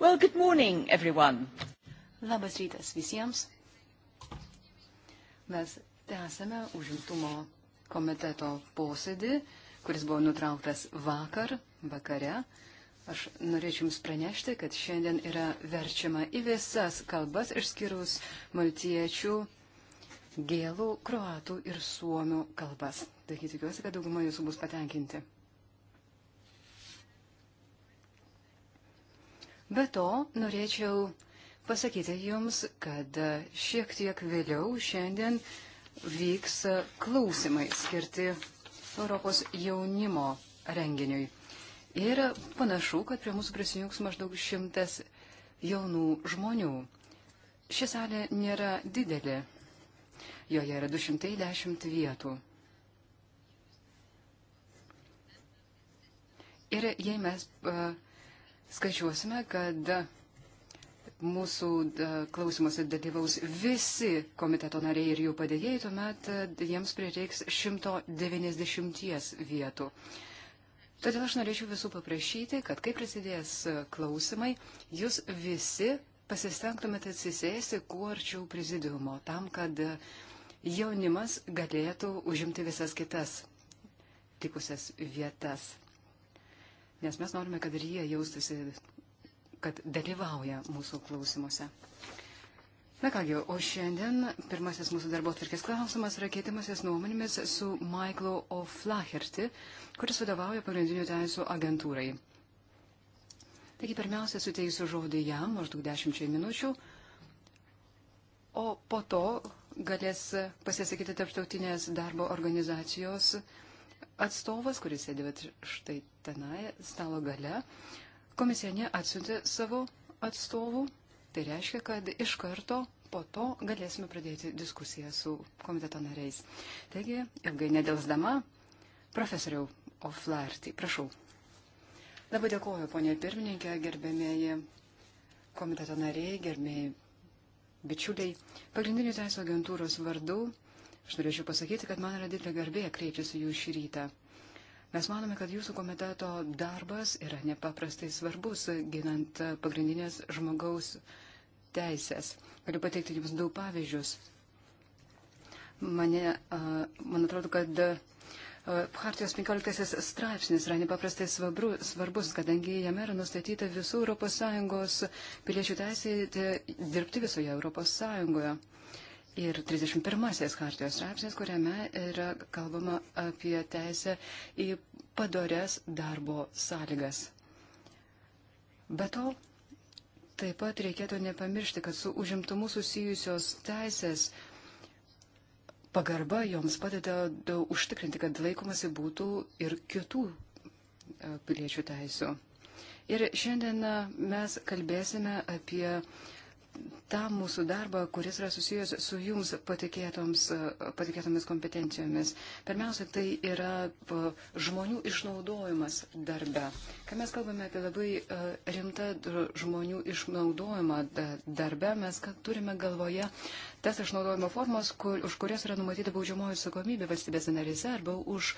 Well, good morning, everyone. Labas rytas visiems. Mes tęsame užimtumo komiteto posėdį, kuris buvo nutrauktas vakar, vakare. Aš norėčiau Jums pranešti, kad šiandien yra verčiama į visas kalbas išskyrus maltiečių, gėlų, kroatų ir suomių kalbas. Taigi tikiuosi, kad dauguma Jūsų bus patenkinti. Be to, norėčiau pasakyti Jums, kad šiek tiek vėliau šiandien vyks klausimai skirti Europos jaunimo renginiui. Ir panašu, kad prie mūsų prisijungs maždaug šimtas jaunų žmonių. Ši salė nėra didelė. Joje yra 210 vietų. Ir jei mes uh, skaičiuosime, kad mūsų e, klausimuose dalyvaus visi komiteto nariai ir jų padėjėjai, tuomet e, jiems prireiks 190 vietų. Todėl aš norėčiau visų paprašyti, kad kai prasidės e, klausimai, jūs visi pasistengtumėte atsisėsti kuo arčiau prezidiumo, tam, kad jaunimas galėtų užimti visas kitas likusias vietas nes mes norime, kad ir jie jaustųsi, kad dalyvauja mūsų klausimuose. Na kągi, o šiandien pirmasis mūsų darbo atvirkės klausimas yra keitimasis nuomonėmis su Michaelu O'Flaherty, kuris vadovauja pagrindinių teisų agentūrai. Taigi pirmiausia, suteisiu žodį jam maždaug dešimčiai minučių, o po to galės pasisakyti tarptautinės darbo organizacijos uh, atstovas, kuris sėdė štai tenai stalo gale, komisionė atsiuntė savo atstovų. Tai reiškia, kad iš karto po to galėsime pradėti diskusiją su komiteto nariais. Taigi, ilgai nedelsdama, profesoriau Oflarty, prašau. Labai dėkoju, ponė pirmininkė, gerbėmėji komiteto nariai, gerbėjai bičiuliai. Pagrindinių teisų agentūros vardu Aš norėčiau pasakyti, kad man yra didelė garbė kreiptis į jūs šį rytą. Mes manome, kad jūsų komiteto darbas yra nepaprastai svarbus, ginant pagrindinės žmogaus teisės. Galiu pateikti jums daug pavyzdžius. Mane, man atrodo, kad Hartijos 15 straipsnis yra nepaprastai svabru, svarbus, kadangi jame yra nustatyta visų ES piliečių teisė dirbti visoje ES ir 31 hartijos straipsnis, kuriame yra kalbama apie teisę į padorės darbo sąlygas. Be to, taip pat reikėtų nepamiršti, kad su užimtumu susijusios teisės pagarba joms padeda užtikrinti, kad laikomasi būtų ir kitų e, piliečių teisų. Ir šiandien mes kalbėsime apie uh, tą mūsų darbą, kuris yra susijęs su jums patikėtomis kompetencijomis. Pirmiausia, tai yra žmonių išnaudojimas darbe. Kai mes kalbame apie labai e, rimtą žmonių išnaudojimą darbe, mes turime galvoje tas išnaudojimo formas, kur, už kurias yra numatyta baudžiamoji atsakomybė valstybės narėse arba už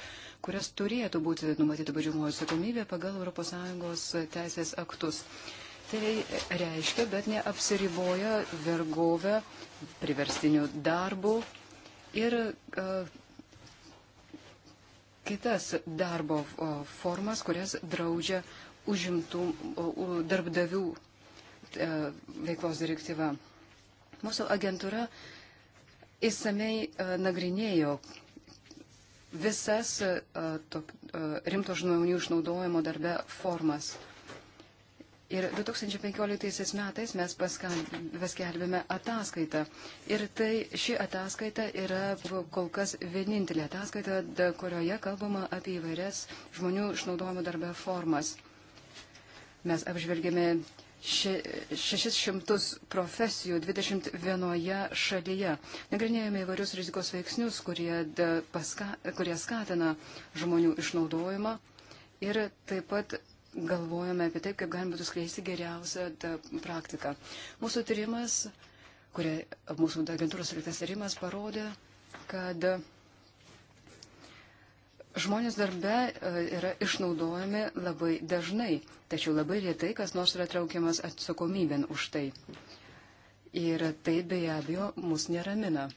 kurias turėtų būti numatyta baudžiamoji atsakomybė pagal ES teisės aktus tai reiškia, bet neapsiriboja vergovę, priverstinių darbų ir uh, kitas darbo e, formas, kurias draudžia užimtų uh, darbdavių e, veiklos direktyva. Mūsų agentūra įsamei nagrinėjo visas rimto žmonių išnaudojimo darbe formas. Ir 2015 metais mes paskelbėme ataskaitą. Ir tai ši ataskaita yra kol kas vienintelė ataskaita, da, kurioje kalbama apie įvairias žmonių išnaudojimo darbę formas. Mes apžvelgėme še, 600 profesijų 21 šalyje. Nagrinėjome įvairius rizikos veiksnius, kurie, da, paska, kurie skatina žmonių išnaudojimą. Ir taip pat galvojame apie taip, kaip galima būtų skleisti geriausią praktiką. Mūsų tyrimas, kurie, mūsų agentūros atliktas tyrimas parodė, kad žmonės darbe e, yra išnaudojami labai dažnai, tačiau labai lietai kas nors yra traukiamas atsakomybėn už tai. Ir tai be abejo mus neramina.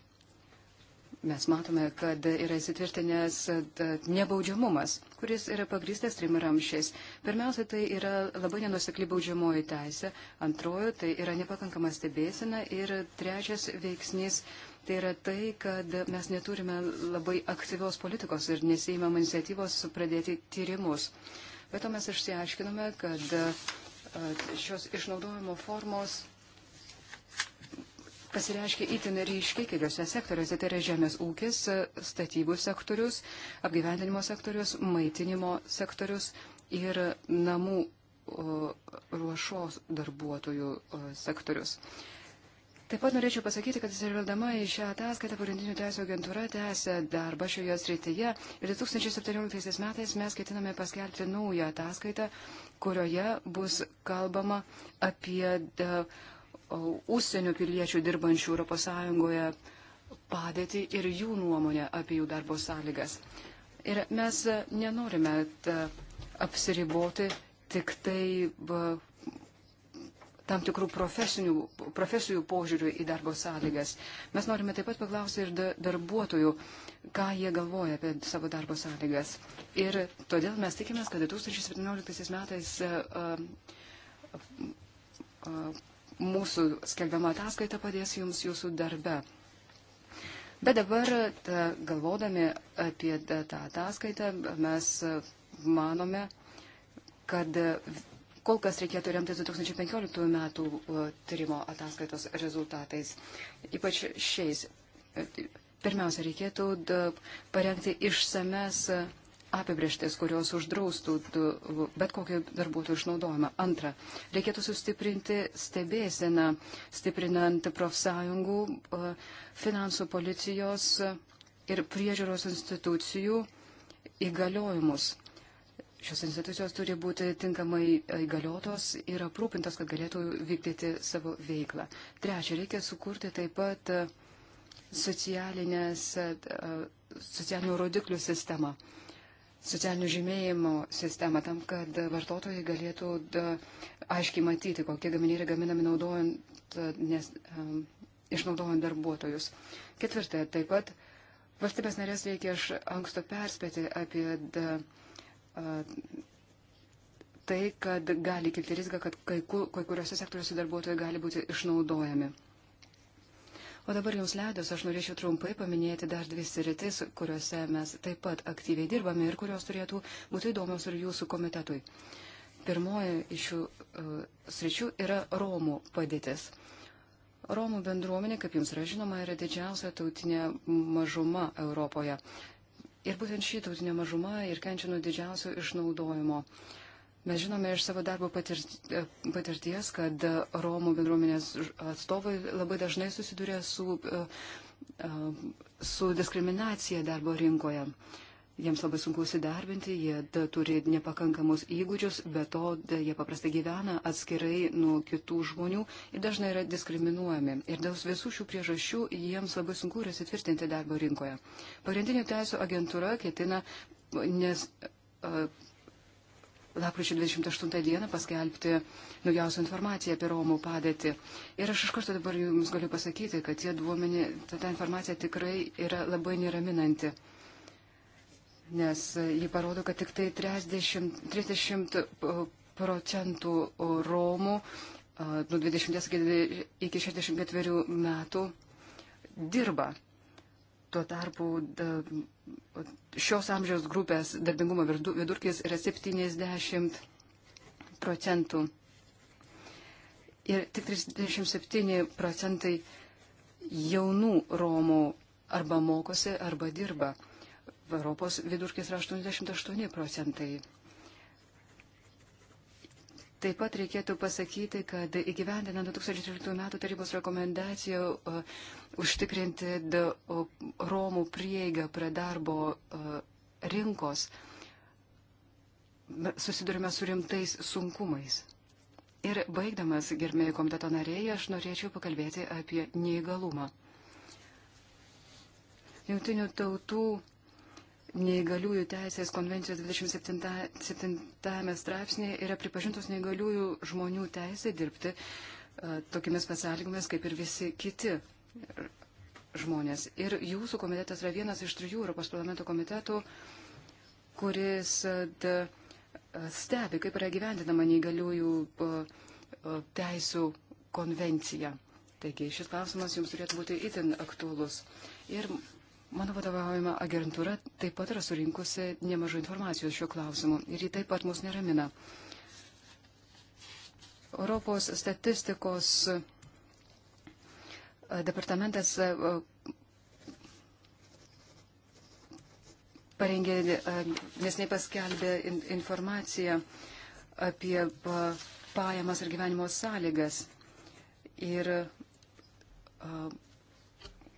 Mes matome, kad yra įsitvirtinęs e, nebaudžiamumas kuris yra pagristas trim ramšiais. Pirmiausia, tai yra labai nenusekli baudžiamoji teisė, antrojo, tai yra nepakankama stebėsena ir trečias veiksnys. Tai yra tai, kad mes neturime labai aktyvios politikos ir nesijimam iniciatyvos pradėti tyrimus. Bet to mes išsiaiškinome, kad šios išnaudojimo formos pasireiškia itin ryškiai keliose sektoriuose, tai yra žemės ūkis, statybų sektorius, apgyvendinimo sektorius, maitinimo sektorius ir namų ruošos darbuotojų sektorius. Taip pat norėčiau pasakyti, kad atsižvelgdama į šią ataskaitą pagrindinių teisų agentūra tęsė darbą šioje srityje ir 2017 metais mes ketiname paskelbti naują ataskaitą, kurioje bus kalbama apie e, užsienio piliečių dirbančių ES padėtį ir jų nuomonę apie jų darbo sąlygas. Ir mes nenorime apsiriboti tik tai tam tikrų profesijų požiūrių į darbo sąlygas. Mes norime taip pat paklausti ir darbuotojų, ką jie galvoja apie savo darbo sąlygas. Ir todėl mes tikimės, kad 2017 metais mūsų skelbiama ataskaita padės jums jūsų darbe. Bet dabar, ta, galvodami apie tą ataskaitą, mes manome, kad kol kas reikėtų remtis 2015 metų tyrimo ataskaitos rezultatais. Ypač šiais. Pirmiausia, reikėtų da, parengti išsames apibrieštis, kurios uždraustų bet kokį darbuotojų išnaudojimą. Antra, reikėtų sustiprinti stebėseną, stiprinant profsąjungų, e, finansų policijos ir priežiūros institucijų įgaliojimus. Šios institucijos turi būti tinkamai įgaliotos ir aprūpintos, kad galėtų vykdyti savo veiklą. Trečia, reikia sukurti taip pat e, socialinės, e, socialinių rodiklių sistemą socialinių žymėjimų sistemą tam, kad vartotojai galėtų da, aiškiai matyti, kokie gaminiai yra gaminami naudojant, nes, um, išnaudojant darbuotojus. Ketvirta, taip pat valstybės narės reikia iš anksto perspėti apie da, uh, tai, kad gali kilti rizika, kad kai, kai kuriuose sektoriuose darbuotojai gali būti išnaudojami. O dabar jums leidus, aš norėčiau trumpai paminėti dar dvi sritis, kuriuose mes taip pat aktyviai dirbame ir kurios turėtų būti įdomios ir jūsų komitetui. Pirmoji iš šių uh, sričių yra Romų padėtis. Romų bendruomenė, kaip jums yra žinoma, yra didžiausia tautinė mažuma Europoje. Ir būtent šį tautinę mažumą ir kenčia nuo didžiausio išnaudojimo. Uh, Mes žinome iš savo darbo e, patirties, kad Romų bendruomenės atstovai labai dažnai susiduria su, e, e, su diskriminacija darbo rinkoje. Jiems labai sunku įsidarbinti, jie turi nepakankamus įgūdžius, bet to jie paprastai gyvena atskirai nuo kitų žmonių ir dažnai yra diskriminuojami. Ir dėl visų šių priežasčių jiems labai sunku yra įsitvirtinti darbo rinkoje. Pagrindinė teisų agentūra ketina nes, lapkričio 28 dieną paskelbti naujausią informaciją apie Romų padėtį. Ir aš iš karto dabar jums galiu pasakyti, kad tie duomenį, ta, ta informacija tikrai yra labai neraminanti. Nes ji parodo, kad tik tai 30, 30 procentų Romų nuo 20 iki 64 metų dirba. Tuo tarpu da, šios amžiaus grupės darbingumo vidurkis yra 70 procentų. Ir tik 37 procentai jaunų Romų arba mokosi, arba dirba. Europos vidurkis yra 88 procentai. Taip pat reikėtų pasakyti, kad įgyvendinant 2013 metų tarybos rekomendaciją uh, užtikrinti de, uh, Romų prieigą prie darbo uh, rinkos, susidurime su rimtais sunkumais. Ir baigdamas, gerbėjai komiteto nariai, aš norėčiau pakalbėti apie neįgalumą. Jungtinių tautų neįgaliųjų teisės konvencijos 27 straipsnėje yra pripažintos neįgaliųjų žmonių teisė dirbti e, tokiamis pasąlygomis kaip ir visi kiti žmonės. Ir jūsų komitetas yra vienas iš trijų Europos parlamento komitetų, kuris e, e, stebi, kaip yra gyvendinama neįgaliųjų teisų konvencija. Taigi šis klausimas jums turėtų būti itin aktuolus. Ir Mano vadovaujama agentūra taip pat yra surinkusi nemažai informacijos šiuo klausimu ir ji taip pat mus neramina. Europos statistikos e, departamentas e, parengė, e, nes nepaskelbė informaciją apie pajamas ir gyvenimo sąlygas. Ir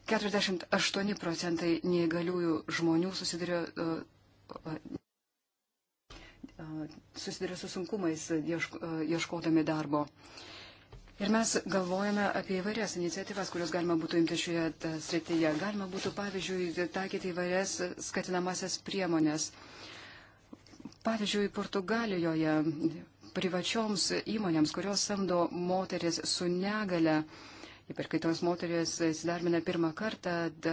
48 procentai neįgaliųjų žmonių susiduria, e, e, susiduria su sunkumais e, ieškodami darbo. Ir mes galvojame apie įvairias iniciatyvas, kurios galima būtų imti šioje srityje. Galima būtų, pavyzdžiui, taikyti įvairias skatinamasias priemonės. Pavyzdžiui, Portugalijoje privačioms įmonėms, kurios samdo moteris su negale, uh, ypač kai tos moteris įsidarbina pirmą kartą, da,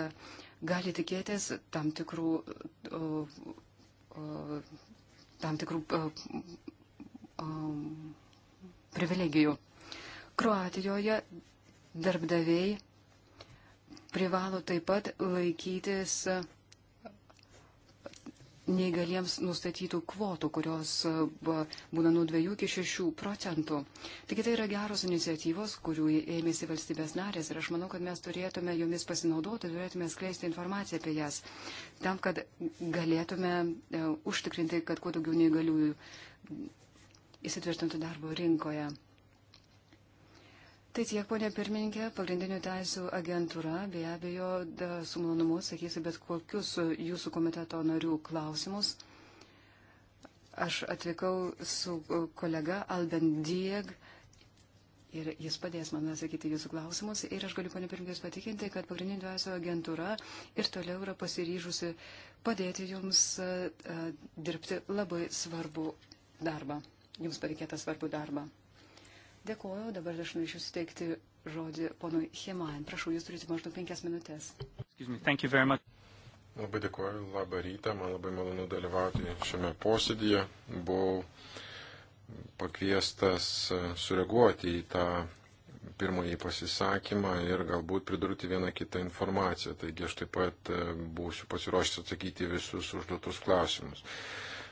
gali tikėtis tam tikrų, o, o, tam tikrų o, o, privilegijų. Kroatijoje darbdaviai privalo taip pat laikytis. O, neįgaliems nustatytų kvotų, kurios e, būna nuo 2 iki 6 procentų. Taigi tai yra geros iniciatyvos, kurių ėmėsi valstybės narės ir aš manau, kad mes turėtume jomis pasinaudoti, turėtume skleisti informaciją apie jas, tam, kad galėtume e, užtikrinti, kad kuo daugiau neįgaliųjų įsitvirtintų darbo rinkoje. Tai tiek, ponė pirmininkė, pagrindinių teisų agentūra, be abejo, da, su malonumu sakysiu bet kokius jūsų komiteto narių klausimus. Aš atvykau su kolega Alben Dieg ir jis padės man atsakyti jūsų klausimus. Ir aš galiu, ponė pirmininkė, patikinti, kad pagrindinių teisų agentūra ir toliau yra pasiryžusi padėti jums dirbti labai svarbu darbą, jums patikėtą svarbų darbą. Dėkuoju, dabar aš norėčiau suteikti žodį ponui Himain. Prašau, jūs turite maždaug penkias minutės. Me, labai dėkuoju, labą rytą, man labai malonu dalyvauti šiame posėdėje. Buvau pakviestas e, sureaguoti į tą pirmąjį pasisakymą ir galbūt pridurti vieną kitą informaciją. Taigi aš taip pat e, būsiu pasiruošęs atsakyti visus užduotus klausimus.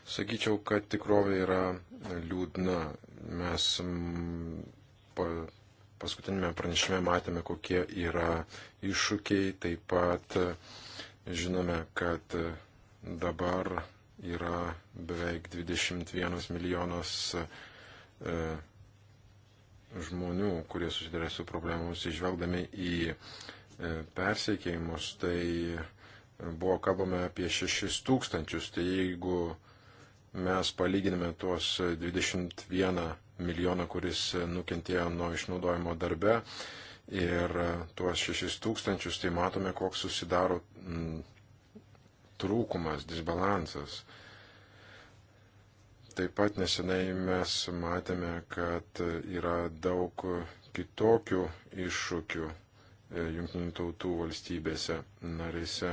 Sakyčiau, kad tikrovė yra liūdna. Mes pa, paskutinėme pranešime matėme, kokie yra iššūkiai. Taip pat e, žinome, kad e, dabar yra beveik 21 milijonas e, žmonių, kurie susiduria su problemus, išvelgdami į e, persiekėjimus. Tai e, buvo kalbame apie 6 tūkstančius. Tai jeigu mes palyginame tuos 21 milijoną, kuris nukentėjo nuo išnaudojimo darbe ir tuos 6 tūkstančius, tai matome, koks susidaro trūkumas, disbalansas. Taip pat nesenai mes matėme, kad yra daug kitokių iššūkių e, jungtinių tautų valstybėse narėse.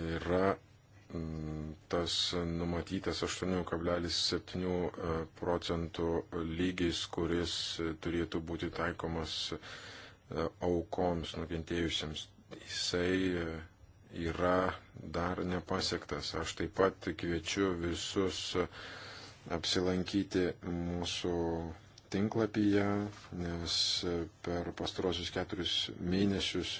Yra tas numatytas 8,7 e, procentų lygis, kuris turėtų būti taikomas e, aukoms nukentėjusiems, jisai e, yra dar nepasiektas. Aš taip pat kviečiu visus apsilankyti mūsų tinklapyje, nes per pastarosius keturis mėnesius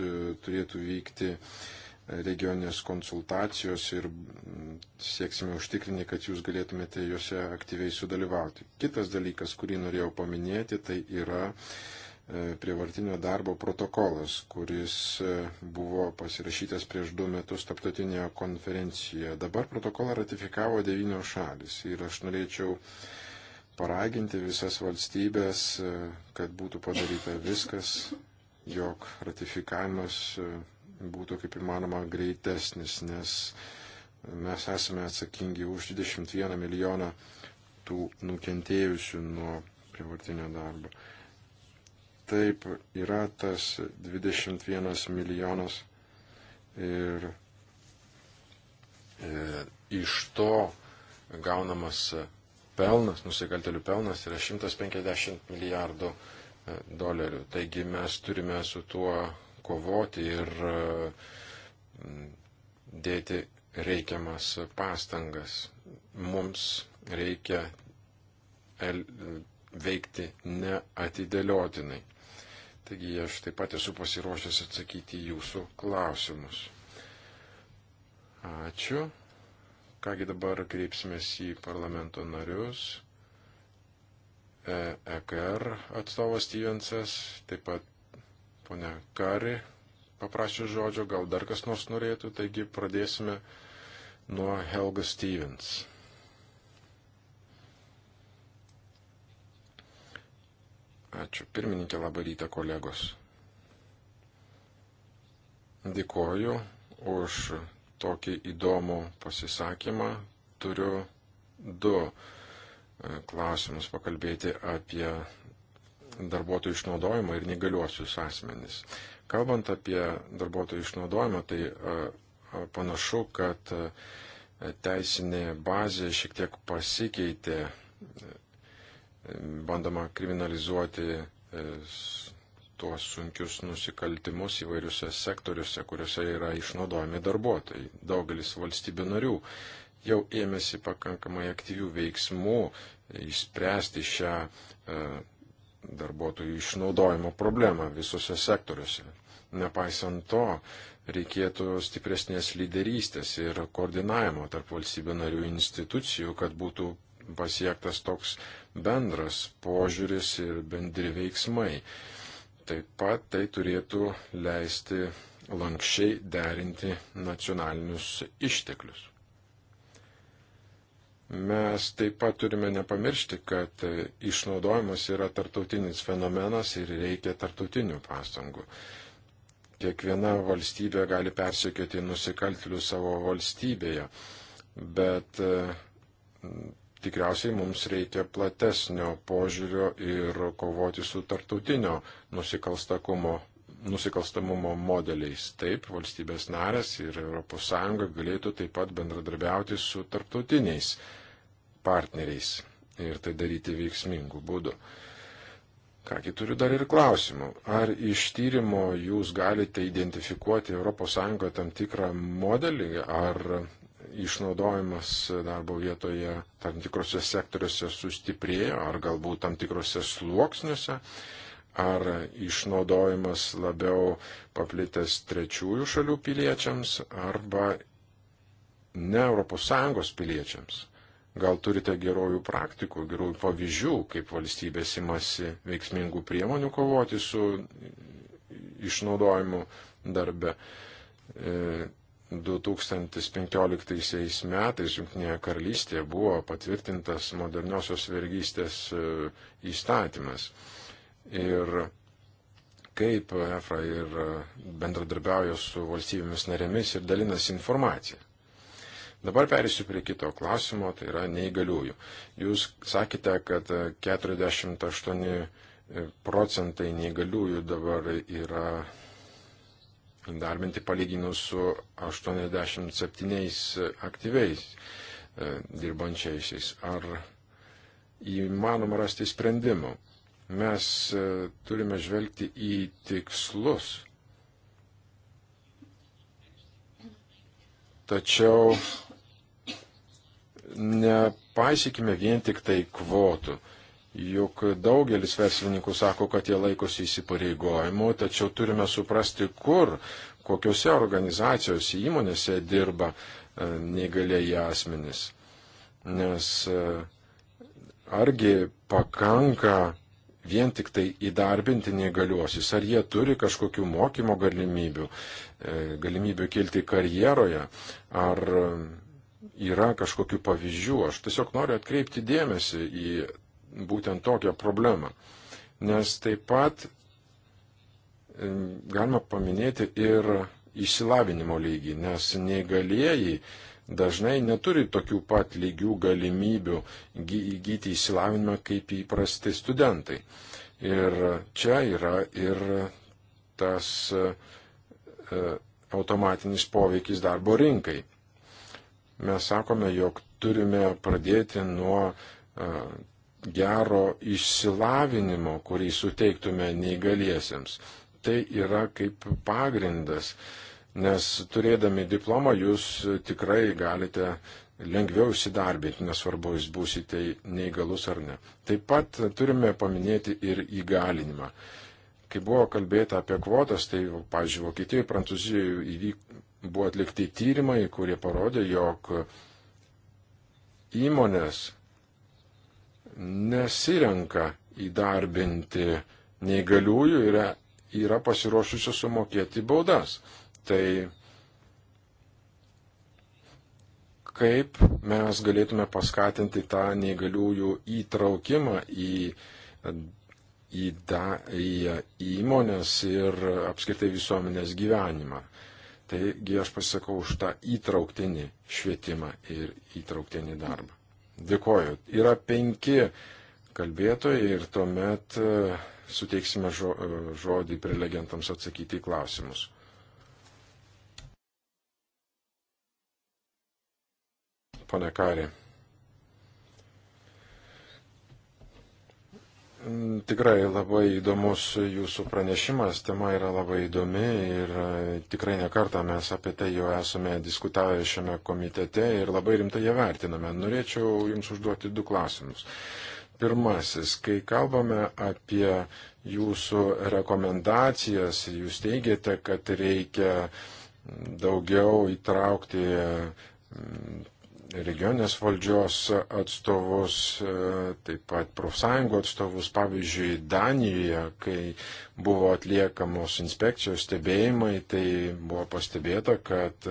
turėtų vykti uh, regioninės konsultacijos ir mm, sieksime užtikrinti, kad jūs galėtumėte juose aktyviai sudalyvauti. Kitas dalykas, kurį norėjau paminėti, tai yra e, prievartinio darbo protokolas, kuris e, buvo pasirašytas prieš du metus taptautinėje konferencijoje. Dabar protokolą ratifikavo devynios šalis ir aš norėčiau paraginti visas valstybės, e, kad būtų padaryta viskas, jog ratifikavimas būtų kaip įmanoma greitesnis, nes mes esame atsakingi už 21 milijoną tų nukentėjusių nuo privartinio darbo. Taip yra tas 21 milijonas ir e, iš to gaunamas pelnas, nusikaltelių pelnas yra 150 milijardų e, dolerių. Taigi mes turime su tuo kovoti ir e, dėti reikiamas pastangas. Mums reikia veikti neatidėliotinai. Taigi aš taip pat esu pasiruošęs atsakyti jūsų klausimus. Ačiū. Kągi dabar kreipsimės į parlamento narius. EKR e atstovas Stevensas, taip pat Pone Kari paprašė žodžio, gal dar kas nors norėtų, taigi pradėsime nuo Helga Stevens. Ačiū. Pirmininkė, labą rytą, kolegos. Dėkoju už tokį įdomų pasisakymą. Turiu du e, klausimus pakalbėti apie darbuotojų išnaudojimą ir negaliuosius asmenys. Kalbant apie darbuotojų išnaudojimą, tai panašu, kad teisinė bazė šiek tiek pasikeitė, bandoma kriminalizuoti tuos sunkius nusikaltimus įvairiuose sektoriuose, kuriuose yra išnaudojami darbuotojai. Daugelis valstybių narių jau ėmėsi pakankamai aktyvių veiksmų išspręsti šią darbuotojų išnaudojimo problemą visose sektoriuose. Nepaisant to, reikėtų stipresnės lyderystės ir koordinavimo tarp valstybių narių institucijų, kad būtų pasiektas toks bendras požiūris ir bendri veiksmai. Taip pat tai turėtų leisti lankščiai derinti nacionalinius išteklius. Mes taip pat turime nepamiršti, kad išnaudojimas yra tartautinis fenomenas ir reikia tartautinių pastangų. Kiekviena valstybė gali persikėti nusikaltėlių savo valstybėje, bet e, tikriausiai mums reikia platesnio požiūrio ir kovoti su tartautinio nusikalstamumo modeliais. Taip, valstybės narės ir ES galėtų taip pat bendradarbiauti su tartautiniais partneriais ir tai daryti veiksmingų būdų. Kągi turiu dar ir klausimų. Ar iš tyrimo jūs galite identifikuoti ES tam tikrą modelį, ar išnaudojimas darbo vietoje tam tikrose sektoriuose sustiprėjo, ar galbūt tam tikrose sluoksniuose, ar išnaudojimas labiau paplitęs trečiųjų šalių piliečiams arba ne ES piliečiams? Gal turite gerovių praktikų, gerųjų pavyzdžių, kaip valstybės imasi veiksmingų priemonių kovoti su išnaudojimu darbe. 2015 e, metais Junktinėje karalystėje buvo patvirtintas moderniosios vergystės e, įstatymas. Ir kaip EFRA ir e, bendradarbiauja su valstybėmis narėmis ir dalinasi informaciją. Dabar perėsiu prie kito klausimo, tai yra neįgaliųjų. Jūs sakėte, kad 48 e, procentai neįgaliųjų dabar yra įdarbinti palyginus su 87 aktyviais e, dirbančiaisiais. Ar įmanoma rasti sprendimų? Mes e, turime žvelgti į tikslus. Tačiau nepaisykime vien tik tai kvotų. Juk daugelis verslininkų sako, kad jie laikosi įsipareigojimų, tačiau turime suprasti, kur, kokiuose organizacijose įmonėse dirba e, neįgalėjai asmenys. Nes e, argi pakanka vien tik tai įdarbinti neįgaliuosius, ar jie turi kažkokių mokymo galimybių, e, galimybių kilti karjeroje, ar yra kažkokių pavyzdžių. Aš tiesiog noriu atkreipti dėmesį į būtent tokią problemą. Nes taip pat galima paminėti ir išsilavinimo lygį, nes negalėjai dažnai neturi tokių pat lygių galimybių įgyti išsilavinimą kaip įprasti studentai. Ir čia yra ir tas e, automatinis poveikis darbo rinkai mes sakome, jog turime pradėti nuo e, gero išsilavinimo, kurį suteiktume neįgaliesiems. Tai yra kaip pagrindas, nes turėdami diplomą jūs tikrai galite lengviau įsidarbinti, nesvarbu, jūs būsite neįgalus ar ne. Taip pat turime paminėti ir įgalinimą. Kai buvo kalbėta apie kvotas, tai, pavyzdžiui, Vokietijoje, Prancūzijoje įvyko Buvo atlikti tyrimai, kurie parodė, jog įmonės nesirenka įdarbinti neįgaliųjų ir yra, yra pasiruošusios sumokėti baudas. Tai kaip mes galėtume paskatinti tą neįgaliųjų įtraukimą į, į, da, į įmonės ir apskritai visuomenės gyvenimą. Taigi aš pasisakau už tą įtrauktinį švietimą ir įtrauktinį darbą. Dėkoju. Yra penki kalbėtojai ir tuomet e, suteiksime e, žodį prelegentams atsakyti į klausimus. Pane Karė. Tikrai labai įdomus jūsų pranešimas, tema yra labai įdomi ir e, tikrai nekartą mes apie tai jau esame diskutavę šiame komitete ir labai rimtai ją vertiname. Norėčiau Jums užduoti du klausimus. Pirmasis, kai kalbame apie Jūsų rekomendacijas, Jūs teigiate, kad reikia daugiau įtraukti regionės valdžios atstovus, e, taip pat profsąjungų atstovus. Pavyzdžiui, Danijoje, kai buvo atliekamos inspekcijos stebėjimai, tai buvo pastebėta, kad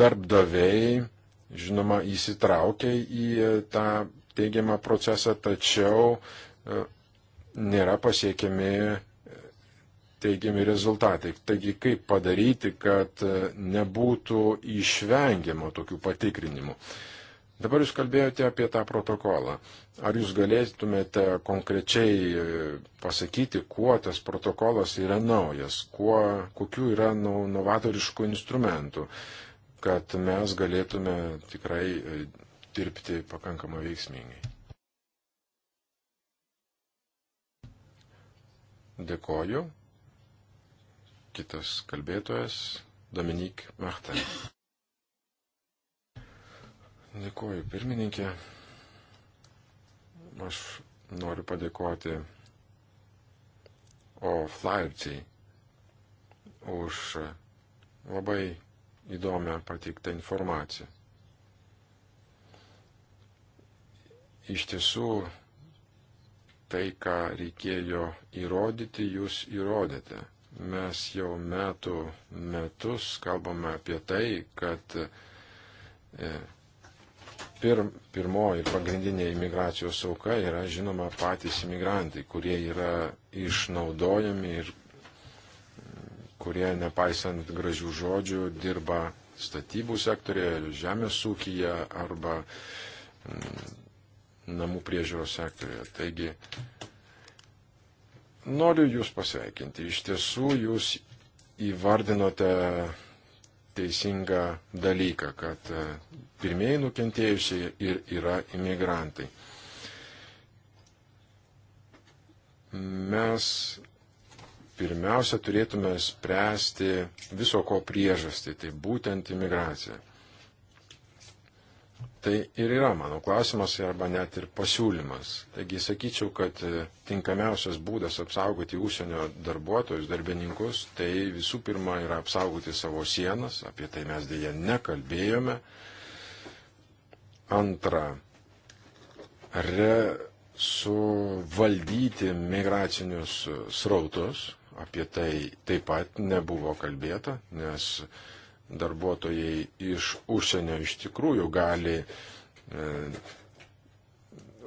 darbdaviai, žinoma, įsitraukė į tą teigiamą procesą, tačiau e, nėra pasiekiami teigiami rezultatai. Taigi, kaip padaryti, kad e, nebūtų išvengiama tokių patikrinimų. Dabar jūs kalbėjote apie tą protokolą. Ar jūs galėtumėte konkrečiai e, pasakyti, kuo tas protokolas yra naujas, kuo, kokiu yra nu, novatoriškų instrumentų, kad mes galėtume tikrai e, dirbti pakankamai veiksmingai? Dėkoju. Kitas kalbėtojas Dominik Martin. Dėkuoju pirmininkė. Aš noriu padėkoti Oflaipcijai už labai įdomią pateiktą informaciją. Iš tiesų, tai, ką reikėjo įrodyti, jūs įrodėte. Mes jau metų metus kalbame apie tai, kad e, pir, pirmoji pagrindinė imigracijos auka yra žinoma patys imigrantai, kurie yra išnaudojami ir mm, kurie, nepaisant gražių žodžių, dirba statybų sektorėje, žemės ūkyje arba mm, namų priežiūros sektorėje. Taigi Noriu Jūs pasveikinti. Iš tiesų Jūs įvardinote teisingą dalyką, kad e, pirmieji nukentėjusiai ir yra imigrantai. Mes pirmiausia turėtume spręsti viso ko priežastį, tai būtent imigracija. Tai ir yra mano klausimas arba net ir pasiūlymas. Taigi sakyčiau, kad e, tinkamiausias būdas apsaugoti užsienio darbuotojus, darbininkus, tai visų pirma yra apsaugoti savo sienas, apie tai mes dėje nekalbėjome. Antra, re, suvaldyti migracinius srautus, apie tai taip pat nebuvo kalbėta, nes uh, darbuotojai iš užsienio iš tikrųjų gali e,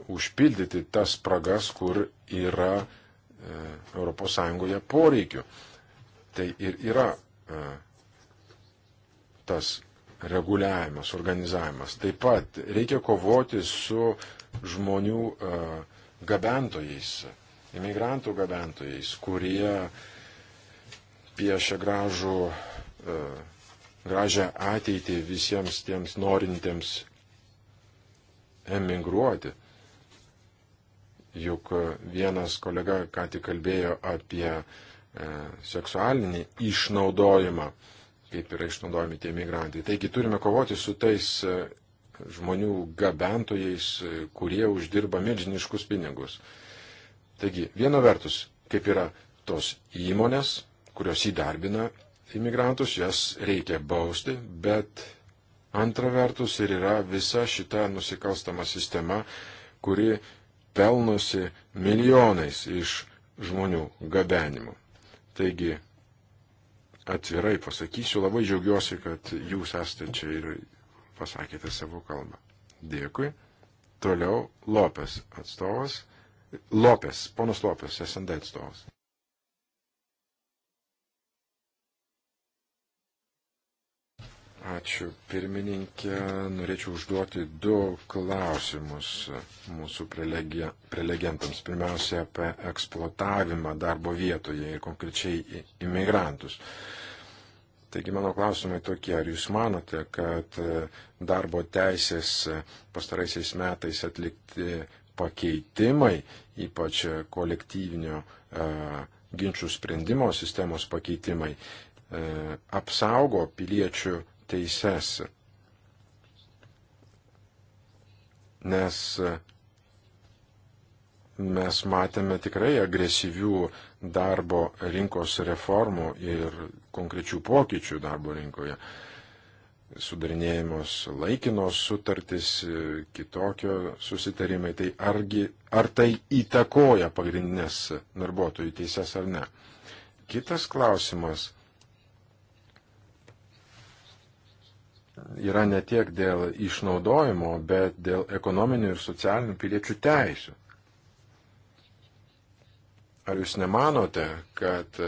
užpildyti tas spragas, kur yra e, ES poreikių. Tai ir yra e, tas reguliavimas, organizavimas. Taip pat reikia kovoti su žmonių e, gabentojais, imigrantų gabentojais, kurie piešia gražų e, gražią ateitį visiems tiems norintiems emigruoti. Juk vienas kolega ką tik kalbėjo apie e, seksualinį išnaudojimą, kaip yra išnaudojami tie migrantai. Taigi turime kovoti su tais e, žmonių gabentojais, e, kurie uždirba milžiniškus pinigus. Taigi, viena vertus, kaip yra tos įmonės, kurios įdarbina imigrantus, jas reikia bausti, bet antra vertus ir yra visa šita nusikalstama sistema, kuri pelnosi milijonais iš žmonių gabenimų. Taigi, atvirai pasakysiu, labai džiaugiuosi, kad jūs esate čia ir pasakėte savo kalbą. Dėkui. Toliau Lopes atstovas. Lopes, ponas Lopes, SND atstovas. Ačiū pirmininkė. Norėčiau užduoti du klausimus mūsų prelegentams. Pirmiausia, apie eksploatavimą darbo vietoje ir konkrečiai imigrantus. Taigi mano klausimai tokie, ar jūs manote, kad e, darbo teisės e, pastaraisiais metais atlikti pakeitimai, ypač e, kolektyvinio ginčių sprendimo sistemos pakeitimai, apsaugo piliečių teises. Nes mes matėme tikrai agresyvių darbo rinkos reformų ir konkrečių pokyčių darbo rinkoje. Sudarinėjimos laikinos sutartys, kitokio susitarimai. Tai argi, ar tai įtakoja pagrindinės darbuotojų teises ar ne? Kitas klausimas yra ne tiek dėl išnaudojimo, bet dėl ekonominių ir socialinių piliečių teisių. Ar jūs nemanote, kad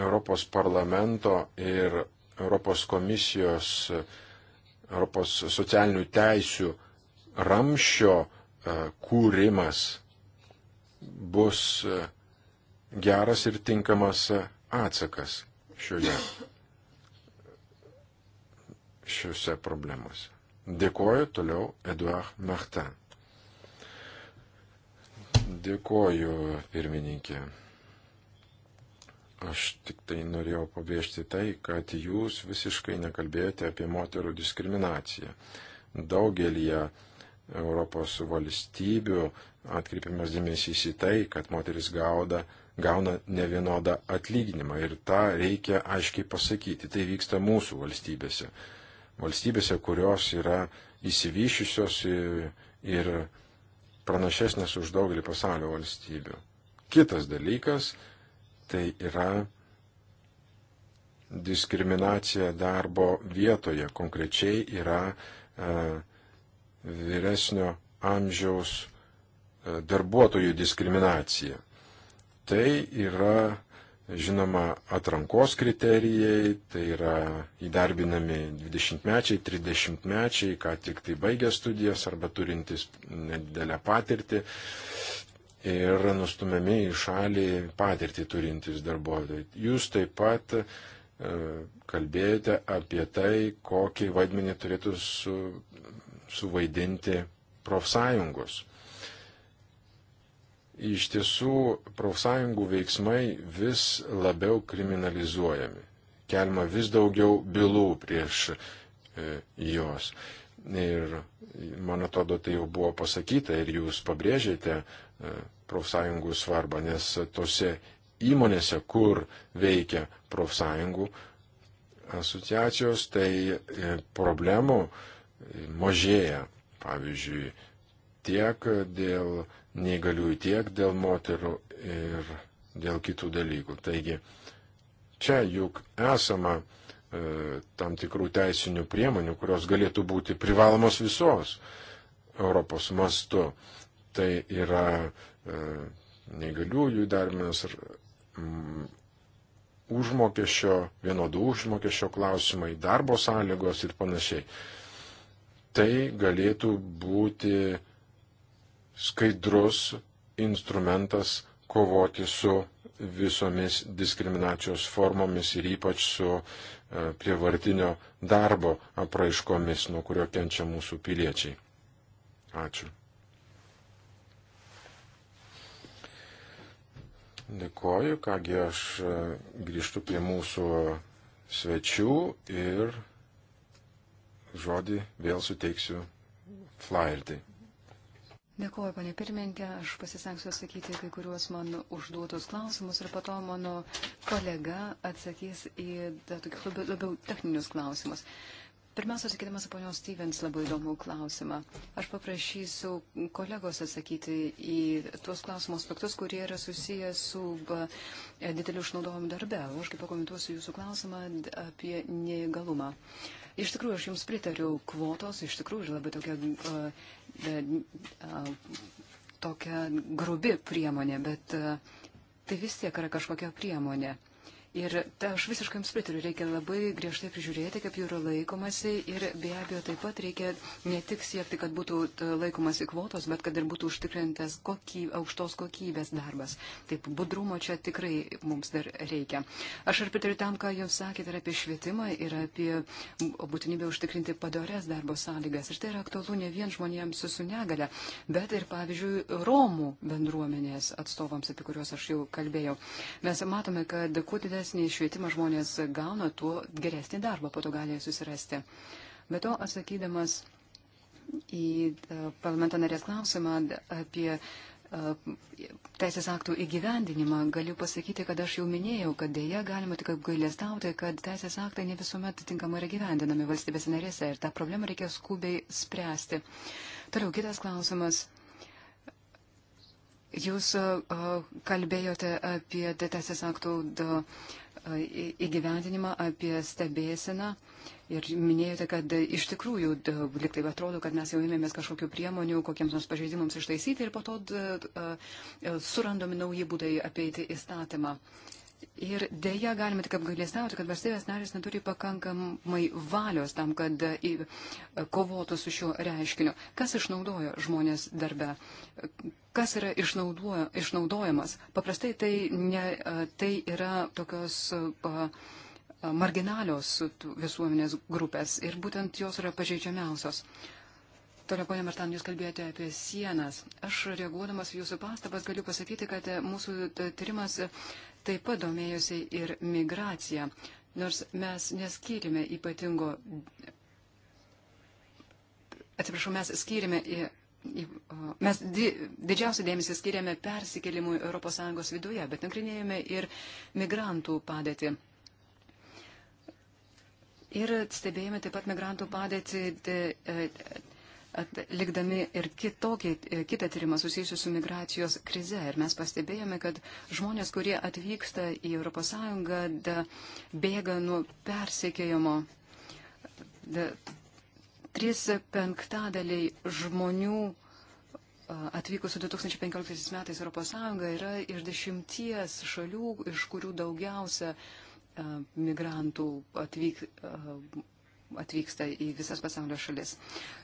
Europos parlamento ir Europos komisijos, Europos socialinių teisių ramšio e, kūrimas bus e, geras ir tinkamas atsakas šioje šiuose problemuose. Dėkoju toliau Eduard Martin. Dėkoju, pirmininkė. Aš tik tai norėjau pabrėžti tai, kad jūs visiškai nekalbėjote apie moterų diskriminaciją. Daugelį Europos valstybių atkreipiamas dėmesys į tai, kad moteris gauda, gauna nevienodą atlyginimą ir tą reikia aiškiai pasakyti. Tai vyksta mūsų valstybėse valstybėse, kurios yra įsivyšiusios ir pranašesnės už daugelį pasaulio valstybių. Kitas dalykas tai yra diskriminacija darbo vietoje. Konkrečiai yra e, vyresnio amžiaus e, darbuotojų diskriminacija. Tai yra žinoma, atrankos kriterijai, tai yra įdarbinami 20-mečiai, 30-mečiai, ką tik tai baigę studijas arba turintys nedidelę patirtį ir nustumiami į šalį patirtį turintys darbuotojai. Jūs taip pat e, kalbėjote apie tai, kokį vaidmenį turėtų su, suvaidinti profsąjungos iš tiesų profsąjungų veiksmai vis labiau kriminalizuojami. Kelma vis daugiau bylų prieš e, juos. Ir man atrodo, tai jau buvo pasakyta ir jūs pabrėžėte e, profsąjungų svarbą, nes tose įmonėse, kur veikia profsąjungų asociacijos, tai e, problemų e, mažėja. Pavyzdžiui, tiek dėl e, neįgaliųjų tiek dėl moterų ir dėl kitų dalykų. Taigi, čia juk esama e, tam tikrų teisinių priemonių, kurios galėtų būti privalomos visos Europos mastu. Tai yra e, neįgaliųjų įdarminas ir mm, užmokesčio, vienodų užmokesčio klausimai, darbo sąlygos ir panašiai. Tai galėtų būti skaidrus instrumentas kovoti su visomis diskriminacijos formomis ir ypač su e, prievartinio darbo apraiškomis, nuo kurio kenčia mūsų piliečiai. Ačiū. Dėkoju, kągi aš e, grįžtu prie mūsų svečių ir žodį vėl suteiksiu flyertai. Dėkuoju, panė pirmininkė, aš pasisengsiu atsakyti kai kuriuos man užduotus klausimus ir po to mano kolega atsakys į tokius labiau, labiau techninius klausimus. Pirmiausia, atsakydamas ponios Stevens labai įdomų klausimą. Aš paprašysiu kolegos atsakyti į tuos klausimų aspektus, kurie yra susiję su dideliu išnaudojimu darbe. Aš kaip pakomentuosiu jūsų klausimą apie neįgalumą. Uh, Iš tikrųjų, aš Jums pritariu, kvotos iš tikrųjų yra labai tokia, uh, tokia grubi priemonė, bet uh, tai vis tiek yra kažkokia priemonė. Uh, Ir ta, aš visiškai jums pritariu, reikia labai griežtai prižiūrėti, kaip jų yra laikomasi ir be abejo taip pat reikia ne tik siekti, kad būtų laikomasi kvotos, bet kad ir būtų užtikrintas koky, aukštos kokybės darbas. Taip, budrumo čia tikrai mums dar reikia. Aš ir pritariu tam, ką jūs sakėte ir apie švietimą, ir apie būtinybę užtikrinti padorės darbo sąlygas. Ir tai yra aktualu ne vien žmonėms su negale, bet ir, pavyzdžiui, Romų bendruomenės atstovams, apie kuriuos aš jau kalbėjau. Mes matome, kad kuo didesnė geresnį švietimą žmonės gauna, tuo geresnį darbą po to gali susirasti. Be to, atsakydamas į e, parlamento narės klausimą apie e, teisės aktų įgyvendinimą, galiu pasakyti, kad aš jau minėjau, kad dėja galima tik apgailestauti, kad teisės aktai ne visuomet tinkamai yra gyvendinami valstybės narėse ir tą problemą reikia skubiai spręsti. Toliau kitas klausimas Jūs kalbėjote apie teisės aktų įgyvendinimą, apie stebėsiną ir minėjote, kad iš tikrųjų liktai atrodo, kad mes jau ėmėmės kažkokių priemonių kokiems nors pažeidimams ištaisyti ir po to surandome nauji būdai apeiti įstatymą. Uh, Ir dėja galime tik apgailėstauti, kad valstybės narės neturi pakankamai valios tam, kad e, kovotų su šiuo reiškiniu. Kas išnaudoja žmonės darbe? Kas yra išnaudojamas? Paprastai tai, ne, e, tai yra tokios e, marginalios visuomenės grupės ir būtent jos yra pažeidžiamiausios. Toliau, ponia Martan, jūs kalbėjote apie sienas. Aš reaguodamas jūsų pastabas galiu pasakyti, kad mūsų tyrimas taip pat domėjosi ir migracija, nors mes neskyrime ypatingo, atsiprašau, mes skyrime į. Mes di, didžiausią dėmesį skiriame persikelimui ES viduje, bet nagrinėjame ir migrantų padėtį. Ir stebėjome taip pat migrantų padėtį e, likdami ir kitokį, kitą tyrimą susijusiu su migracijos krize. Ir mes pastebėjome, kad žmonės, kurie atvyksta į ES, bėga nuo persekėjimo. Tris penktadaliai žmonių atvykusių 2015 metais ES yra iš dešimties šalių, iš kurių daugiausia migrantų atvyk, atvyksta į visas pasaulio šalis.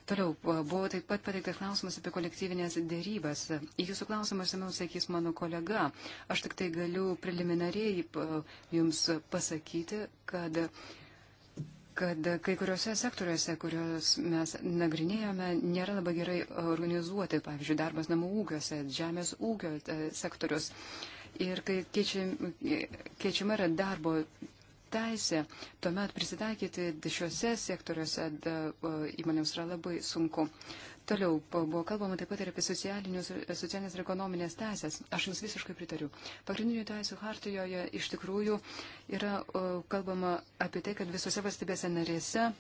Toliau buvo taip pat pateiktas klausimas apie kolektyvinės dėrybas. Į jūsų klausimą išsamiau sakys mano kolega. Aš tik tai galiu preliminariai e, jums pasakyti, kad kad kai kuriuose sektoriuose, kuriuos mes nagrinėjome, nėra labai gerai organizuoti, pavyzdžiui, darbas namų ūkiuose, žemės ūkio e, sektorius. Ir kai e, keičiama yra darbo teisę, tuomet prisitaikyti šiuose sektoriuose įmonėms yra labai sunku. Toliau buvo kalbama taip pat ir apie socialinės ir ekonominės teisės. Aš jums visiškai pritariu. Pagrindinių teisų hartijoje iš tikrųjų yra kalbama apie tai, kad visose valstybėse narėse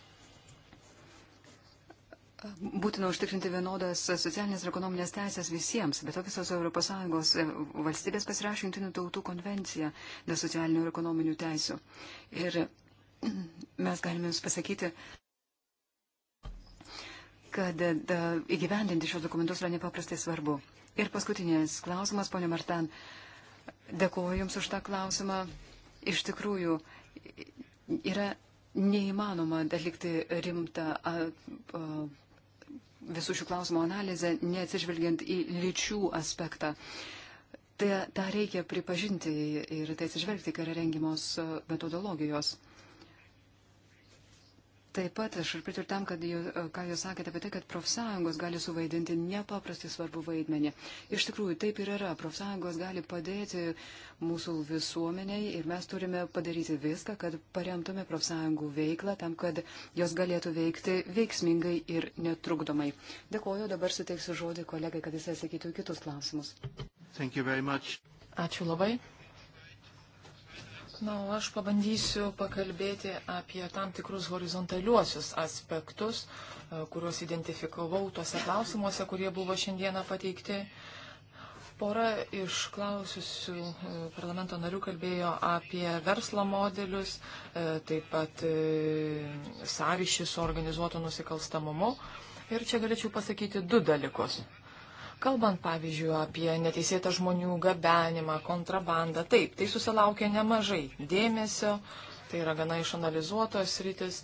Būtina užtikrinti vienodas socialinės ir ekonominės teisės visiems, bet to visos ES e, valstybės pasirašė Junktinių tautų konvenciją dėl socialinių ir ekonominių teisų. Ir mes galime Jums pasakyti, kad e, da, įgyvendinti šios dokumentus yra nepaprastai svarbu. Ir paskutinės klausimas, ponė Martan, dėkuoju Jums už tą klausimą. Iš tikrųjų, yra neįmanoma atlikti rimtą. A, a, visų šių klausimų analizę, neatsižvelgiant į lyčių aspektą. Tai, tą reikia pripažinti ir tai atsižvelgti, kai yra rengimos metodologijos. Taip pat aš ir pritariu tam, kad jau, ką jūs sakėte apie tai, kad profsąjungos gali suvaidinti nepaprastai svarbu vaidmenį. Iš tikrųjų, taip ir yra. Profsąjungos gali padėti mūsų visuomeniai ir mes turime padaryti viską, kad paremtume profsąjungų veiklą tam, kad jos galėtų veikti veiksmingai ir netrukdomai. Dėkuoju, dabar suteiksiu žodį kolegai, kad jis atsakytų į kitus klausimus. Ačiū labai. Na, o aš pabandysiu pakalbėti apie tam tikrus horizontaliuosius aspektus, e, kuriuos identifikavau tuose klausimuose, kurie buvo šiandieną pateikti. Pora iš klausiusių e, parlamento narių kalbėjo apie verslo modelius, e, taip pat sąryšį su organizuotu nusikalstamumu. Ir čia galėčiau pasakyti du dalykus. Kalbant, pavyzdžiui, apie neteisėtą žmonių gabenimą, kontrabandą, taip, tai susilaukia nemažai dėmesio, tai yra gana išanalizuotos rytis.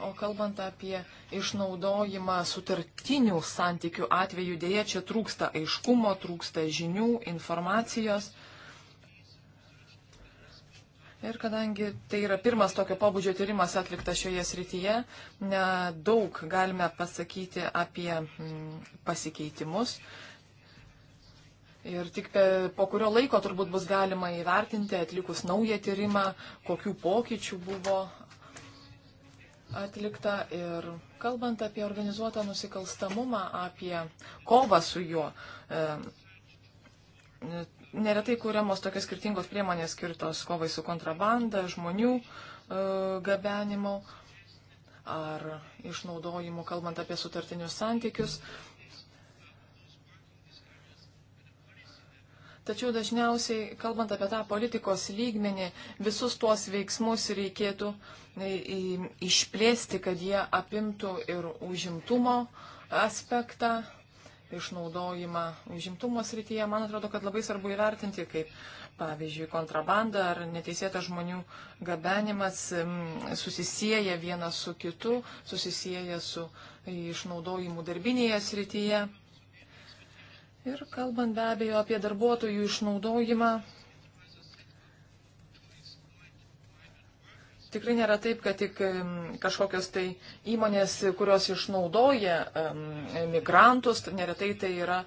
O kalbant apie išnaudojimą sutartinių santykių atveju, dėja čia trūksta aiškumo, trūksta žinių, informacijos. Ir kadangi tai yra pirmas tokio pobūdžio tyrimas atliktas šioje srityje, nedaug galime pasakyti apie mm, pasikeitimus, Ir tik pe, po kurio laiko turbūt bus galima įvertinti, atlikus naują tyrimą, kokių pokyčių buvo atlikta. Ir kalbant apie organizuotą nusikalstamumą, apie kovą su juo, e, neretai kūriamos tokios skirtingos priemonės skirtos kovai su kontrabanda, žmonių e, gabenimu ar išnaudojimu, kalbant apie sutartinius santykius. E, Tačiau dažniausiai, kalbant apie tą politikos lygmenį, visus tuos veiksmus reikėtų e, išplėsti, kad jie apimtų ir užimtumo aspektą, išnaudojimą užimtumo srityje. Man atrodo, kad labai svarbu įvertinti, kaip pavyzdžiui, kontrabanda ar neteisėtas žmonių gabenimas susisieja vienas su kitu, susisieja su e, išnaudojimu darbinėje srityje. Ir kalbant be abejo apie darbuotojų išnaudojimą, tikrai nėra taip, kad tik kažkokios tai įmonės, kurios išnaudoja migrantus, neretai tai yra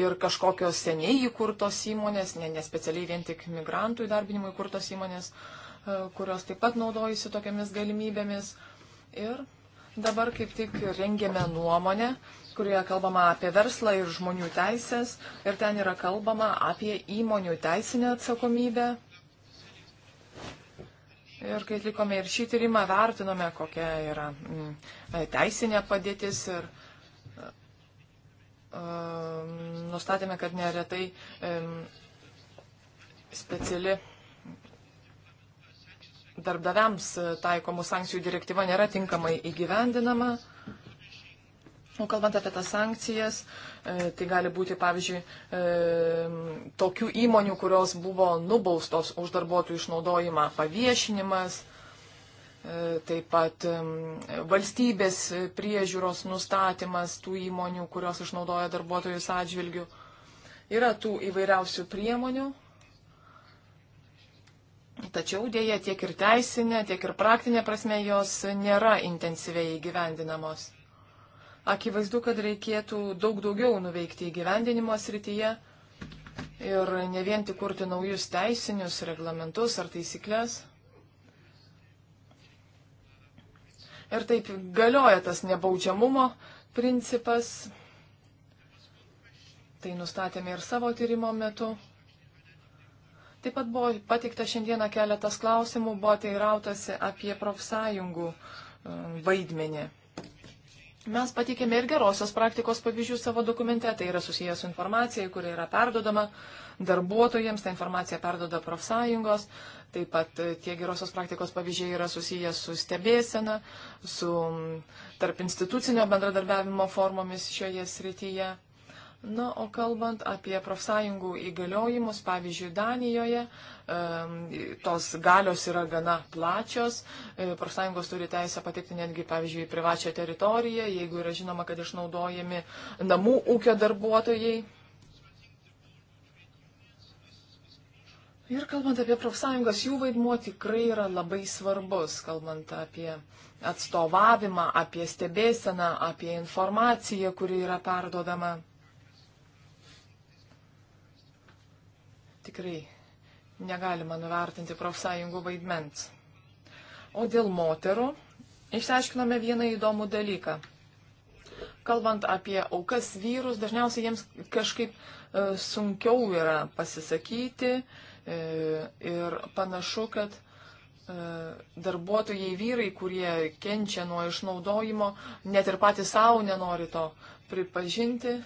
ir kažkokios seniai įkurtos įmonės, ne, ne specialiai vien tik migrantų įdarbinimui įkurtos įmonės, e, kurios taip pat naudojasi tokiamis galimybėmis. Ir dabar kaip tik rengėme nuomonę kurioje kalbama apie verslą ir žmonių teisės, ir ten yra kalbama apie įmonių teisinę atsakomybę. Ir kai atlikome ir šį tyrimą, vertinome, kokia yra mm, e, teisinė padėtis ir e, mm, nustatėme, kad neretai e, mm, speciali darbdaviams taikomų sankcijų direktyva nėra tinkamai įgyvendinama. O nu, kalbant apie tas sankcijas, e, tai gali būti, pavyzdžiui, e, tokių įmonių, kurios buvo nubaustos už darbuotojų išnaudojimą paviešinimas, e, taip pat valstybės priežiūros nustatymas tų įmonių, kurios išnaudoja darbuotojus atžvilgių. Yra tų įvairiausių priemonių. Tačiau dėja tiek ir teisinė, tiek ir praktinė prasme jos nėra intensyviai įgyvendinamos. Akivaizdu, kad reikėtų daug daugiau nuveikti įgyvendinimo srityje ir ne vien tik kurti naujus teisinius reglamentus ar taisyklės. Ir taip galioja tas nebaudžiamumo principas. Tai nustatėme ir savo tyrimo metu. Taip pat buvo pateikta šiandieną keletas klausimų, buvo teirautasi apie profsąjungų um, vaidmenį. Mes pateikėme ir gerosios praktikos pavyzdžių savo dokumente, tai yra susijęs su informacija, kuri yra perdodama darbuotojams, ta informacija perdoda profsąjungos, taip pat e, tie gerosios praktikos pavyzdžiai yra susijęs su stebėsena, su tarp institucinio bendradarbiavimo formomis šioje srityje. Na, o kalbant apie profsąjungų įgaliojimus, pavyzdžiui, Danijoje, tos galios yra gana plačios, e, profsąjungos turi teisę patekti netgi, pavyzdžiui, į privačią teritoriją, jeigu yra žinoma, kad išnaudojami namų ūkio darbuotojai. Ir kalbant apie profsąjungas, jų vaidmuo tikrai yra labai svarbus, kalbant apie atstovavimą, apie stebėseną, apie informaciją, kuri yra perdodama. Tikrai negalima nuvertinti profsąjungų vaidmens. O dėl moterų išsiaiškinome vieną įdomų dalyką. Kalbant apie aukas vyrus, dažniausiai jiems kažkaip e, sunkiau yra pasisakyti e, ir panašu, kad e, darbuotojai vyrai, kurie kenčia nuo išnaudojimo, net ir patys savo nenori to pripažinti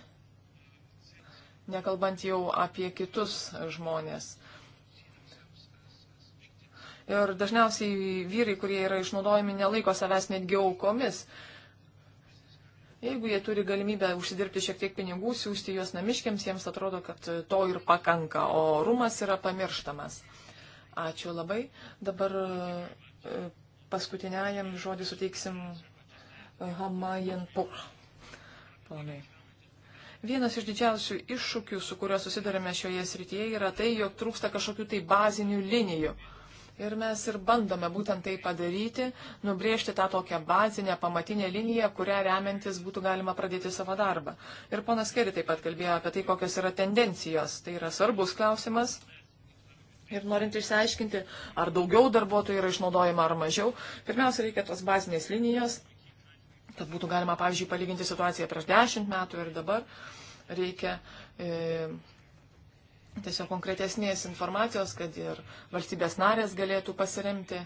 nekalbant jau apie kitus žmonės. Ir dažniausiai vyrai, kurie yra išnaudojami, nelaiko savęs netgi aukomis. Jeigu jie turi galimybę užsidirbti šiek tiek pinigų, siūsti juos namiškiams, jiems atrodo, kad to ir pakanka, o rumas yra pamirštamas. Ačiū labai. Dabar e, paskutiniajam žodį suteiksim Hamajan Pur. Planai. Vienas iš didžiausių iššūkių, su kuriuo susidurime šioje srityje, yra tai, jog trūksta kažkokių tai bazinių linijų. Ir mes ir bandome būtent tai padaryti, nubrėžti tą tokią bazinę, pamatinę liniją, kurią remiantis būtų galima pradėti savo darbą. Ir ponas Keri taip pat kalbėjo apie tai, kokios yra tendencijos. Tai yra svarbus klausimas. Ir norint išsiaiškinti, ar daugiau darbuotojų yra išnaudojama ar mažiau, pirmiausia, reikia tos bazinės linijos kad būtų galima, pavyzdžiui, palyginti situaciją prieš dešimt metų ir dabar. Reikia e, tiesiog konkretesnės informacijos, kad ir valstybės narės galėtų pasiremti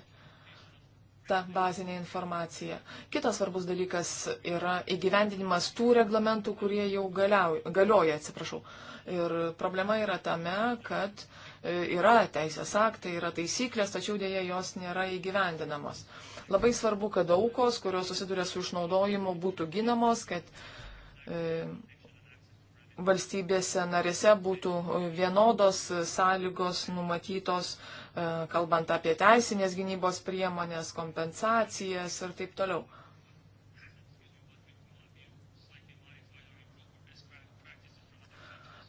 ta bazinė informacija. Kitas svarbus dalykas yra įgyvendinimas tų reglamentų, kurie jau galiau, galioja, atsiprašau. Ir problema yra tame, kad e, yra teisės aktai, yra taisyklės, tačiau dėja jos nėra įgyvendinamos. E, Labai svarbu, kad aukos, kurios susiduria su išnaudojimu, būtų ginamos, kad e, valstybėse narėse būtų e, vienodos sąlygos numatytos, e, kalbant apie teisinės gynybos priemonės, kompensacijas ir taip toliau.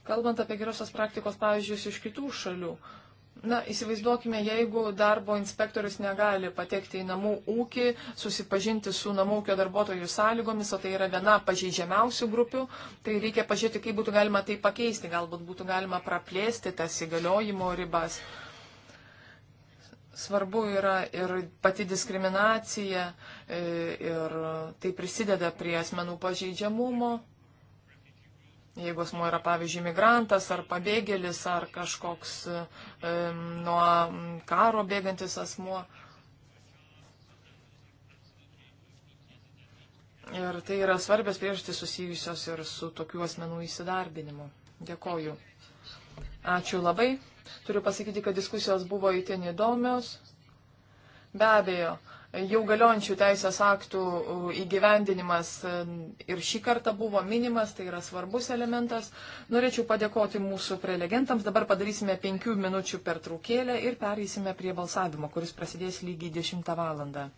Kalbant apie gerosios praktikos pavyzdžius iš kitų šalių, e, Na, įsivaizduokime, jeigu darbo inspektorius negali patekti į namų ūkį, susipažinti su namų ūkio darbuotojų sąlygomis, o tai yra viena pažeidžiamiausių grupių, tai reikia pažiūrėti, kaip būtų galima tai pakeisti, galbūt būtų galima praplėsti tas įgaliojimo ribas. Svarbu yra ir pati diskriminacija, e, ir tai prisideda prie asmenų pažeidžiamumo. Jeigu asmuo yra, pavyzdžiui, migrantas ar pabėgėlis ar kažkoks e, nuo karo bėgantis asmuo. Ir tai yra svarbios priežastys susijusios ir su tokių asmenų įsidarbinimu. Dėkoju. Ačiū labai. Turiu pasakyti, kad diskusijos buvo įtin įdomios. Be abejo, jau galiojančių teisės aktų uh, įgyvendinimas uh, ir šį kartą buvo minimas, tai yra svarbus elementas. Norėčiau padėkoti mūsų prelegentams. Dabar padarysime penkių minučių pertraukėlę ir pereisime prie balsavimo, kuris prasidės lygiai 10 valandą.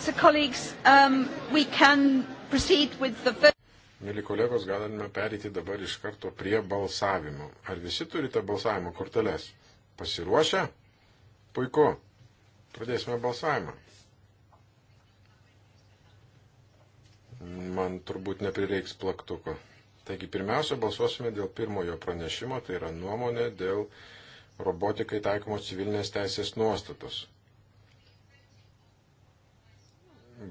So colleagues, um, we can proceed with the first. Mėly kolegos, galime perėti dabar iš karto prie balsavimo. Ar visi turite balsavimo korteles? Pasiruošę? Puiku. Pradėsime balsavimą. Man turbūt neprireiks plaktuko. Taigi pirmiausia, balsuosime dėl pirmojo pranešimo, tai yra nuomonė dėl robotikai taikomos civilinės teisės nuostatos.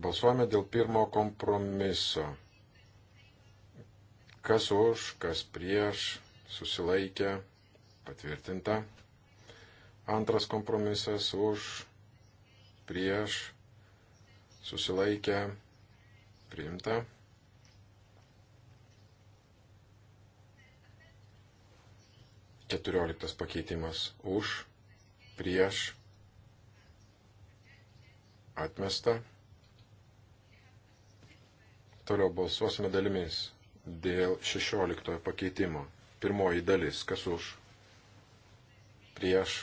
Balsuojame dėl pirmo kompromiso. Kas už, kas prieš, susilaikė, patvirtinta. Antras kompromisas už, prieš, susilaikė, priimta. Keturioliktas pakeitimas už, prieš, atmesta. Toliau balsuosime dalimis dėl 16 pakeitimo. Pirmoji dalis, kas už, prieš.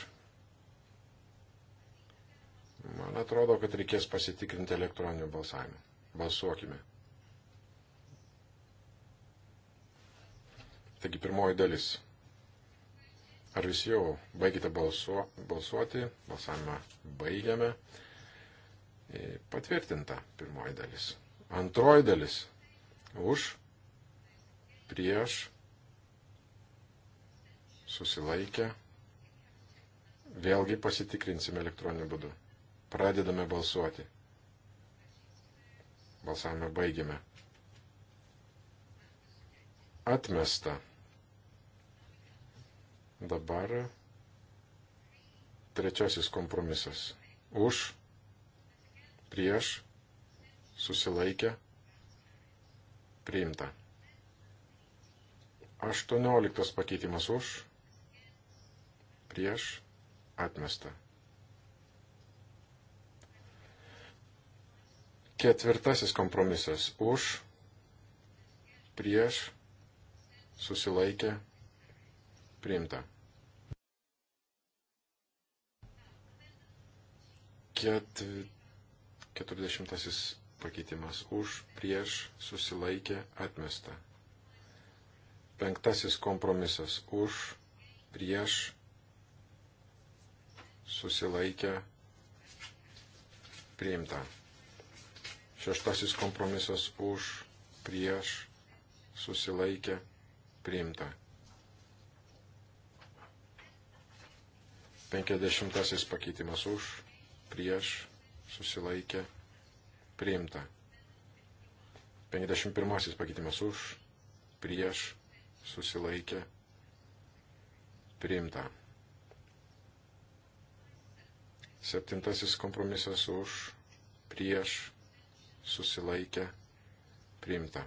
Man atrodo, kad reikės pasitikrinti elektroniniu balsavimu. Balsuokime. Taigi pirmoji dalis. Ar visi jau baigite balsuo, balsuoti? Balsavimą baigiame. E, patvirtinta pirmoji dalis. Antroji dalis. Už, prieš, susilaikę. Vėlgi pasitikrinsime elektroniniu būdu. Pradedame balsuoti. Balsavimą baigiame. Atmesta. Dabar trečiasis kompromisas. Už, prieš, susilaikė, priimta. 18 pakeitimas už, prieš, atmesta. Ketvirtasis kompromisas už, prieš, susilaikė, priimta. Ket... Keturiasdešimtasis pakeitimas už, prieš, susilaikė, atmesta. Penktasis kompromisas už, prieš, susilaikė, priimta. Šeštasis kompromisas už, prieš, susilaikė, priimta. Penkiasdešimtasis pakeitimas už, prieš, susilaikė, priimta priimta. 51 pakeitimas už, prieš, susilaikė, priimta. Septintasis kompromisas už, prieš, susilaikė, priimta.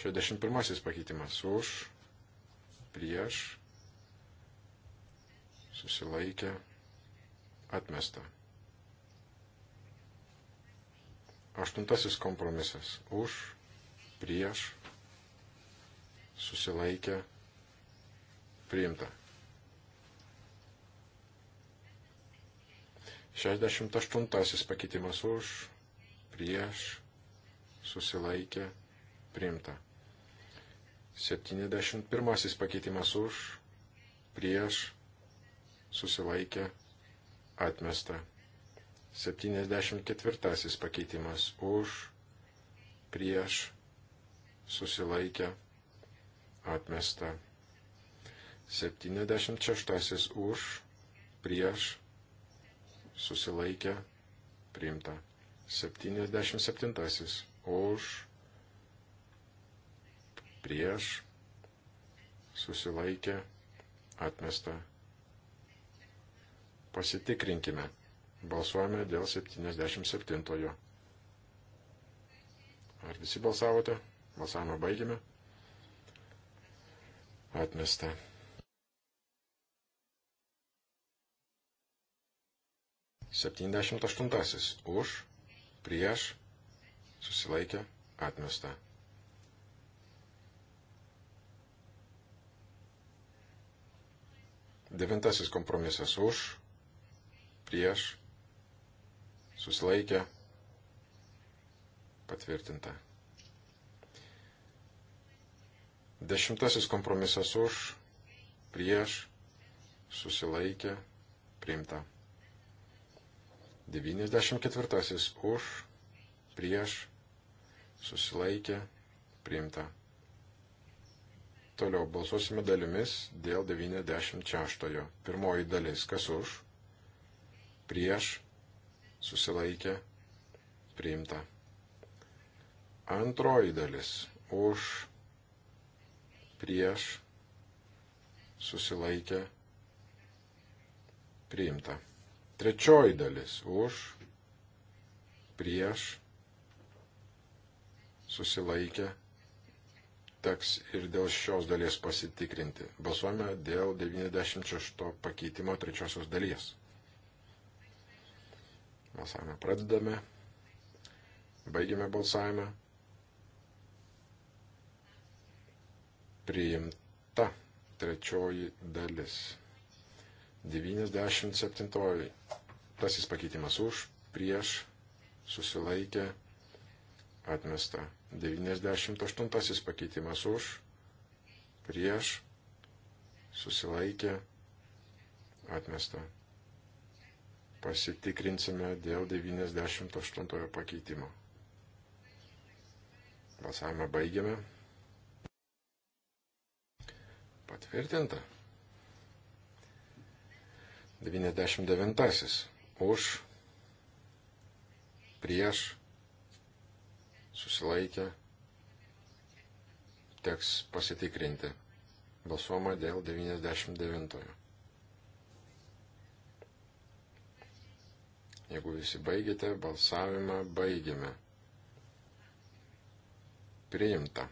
61 pakeitimas už, prieš, susilaikė, atmesta. Aštuntasis kompromisas. Už, prieš, susilaikę, priimta. 68 pakeitimas už, prieš, susilaikė, priimta. 71 pakeitimas už, prieš, susilaikė, atmesta. 74 pakeitimas už, prieš, susilaikę, atmesta. 76 už, prieš, susilaikę, priimta. 77 už, prieš, susilaikę, atmesta. Pasitikrinkime. Balsuojame dėl 77-ojo. Ar visi balsavote? Balsavimą baigėme. Atmesta. Septyniasdešimt aštuntasis. Už, prieš, susilaikė, atmesta. Devintasis kompromisas. Už, prieš, susilaikė, patvirtinta. Dešimtasis kompromisas už, prieš, susilaikė, priimta. 94 už, prieš, susilaikė, priimta. Toliau balsuosime dalimis dėl 96. Pirmoji dalis, kas už, prieš, susilaikė, priimta. Antroji dalis už, prieš, susilaikė, priimta. Trečioji dalis už, prieš, susilaikė, teks ir dėl šios dalies pasitikrinti. Balsuojame dėl 96 pakeitimo trečiosios dalies. Balsavimą pradedame. Baigiame balsavimą. Priimta trečioji dalis. 97. Tasis pakeitimas už, prieš, susilaikė, atmesta. 98. pakeitimas už, prieš, susilaikė, atmesta pasitikrinsime dėl 98 pakeitimo. Balsavimą baigiame. Patvirtinta. 99. Už, prieš, susilaikę, teks pasitikrinti. Balsuoma dėl 99. Jeigu visi baigėte, balsavimą baigėme. Priimta.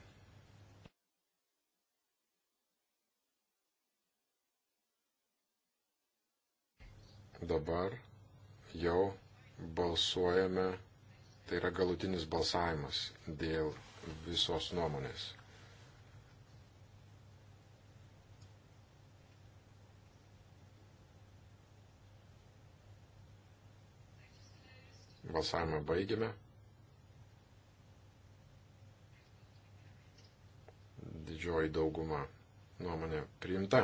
Dabar jau balsuojame, tai yra galutinis balsavimas dėl visos nuomonės. Balsavimą baigėme. Didžioji dauguma nuomonė priimta.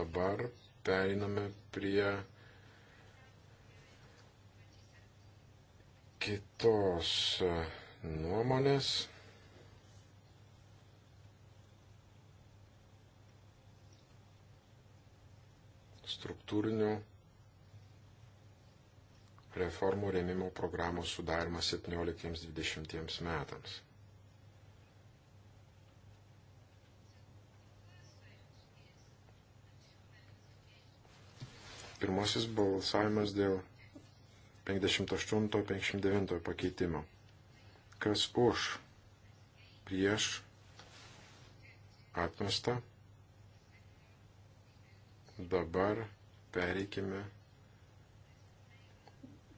Dabar periname prie kitos nuomonės. struktūrinių reformų rėmimo programos sudarimas 17-20 metams. Pirmasis balsavimas dėl 58-59 pakeitimo. Kas už, prieš, atmesta, Dabar pereikime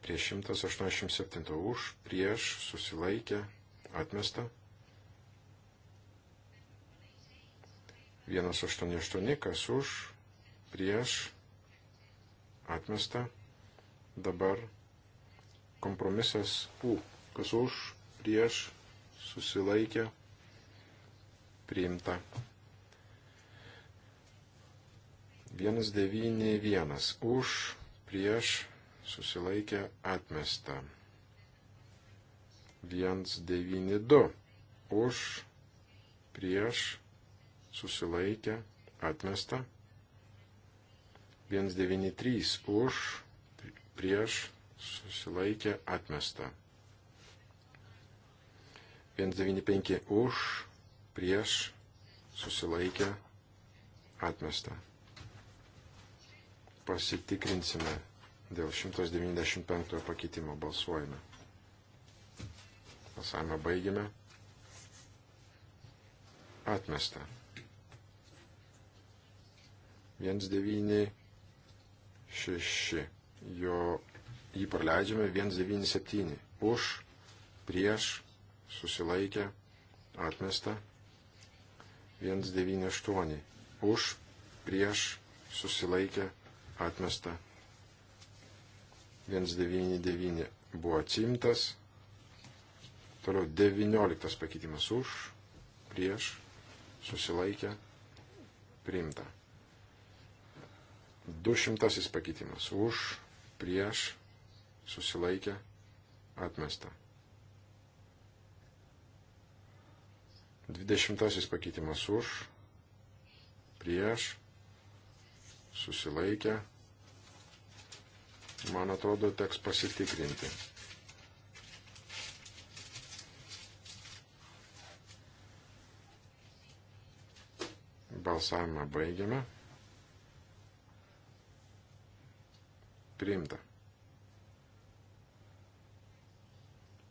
prie 187 už, prieš, susilaikę, atmesta. 188 kas už, prieš, atmesta. Dabar kompromisas U, kas už, prieš, susilaikę, priimta. 191 už, prieš, susilaikė, atmesta. 192 už, prieš, susilaikė, atmesta. 193 už, prieš, susilaikė, atmesta. 195 už, prieš, susilaikė, atmesta. Pasitikrinsime dėl 195 pakeitimo. Balsuojame. Balsavimą baigime. Atmesta. 196. Jo jį praleidžiame 197. Už, prieš, susilaikę, atmesta. 198. Už, prieš, susilaikę, atmesta atmesta. 199 buvo atsimtas. Toliau 19 pakeitimas už, prieš, susilaikė, priimta. 200 pakeitimas už, prieš, susilaikė, atmesta. 20 pakeitimas už, prieš, susilaikę. Man atrodo, teks pasitikrinti. Balsavimą baigiame. Priimta.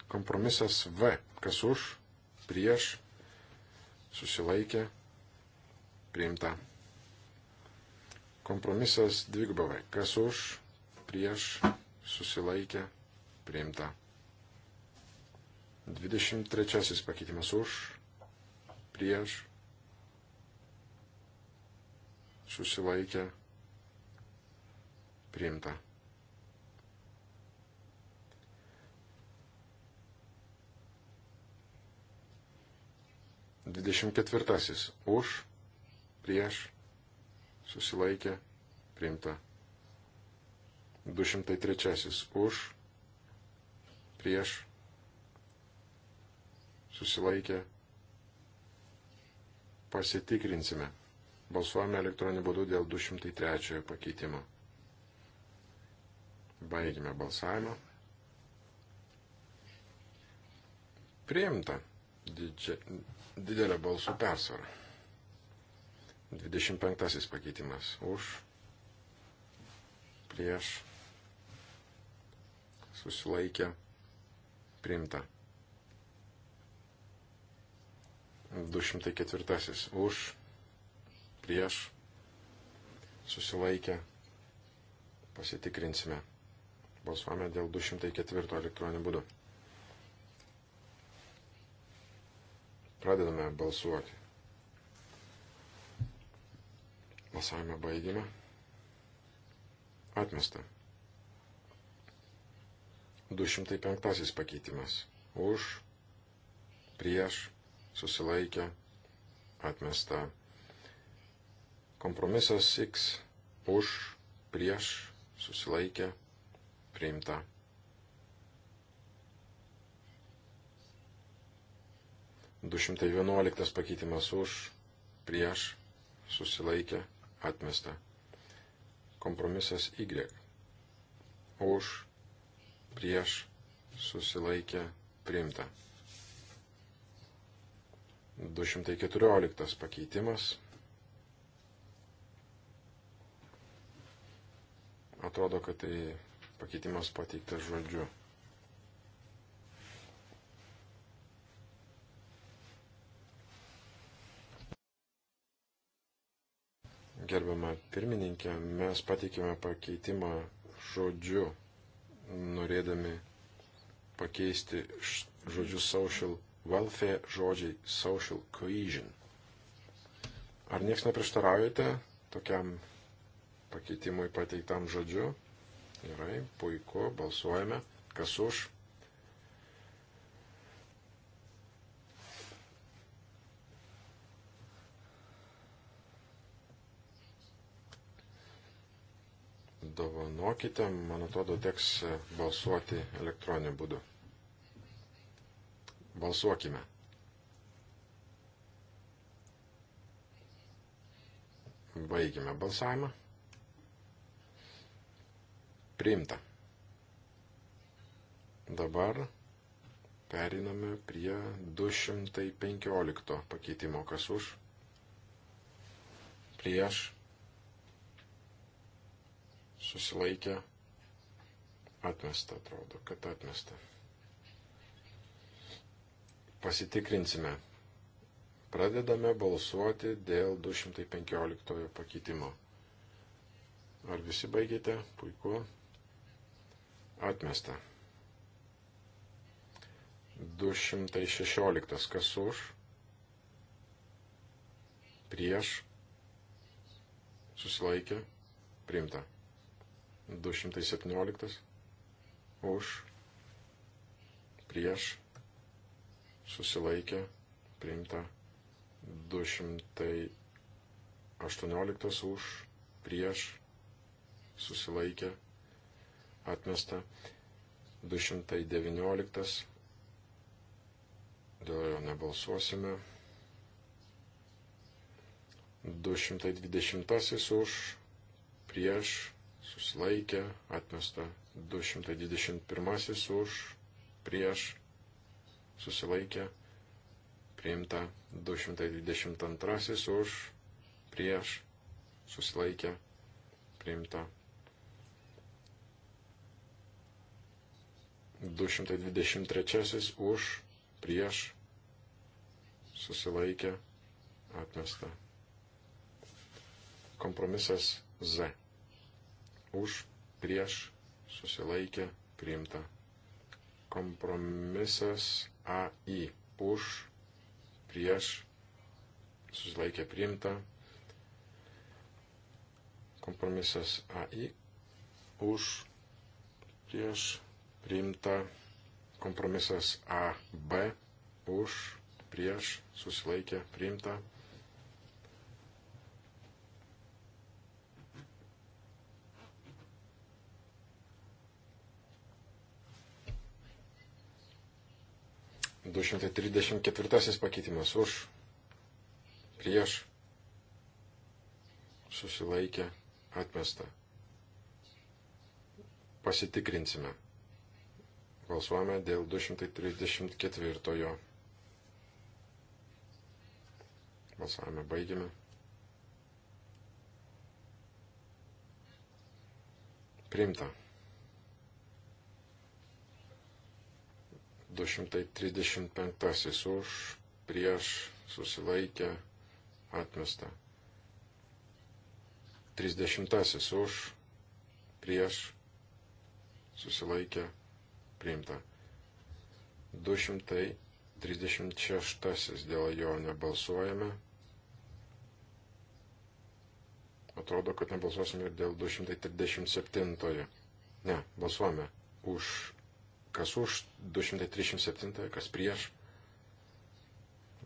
Kompromisas V. Kas už, prieš, susilaikė, priimta. Kompromisas dvigubai. Kas už, prieš, susilaikė, priimta. 23 pakeitimas už, prieš, susilaikė, priimta. Dvidešimt ketvirtasis. Už, prieš, susilaikė, priimta. 203 už, prieš, susilaikė, pasitikrinsime. Balsuojame elektroniniu būdu dėl 203 pakeitimo. Baigime balsavimą. Priimta didžia, didelė balsų persvara. 25 pakeitimas už, prieš, susilaikę, priimta. 204 už, prieš, susilaikę, pasitikrinsime. Balsuojame dėl 204 elektroninių būdų. Pradedame balsuoti. Balsavimą baigėme. Atmesta. 205 pakeitimas. Už, prieš, susilaikę, atmesta. Kompromisas X. Už, prieš, susilaikę, priimta. Du šimtai vienuoliktas pakeitimas už, prieš, susilaikę, atmesta. Kompromisas Y. Už, prieš, susilaikė, priimta. 214 pakeitimas. Atrodo, kad tai pakeitimas pateiktas žodžiu. Gerbiama pirmininkė, mes pateikėme pakeitimą žodžiu, norėdami pakeisti žodžius social welfare žodžiai social cohesion. Ar nieks neprieštaraujate tokiam pakeitimui pateiktam žodžiu? Gerai, puiku, balsuojame. Kas už? padovanokite, man atrodo, teks e, balsuoti elektroniniu būdu. Balsuokime. Baigime balsavimą. Priimta. Dabar periname prie 215 pakeitimo, kas už, prieš, susilaikė, atmesta, atrodo, kad atmesta. Pasitikrinsime. Pradedame balsuoti dėl 215 pakeitimo. Ar visi baigėte? Puiku. Atmesta. 216. Kas už? Prieš. Susilaikė. Primta. 217 už, prieš, susilaikė, priimta 218 už, prieš, susilaikė, atmesta 219, dėl jo nebalsuosime. 220 už, prieš, susilaikė, atmesta 221 už, prieš, susilaikė, priimta 222 už, prieš, susilaikė, priimta 223 už, prieš, susilaikė, atmesta. Kompromisas Z už, prieš, susilaikė, priimta. Kompromisas AI už, prieš, susilaikė, priimta. Kompromisas AI už, prieš, priimta. Kompromisas AB už, prieš, susilaikė, priimta 234 pakeitimas už, prieš, susilaikė, atmesta. Pasitikrinsime. Balsuojame dėl 234. Balsavimą baigiame. Priimta. 235 už, prieš, susilaikę, atmesta. 30 už, prieš, susilaikę, priimta. 236 dėl jo nebalsuojame. Atrodo, kad nebalsuosime ir dėl 237. Ne, balsuojame už Kas už 237, kas prieš.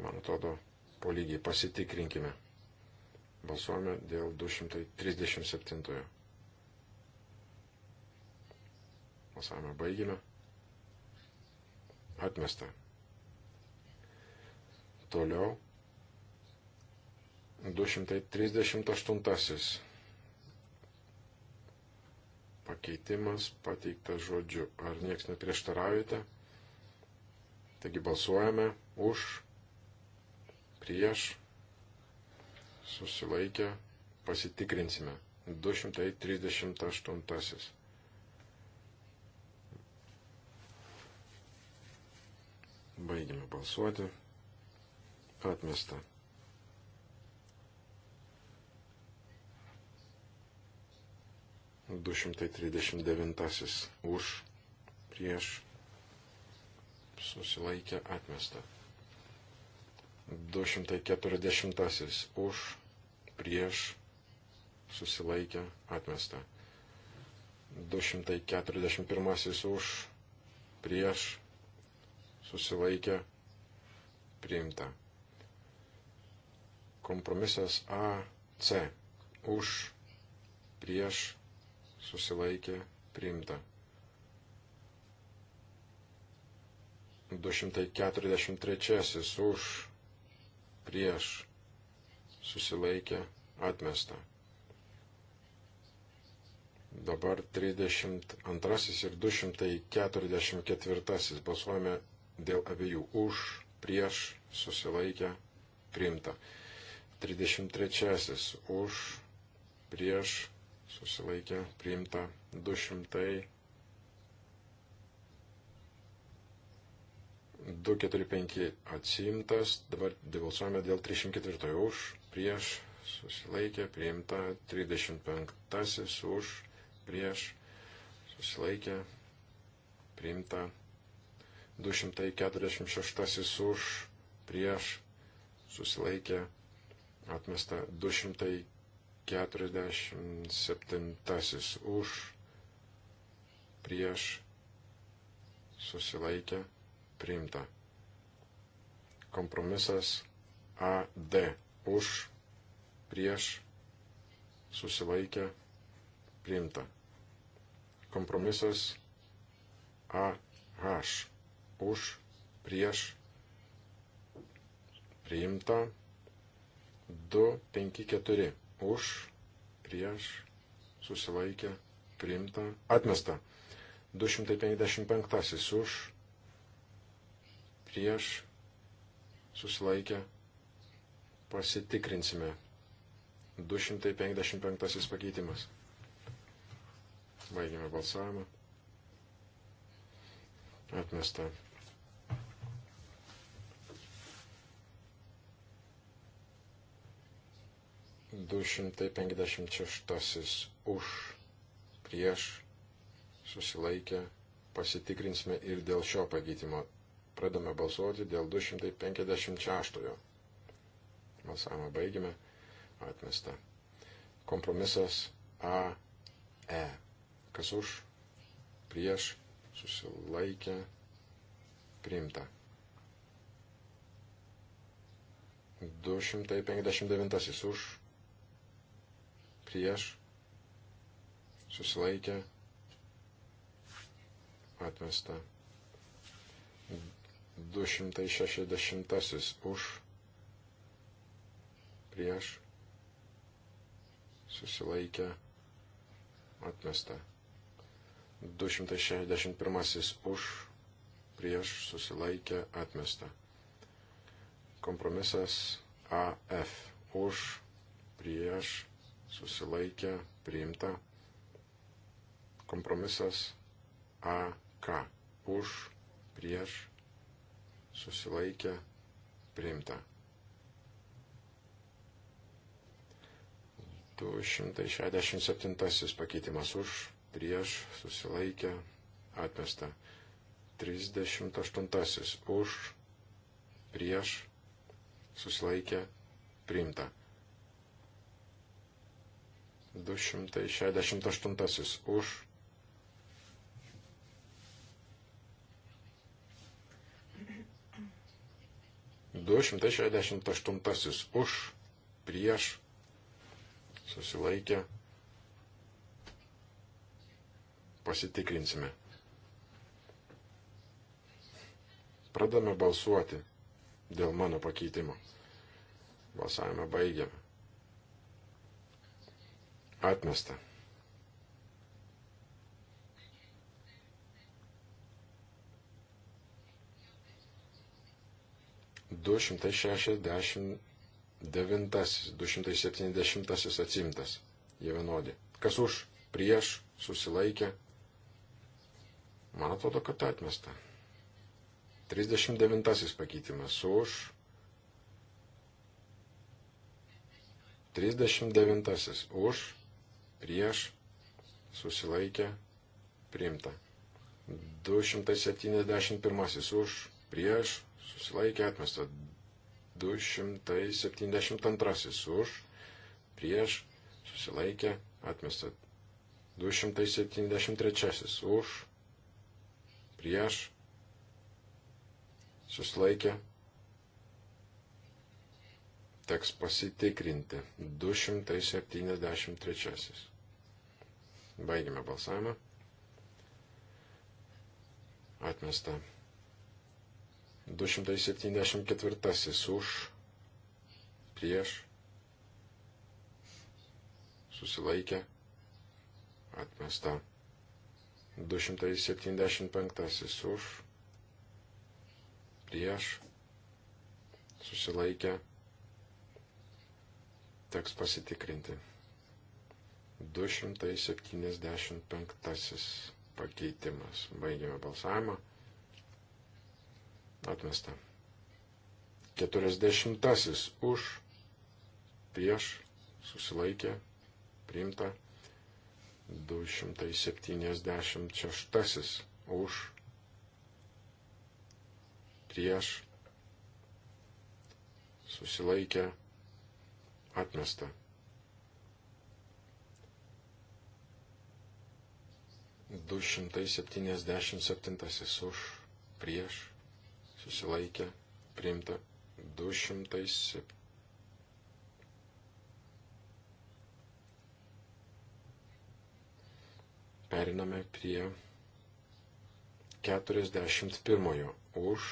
Man atrodo, po lygiai pasitikrinkime. Balsuojame dėl 237. Balsavimą baigime. Atmesta. Toliau 238 pakeitimas pateiktas žodžiu. Ar nieks neprieštaraujate? Taigi balsuojame už, prieš, susilaikę, pasitikrinsime. 238. Baigime balsuoti. Atmesta. 239 už prieš susilaikę atmestą. 240 už prieš susilaikę atmestą. 241 už prieš susilaikę priimta. Kompromisas AC už prieš susilaikė, priimta. 243 už, prieš, susilaikė, atmesta. Dabar 32 ir 244 balsuojame dėl abiejų už, prieš, susilaikę, priimta. 33 už, prieš, susilaikė priimta 200, 245 atsimtas, dabar balsuojame dėl 304 už, prieš susilaikė priimta 35 už, prieš susilaikė priimta 246 už, prieš susilaikė atmesta 200. 47 už prieš susilaikę priimta. Kompromisas AD už prieš susilaikę priimta. Kompromisas AH už prieš priimta 254 už, prieš, susilaikė, priimta, atmesta. 255 už, prieš, susilaikė, pasitikrinsime. 255 pakeitimas. Baigime balsavimą. Atmesta. 256 už prieš susilaikę pasitikrinsime ir dėl šio pakeitimo. Pradame balsuoti dėl 256. Balsavimą baigime. Atmesta. Kompromisas AE. Kas už? Prieš susilaikę priimta. 259 už prieš, susilaikė, atmesta. 260 už, prieš, susilaikė, atmesta. 261 už, prieš, susilaikė, atmesta. Kompromisas AF už, prieš, susilaikė, priimta. Kompromisas AK už, prieš, susilaikė, priimta. 267 pakeitimas už, prieš, susilaikė, atmesta. 38 už, prieš, susilaikė, priimta. 268 už. Du šimtai šešdešimt aštuntasis už, prieš, susilaikė, pasitikrinsime. Pradame balsuoti dėl mano pakeitimo. Balsavimą baigiame. Atmesta. Du šimtai šešiasdešimt devintasis, du šimtai septyniasdešimtasis atsimtas. Jie vienodi. Kas už, prieš, susilaikė. Man atrodo, kad atmesta. 39 pakeitimas už 39 už prieš, susilaikė, priimta. 271 už, prieš, susilaikė, atmesta. 272 už, prieš, susilaikė, atmesta. 273 už, prieš, susilaikė, Teks pasitikrinti. 273. Baigime balsavimą. Atmesta. 274 už, prieš, susilaikė, atmesta. 275 už, prieš, susilaikė, teks pasitikrinti. 275 pakeitimas. Baigėme balsavimą. Atmesta. 40 už, prieš, susilaikė, priimta. 276 už, prieš, susilaikė, priimta Atmesta. Du šimtai septyniasdešimt septintasis už, prieš, susilaikė, priimta. Du šimtai septyniasdešimt. Periname prie 41. Už,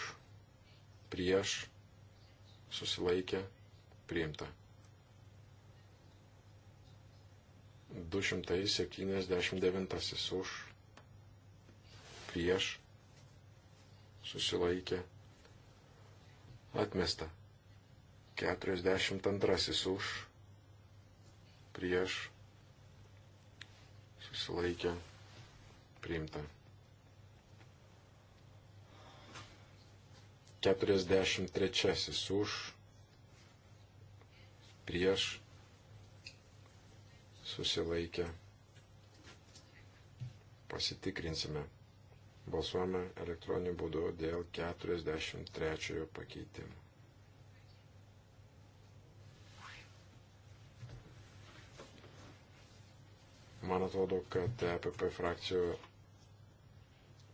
prieš, susilaikė, priimta. 279 už, prieš, susilaikė, atmesta. 42 už, prieš, susilaikė, priimta. 43 už, prieš, susilaikė. Pasitikrinsime. Balsuojame elektroniniu būdu dėl 43 pakeitimo. Man atrodo, kad EPP frakcijų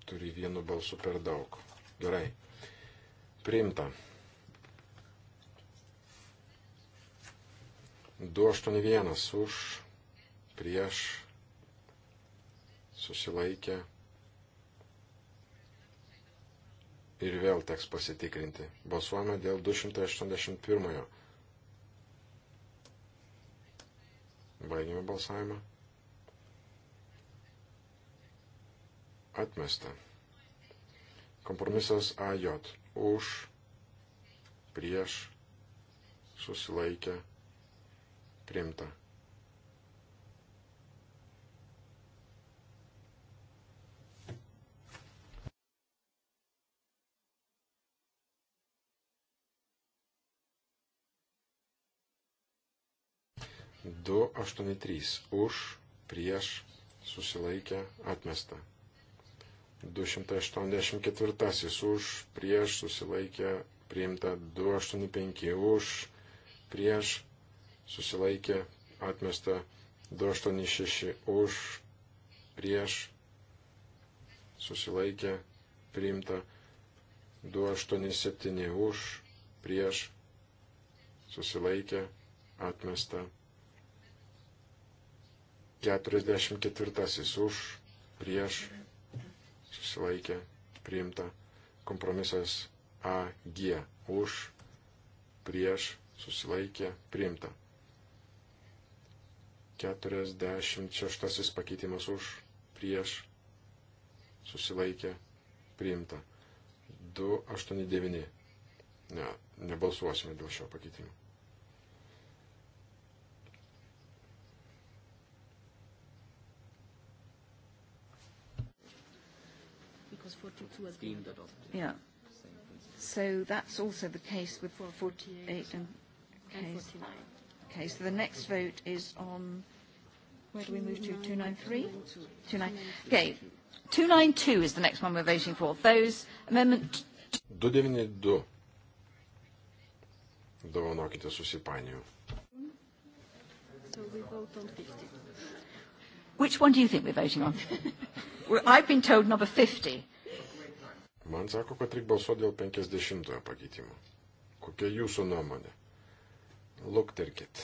turi vienu balsu per daug. Gerai. Priimta. 281 už prieš, susilaikė ir vėl teks pasitikrinti. Balsuojame dėl 281. Baigėme balsavimą. Atmesta. Kompromisas AJ. Už, prieš, susilaikę, primta. 283 už, prieš, susilaikę, atmesta. 284 už, prieš, susilaikę, priimta. 285 už, prieš, susilaikė, atmesta. 286 už, prieš, susilaikė, priimta. 287 už, prieš, susilaikė, atmesta. 44 už, prieš, susilaikė, priimta. Kompromisas AG už, prieš, susilaikė, priimta. 46 pakeitimas už, prieš, susilaikė, priimta. 289. Ne, nebalsuosime dėl šio pakeitimo. was 42 has been adopted. Yeah. So that's also the case with 48 and, and case. 49. Okay, so the next vote is on, where do we move to, 293? 292. Okay, 292 is the next one we're voting for. Those amendment... 292. Dovanokite susipainioju. So we vote on 50. Which one do you think we're voting on? well, I've been told number 50. Man sako, kad reikia balsuoti dėl 50 pakeitimo. Kokia jūsų nuomonė? Lukterkit.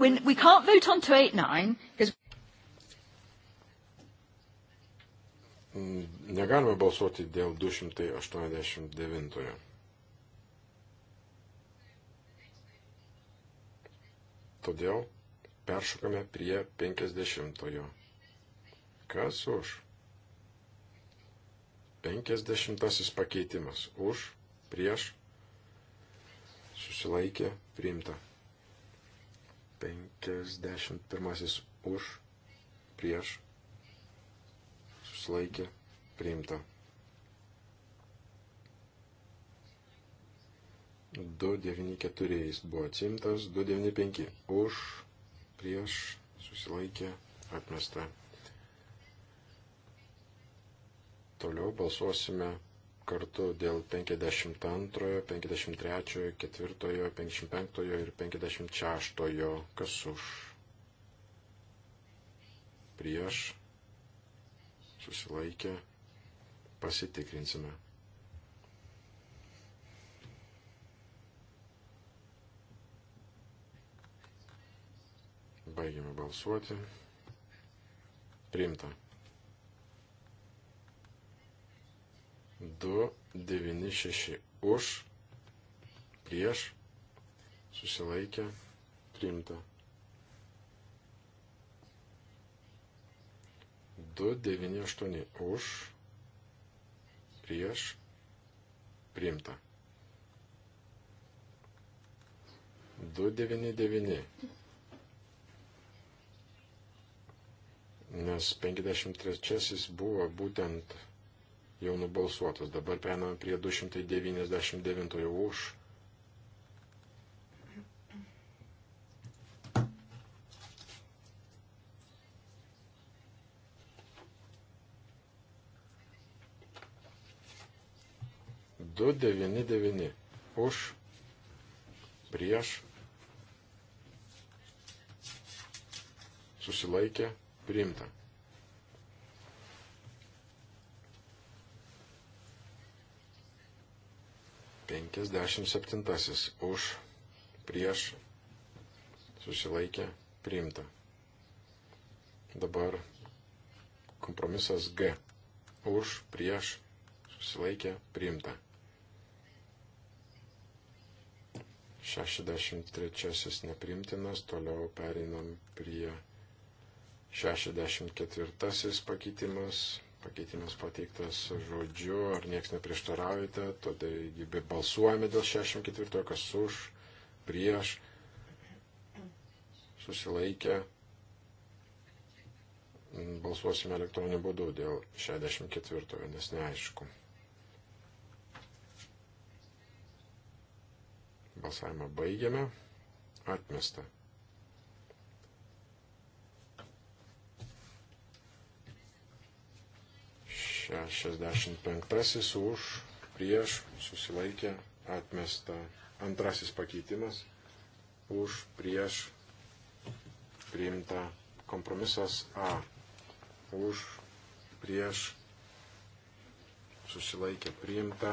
When we can't vote on 289 because mm, Negalime balsuoti dėl 289. Todėl peršokame prie 50. Kas už? 50 pakeitimas. Už, prieš, susilaikė, priimta. 51 už, prieš, susilaikė, priimta. 294 jis buvo atsimtas, 295 už, prieš, susilaikė, atmesta. Toliau balsuosime kartu dėl 52, 53, 4, 55 ir 56. Kas už? Prieš? Susilaikė? Pasitikrinsime. Baigiame balsuoti. Priimta. 2, 9, 6 už, prieš, susilaikė, priimta. 2, 9, 8 už, prieš, priimta. 299. Nes 53 buvo būtent jau nubalsuotas. Dabar periname prie 299 už. Du devyni devyni už prieš susilaikė priimta. 57 už prieš susilaikė priimta. Dabar kompromisas G už prieš susilaikė priimta. 63 neprimtinas, toliau perinam prie 64 pakeitimas Pakeitimas pateiktas žodžiu, ar nieks neprieštaraujate, todėl balsuojame dėl 64, kas už, prieš, susilaikę. Balsuosime elektroniniu būdu dėl 64, nes neaišku. Balsavimą baigiame. Atmesta. 65 už, prieš, susilaikė, atmesta. Antrasis pakeitimas už, prieš, priimta. Kompromisas A už, prieš, susilaikė, priimta.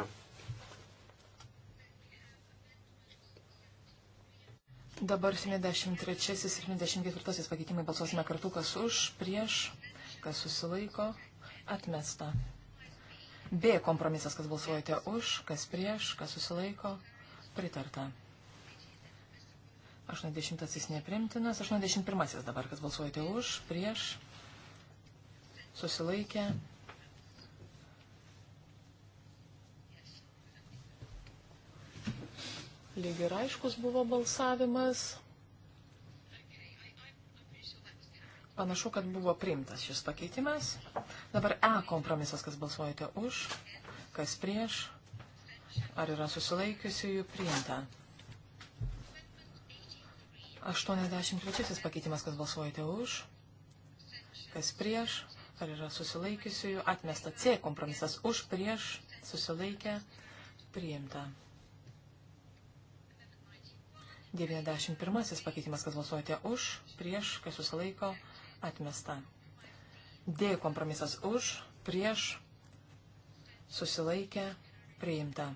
Dabar 73 ir 74 pakeitimai balsuosime kartu, kas už, prieš, kas susilaiko, Atmesta. B kompromisas, kas balsuojate už, kas prieš, kas susilaiko, pritarta. 80 jis neprimtinas, 81 dabar, kas balsuojate už, prieš, susilaikė. Lyg ir aiškus buvo balsavimas. Panašu, kad buvo priimtas šis pakeitimas. Dabar E kompromisas, kas balsuojate už, kas prieš, ar yra susilaikiusiųjų priimta. 83 pakeitimas, kas balsuojate už, kas prieš, ar yra susilaikiusiųjų, atmesta C kompromisas už, prieš, susilaikę, priimta. 91 pakeitimas, kas balsuojate už, prieš, kas susilaiko, atmesta. D kompromisas už, prieš, susilaikę, priimta.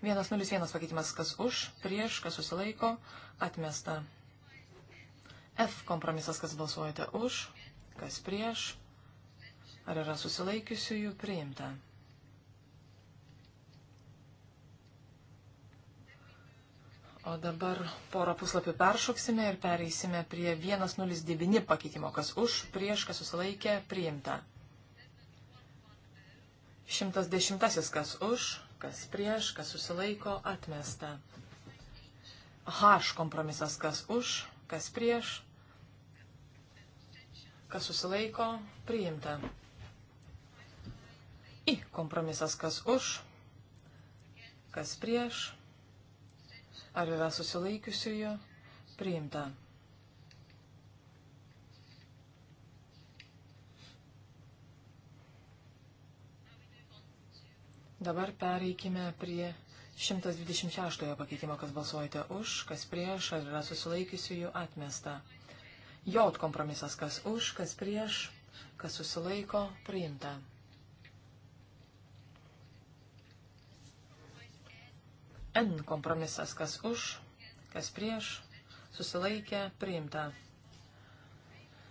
101 pakeitimas, kas už, prieš, kas susilaiko, atmesta. F kompromisas, kas balsuojate už, kas prieš, ar yra susilaikiusiųjų, priimta. O dabar porą puslapių peršoksime ir pereisime prie 109 pakeitimo, kas už, prieš, kas susilaikė, priimta. 110 kas už, kas prieš, kas susilaiko, atmesta. H kompromisas kas už, kas prieš, kas susilaiko, priimta. I kompromisas kas už, kas prieš, Ar yra susilaikiusiojo? Priimta. Dabar pereikime prie 126 pakeitimo, kas balsuojate už, kas prieš, ar yra susilaikiusiųjų atmesta. Jot kompromisas, kas už, kas prieš, kas susilaiko, priimta. N kompromisas, kas už, kas prieš, susilaikė, priimta.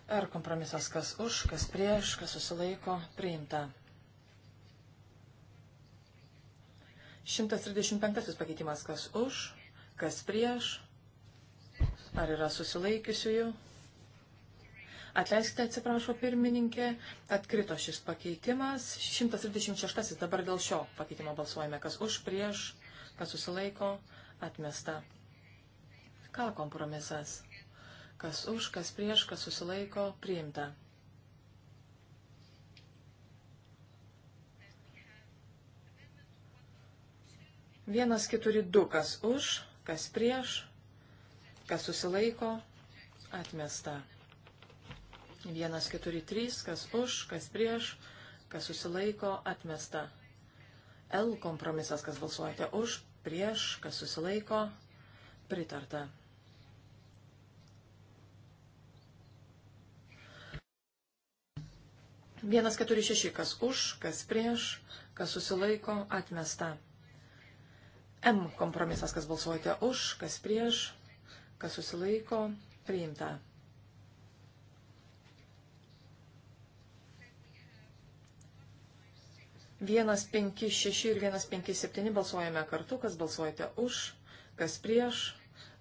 R kompromisas, kas už, kas prieš, kas susilaiko, priimta. 135 pakeitimas, kas už, kas prieš, ar yra susilaikiusiųjų. Atleiskite, atsiprašo pirmininkė, atkrito šis pakeitimas. 136 dabar dėl šio pakeitimo balsuojame, kas už, prieš, kas susilaiko, atmesta. K kompromisas, kas už, kas prieš, kas susilaiko, priimta. Vienas keturi du, kas už, kas prieš, kas susilaiko, atmesta. Vienas keturi trys, kas už, kas prieš, kas susilaiko, atmesta. L kompromisas, kas balsuojate už, prieš, kas susilaiko, pritarta. Vienas keturi šeši, kas už, kas prieš, kas susilaiko, atmesta. M kompromisas, kas balsuojate už, kas prieš, kas susilaiko, priimta. 156 ir 157 balsuojame kartu, kas balsuojate už, kas prieš,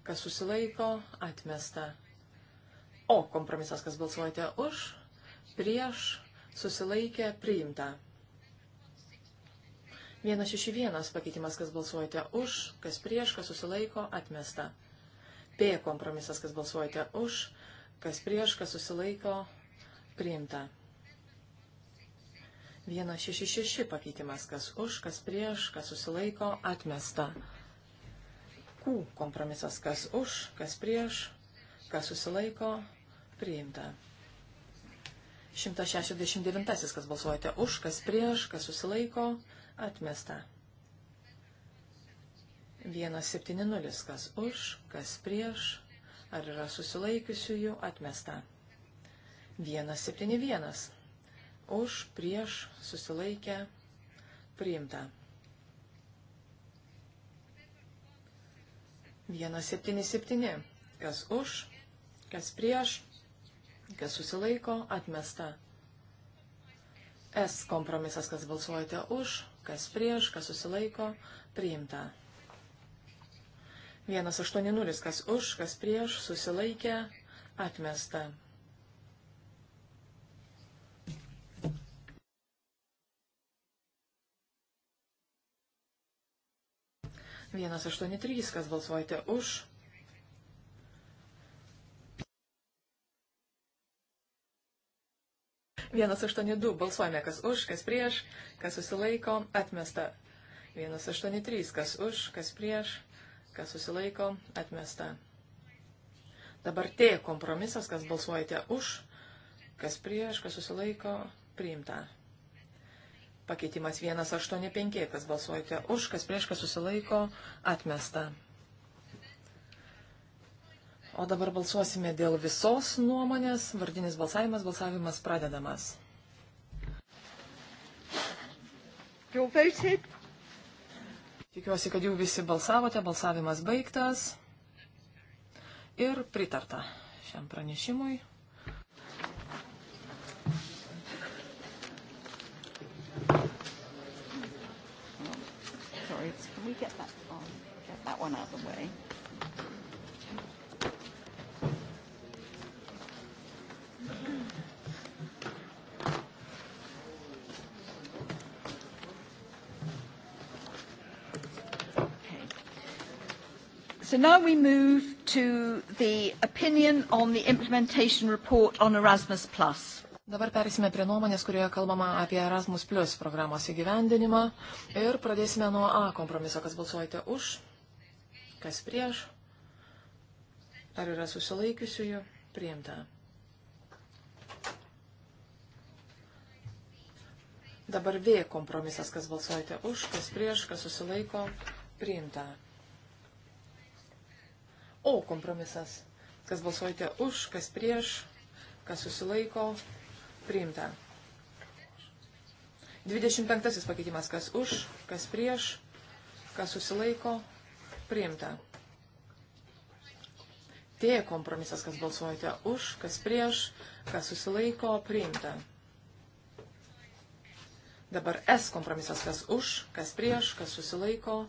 kas susilaiko, atmesta. O kompromisas, kas balsuojate už, prieš, susilaikė, priimta. 161 pakeitimas, kas balsuojate už, kas prieš, kas susilaiko, atmesta. P kompromisas, kas balsuojate už, kas prieš, kas susilaiko, priimta. 166 pakeitimas, kas už, kas prieš, kas susilaiko, atmesta. Q kompromisas, kas už, kas prieš, kas susilaiko, priimta. 169, kas balsuojate už, kas prieš, kas susilaiko, atmesta. 170, kas už, kas prieš, ar yra susilaikiusiųjų, atmesta. 171 už, prieš, susilaikę, priimta. 177. Kas už, kas prieš, kas susilaiko, atmesta. S kompromisas, kas balsuojate už, kas prieš, kas susilaiko, priimta. 180, kas už, kas prieš, susilaikė, atmesta. 183, kas balsuojate už. Vienas aštuoni du, balsuojame kas už, kas prieš, kas susilaiko, atmesta. Vienas aštuoni trys, kas už, kas prieš, kas susilaiko, atmesta. Dabar T kompromisas, kas balsuojate už, kas prieš, kas susilaiko, priimta. Pakeitimas 185, kas balsuojate už, kas prieš, kas susilaiko, atmesta. O dabar balsuosime dėl visos nuomonės. Vardinis balsavimas, balsavimas pradedamas. Jau balsit? Tikiuosi, kad jau visi balsavote, balsavimas baigtas ir pritarta šiam pranešimui. we get that on? Get that one out of the way. So now we move to the opinion on the implementation report on Erasmus Plus. Dabar perėsime prie nuomonės, kurioje kalbama apie Erasmus Plus programos įgyvendinimą ir pradėsime nuo A kompromiso, kas balsuojate už, kas prieš, ar yra susilaikiusiųjų, priimta. Dabar V kompromisas, kas balsuojate už, kas prieš, kas susilaiko, priimta. O kompromisas, kas balsuojate už, kas prieš, kas susilaiko, priimta priimta. 25 pakeitimas, kas už, kas prieš, kas susilaiko, priimta. T kompromisas, kas balsuojate už, kas prieš, kas susilaiko, priimta. Dabar S kompromisas, kas už, kas prieš, kas susilaiko,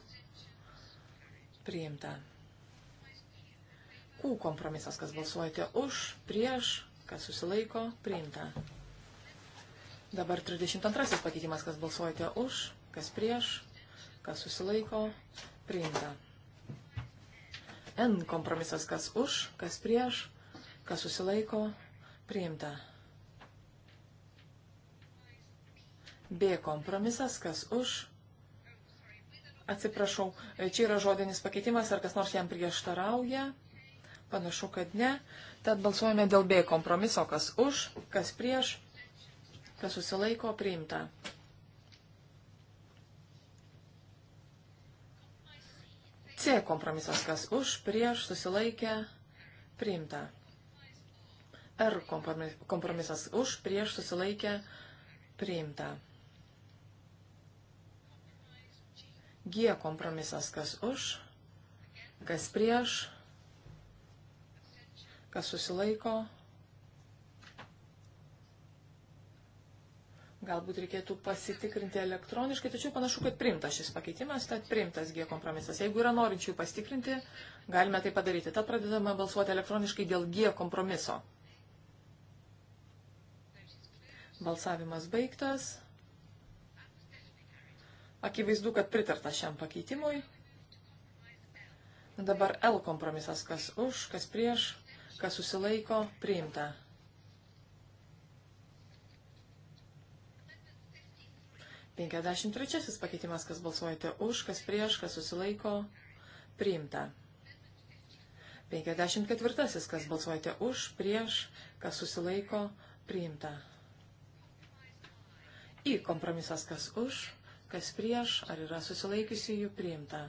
priimta. Q kompromisas, kas balsuojate už, prieš, kas susilaiko, priimta. Dabar 32 pakeitimas, kas balsuojate už, kas prieš, kas susilaiko, priimta. N kompromisas, kas už, kas prieš, kas susilaiko, priimta. B kompromisas, kas už. Atsiprašau, čia yra žodinis pakeitimas, ar kas nors jam prieštarauja. Panašu, kad ne. Tad balsuojame dėl B kompromiso, kas už, kas prieš, kas susilaiko priimta. C kompromisas, kas už, prieš, susilaikė, priimta. R kompromisas už, prieš, susilaikė, priimta. G kompromisas, kas už, kas prieš, kas susilaiko, priimta Galbūt reikėtų pasitikrinti elektroniškai, tačiau panašu, kad primtas šis pakeitimas, tad primtas G kompromisas. Jeigu yra norinčių pasitikrinti, galime tai padaryti. Tad pradedame balsuoti elektroniškai dėl G kompromiso. Balsavimas baigtas. Akivaizdu, kad pritarta šiam pakeitimui. Dabar L kompromisas, kas už, kas prieš, kas susilaiko, priimta. 53 pakeitimas, kas balsuojate už, kas prieš, kas susilaiko, priimta. 54 kas balsuojate už, prieš, kas susilaiko, priimta. Į kompromisas, kas už, kas prieš, ar yra susilaikiusi jų priimta.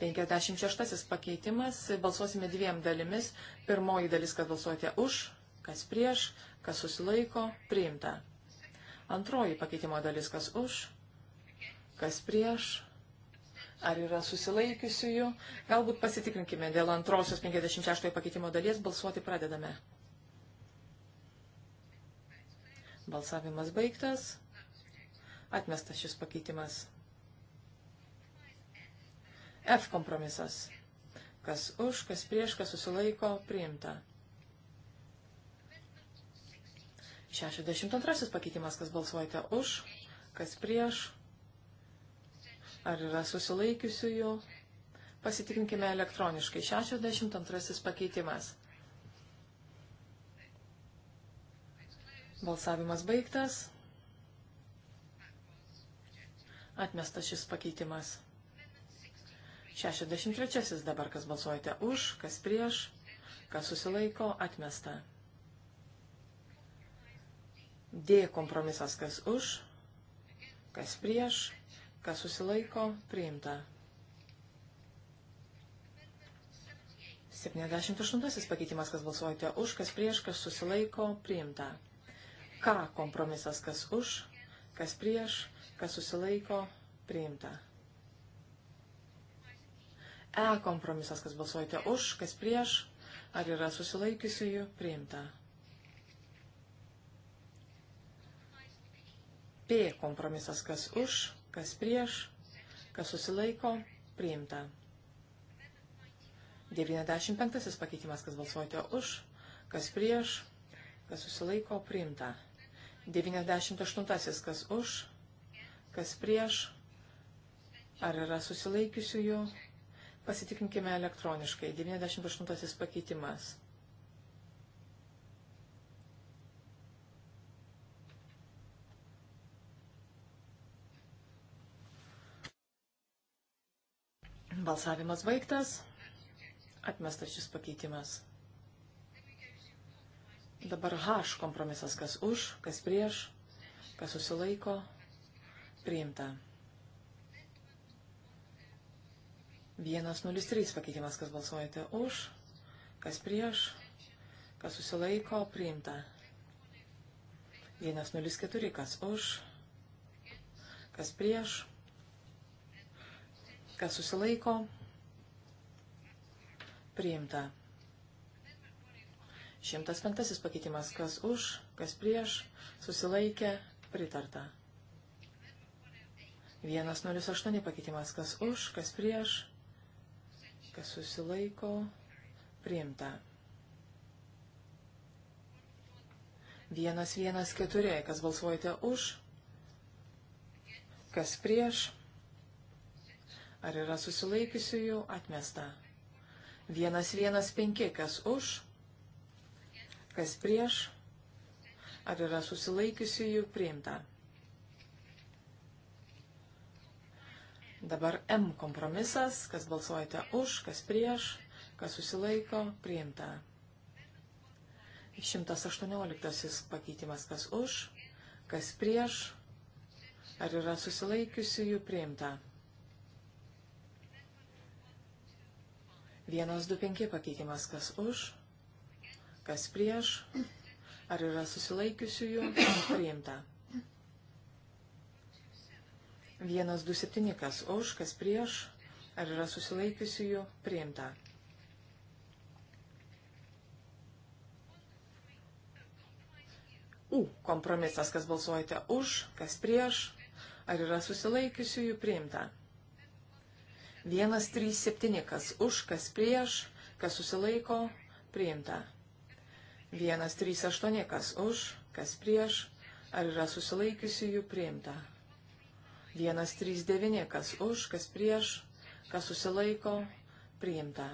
56 pakeitimas, balsuosime dviem dalimis. Pirmoji dalis, kad balsuojate už, kas prieš, kas susilaiko, priimta. Antroji pakeitimo dalis, kas už, kas prieš, ar yra susilaikiusiųjų. Galbūt pasitikrinkime dėl antrosios 56 pakeitimo dalies, balsuoti pradedame. Balsavimas baigtas. Atmestas šis pakeitimas. F kompromisas. Kas už, kas prieš, kas susilaiko, priimta. 62 pakeitimas, kas balsuojate už, kas prieš, ar yra susilaikiusiųjų. Pasitikrinkime elektroniškai. 62 pakeitimas. Balsavimas baigtas. Atmestas šis pakeitimas. 63 dabar, kas balsuojate už, kas prieš, kas susilaiko, atmesta. D kompromisas kas už, kas prieš, kas susilaiko, priimta. 78 pakeitimas, kas balsuojate už, kas prieš, kas susilaiko, priimta. K kompromisas, kas už, kas prieš, kas susilaiko, priimta. E kompromisas, kas balsuojate už, kas prieš, ar yra susilaikiusiųjų, priimta. P kompromisas, kas už, kas prieš, kas susilaiko, priimta. 95 pakeitimas, kas balsuojate už, kas prieš, kas susilaiko, priimta. 98 kas už, kas prieš, ar yra susilaikiusiųjų, pasitikrinkime elektroniškai. 98 pakeitimas. Balsavimas baigtas. Atmestas šis pakeitimas. Dabar H kompromisas, kas už, kas prieš, kas susilaiko, priimta. 103 pakeitimas, kas balsuojate už, kas prieš, kas susilaiko, priimta. 104, kas už, kas prieš, Kas susilaiko? Priimta. 105 pakeitimas. Kas už, kas prieš, susilaikė, pritarta. 108 pakeitimas. Kas už, kas prieš, kas susilaiko, priimta. 114. Kas balsuojate už, kas prieš, Ar yra susilaikiusiųjų? Atmesta. Vienas vienas penki, kas už, kas prieš, ar yra susilaikiusiųjų priimta. Dabar M kompromisas, kas balsuojate už, kas prieš, kas susilaiko, priimta. 118 pakeitimas, kas už, kas prieš, ar yra susilaikiusiųjų priimta. 125 pakeitimas kas už, kas prieš, ar yra susilaikiusiųjų, priimta. 127 kas už, kas prieš, ar yra susilaikiusiųjų, priimta. U kompromisas, kas balsuojate už, kas prieš, ar yra susilaikiusiųjų, priimta. Vienas, trys, septyni, kas už, kas prieš, kas susilaiko, priimta. Vienas, trys, aštuoni, kas už, kas prieš, ar yra susilaikiusi jų priimta. Vienas, trys, devyni, kas už, kas prieš, kas susilaiko, priimta.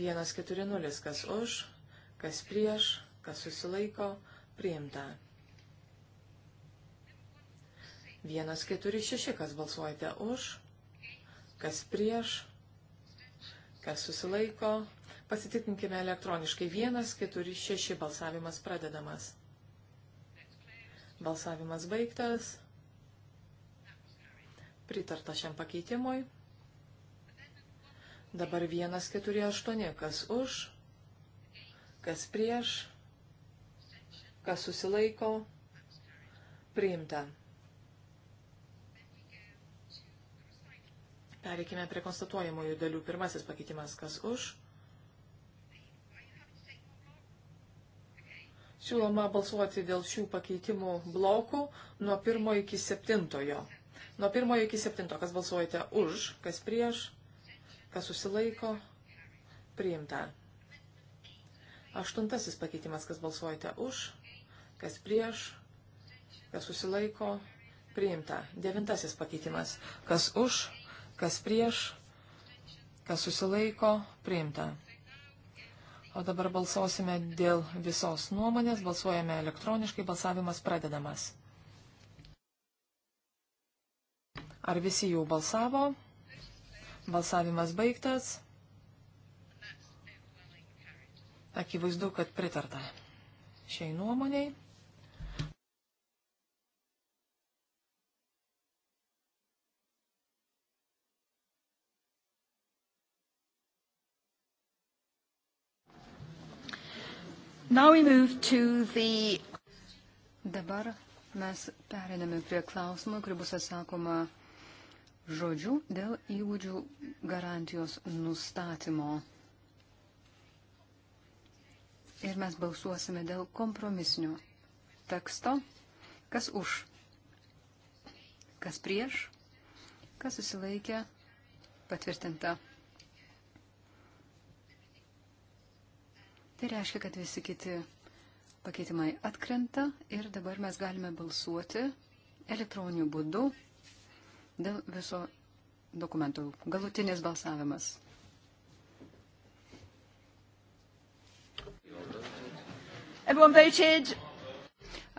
Vienas, keturi, nulis, kas už, kas prieš, kas susilaiko, priimta. Vienas, keturi, šeši, kas balsuojate už, kas prieš, kas susilaiko. Pasitikrinkime elektroniškai. 146 balsavimas pradedamas. Balsavimas baigtas. Pritarta šiam pakeitimui. Dabar 148. Kas už, kas prieš, kas susilaiko. Priimta. Pereikime prie konstatuojamųjų dalių. Pirmasis pakeitimas, kas už. Siūloma balsuoti dėl šių pakeitimų blokų nuo pirmo iki septintojo. Nuo pirmo iki septinto, kas balsuojate už, kas prieš, kas susilaiko, priimta. Aštuntasis pakeitimas, kas balsuojate už, kas prieš, kas susilaiko, priimta. Devintasis pakeitimas, kas už, kas prieš, kas susilaiko, priimta. O dabar balsuosime dėl visos nuomonės, balsuojame elektroniškai, balsavimas pradedamas. Ar visi jau balsavo? Balsavimas baigtas. Akivaizdu, kad pritarta šiai nuomoniai. The... Dabar mes periname prie klausimų, kuri bus atsakoma žodžių dėl įgūdžių garantijos nustatymo. Ir mes balsuosime dėl kompromisinio teksto. Kas už? Kas prieš? Kas susilaikė? Patvirtinta. Tai reiškia, kad visi kiti pakeitimai atkrenta ir dabar mes galime balsuoti elektroniniu būdu dėl viso dokumentų. Galutinis balsavimas.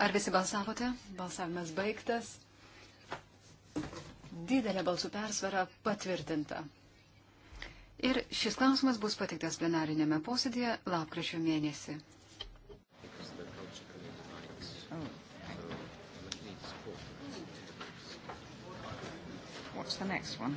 Ar visi balsavote? Balsavimas baigtas. Didelė balsų persvara patvirtinta. Ir šis klausimas bus patiktas plenarinėme posėdėje lapkričio mėnesį. What's the next one?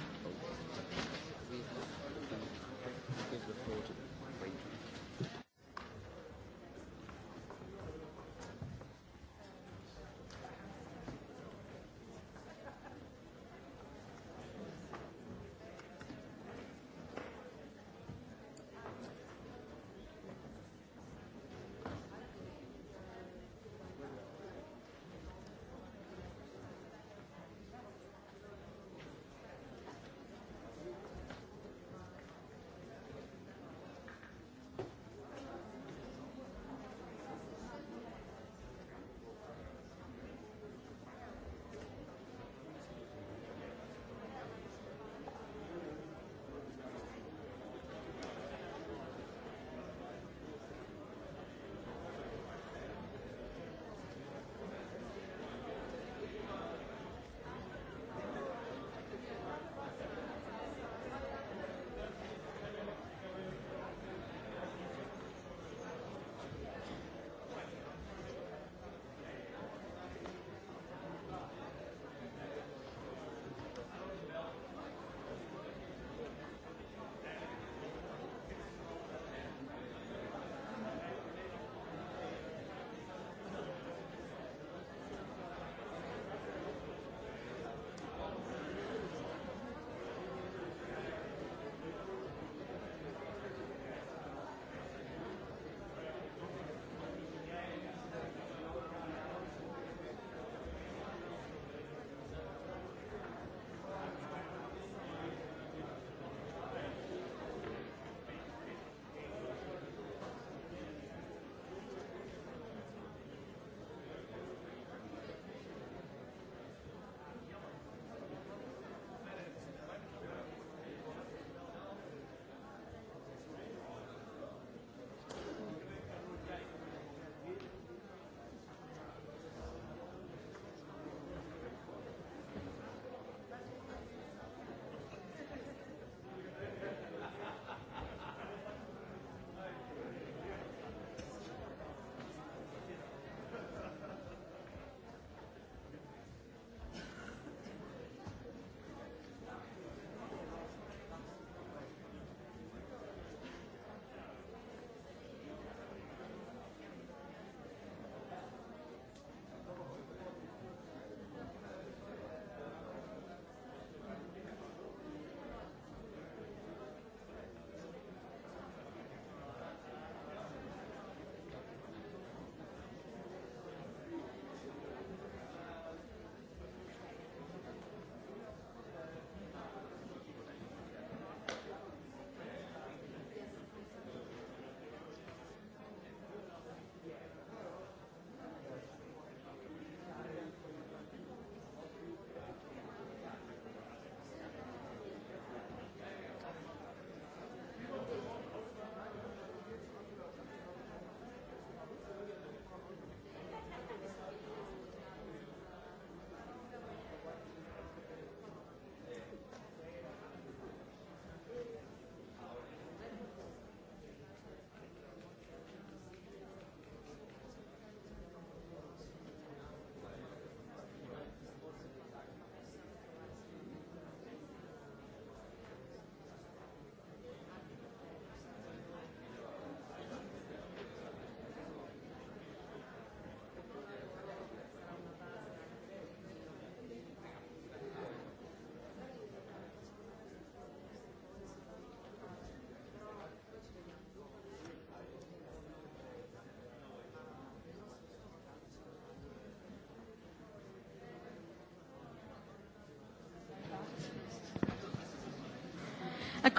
Uh,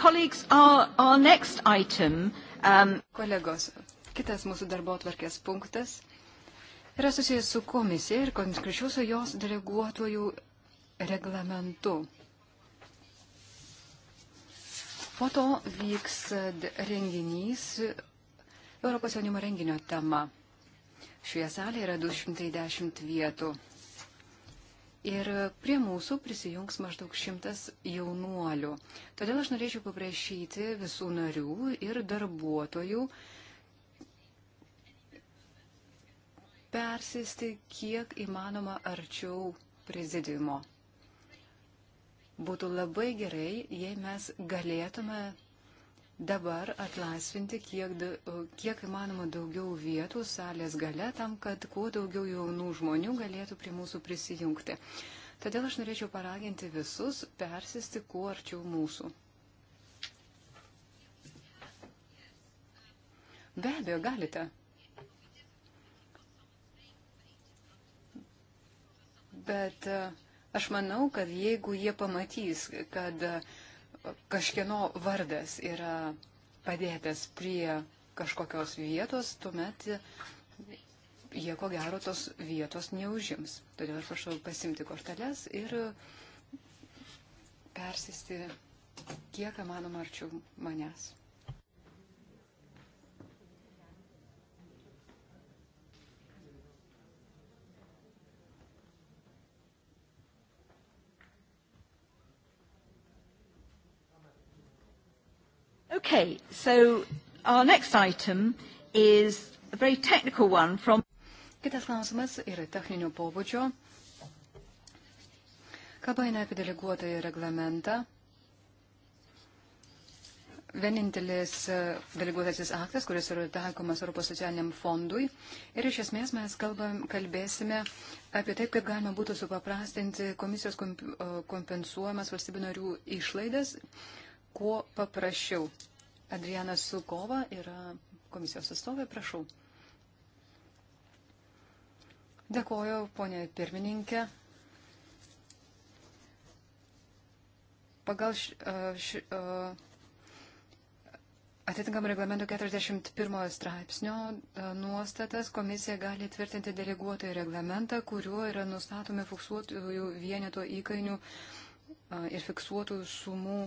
our, our item, um... Kolegos, kitas mūsų darbo atvarkės punktas yra susijęs su komisija ir konkrečiau su jos deleguotojų reglamentu. Po to vyks renginys Europos jaunimo renginio tema. Šioje salėje yra 210 vietų. Ir prie mūsų prisijungs maždaug šimtas jaunuolių. Todėl aš norėčiau paprašyti visų narių ir darbuotojų persisti kiek įmanoma arčiau prezidiumo. Būtų labai gerai, jei mes galėtume dabar atlaisvinti kiek, kiek įmanoma daugiau vietų salės gale tam, kad kuo daugiau jaunų žmonių galėtų prie mūsų prisijungti. Todėl aš norėčiau paraginti visus persisti kuo arčiau mūsų. Be abejo, galite. Bet aš manau, kad jeigu jie pamatys, kad uh, kažkieno vardas yra padėtas prie kažkokios vietos, tuomet jie ko gero tos vietos neužims. Todėl aš prašau pasimti korteles ir persisti kiek įmanoma arčiau manęs. Okay, so our next item is a very technical one from. Kitas klausimas yra techninio pobūdžio. Kalba eina apie deleguotąjį reglamentą. Vienintelis e, deleguotasis aktas, kuris yra taikomas Europos socialiniam fondui. Ir iš esmės mes kalbam, kalbėsime apie taip, kaip galima būtų supaprastinti komisijos e, kompensuojamas valstybių narių išlaidas kuo paprasčiau. Adriana Sukova yra komisijos atstovė, prašau. Dėkoju, ponė pirmininkė. Pagal š, š, atitinkam reglamento 41 straipsnio nuostatas komisija gali tvirtinti deleguotojų reglamentą, kuriuo yra nustatomi fiksuotųjų vieneto įkainių ir fiksuotų sumų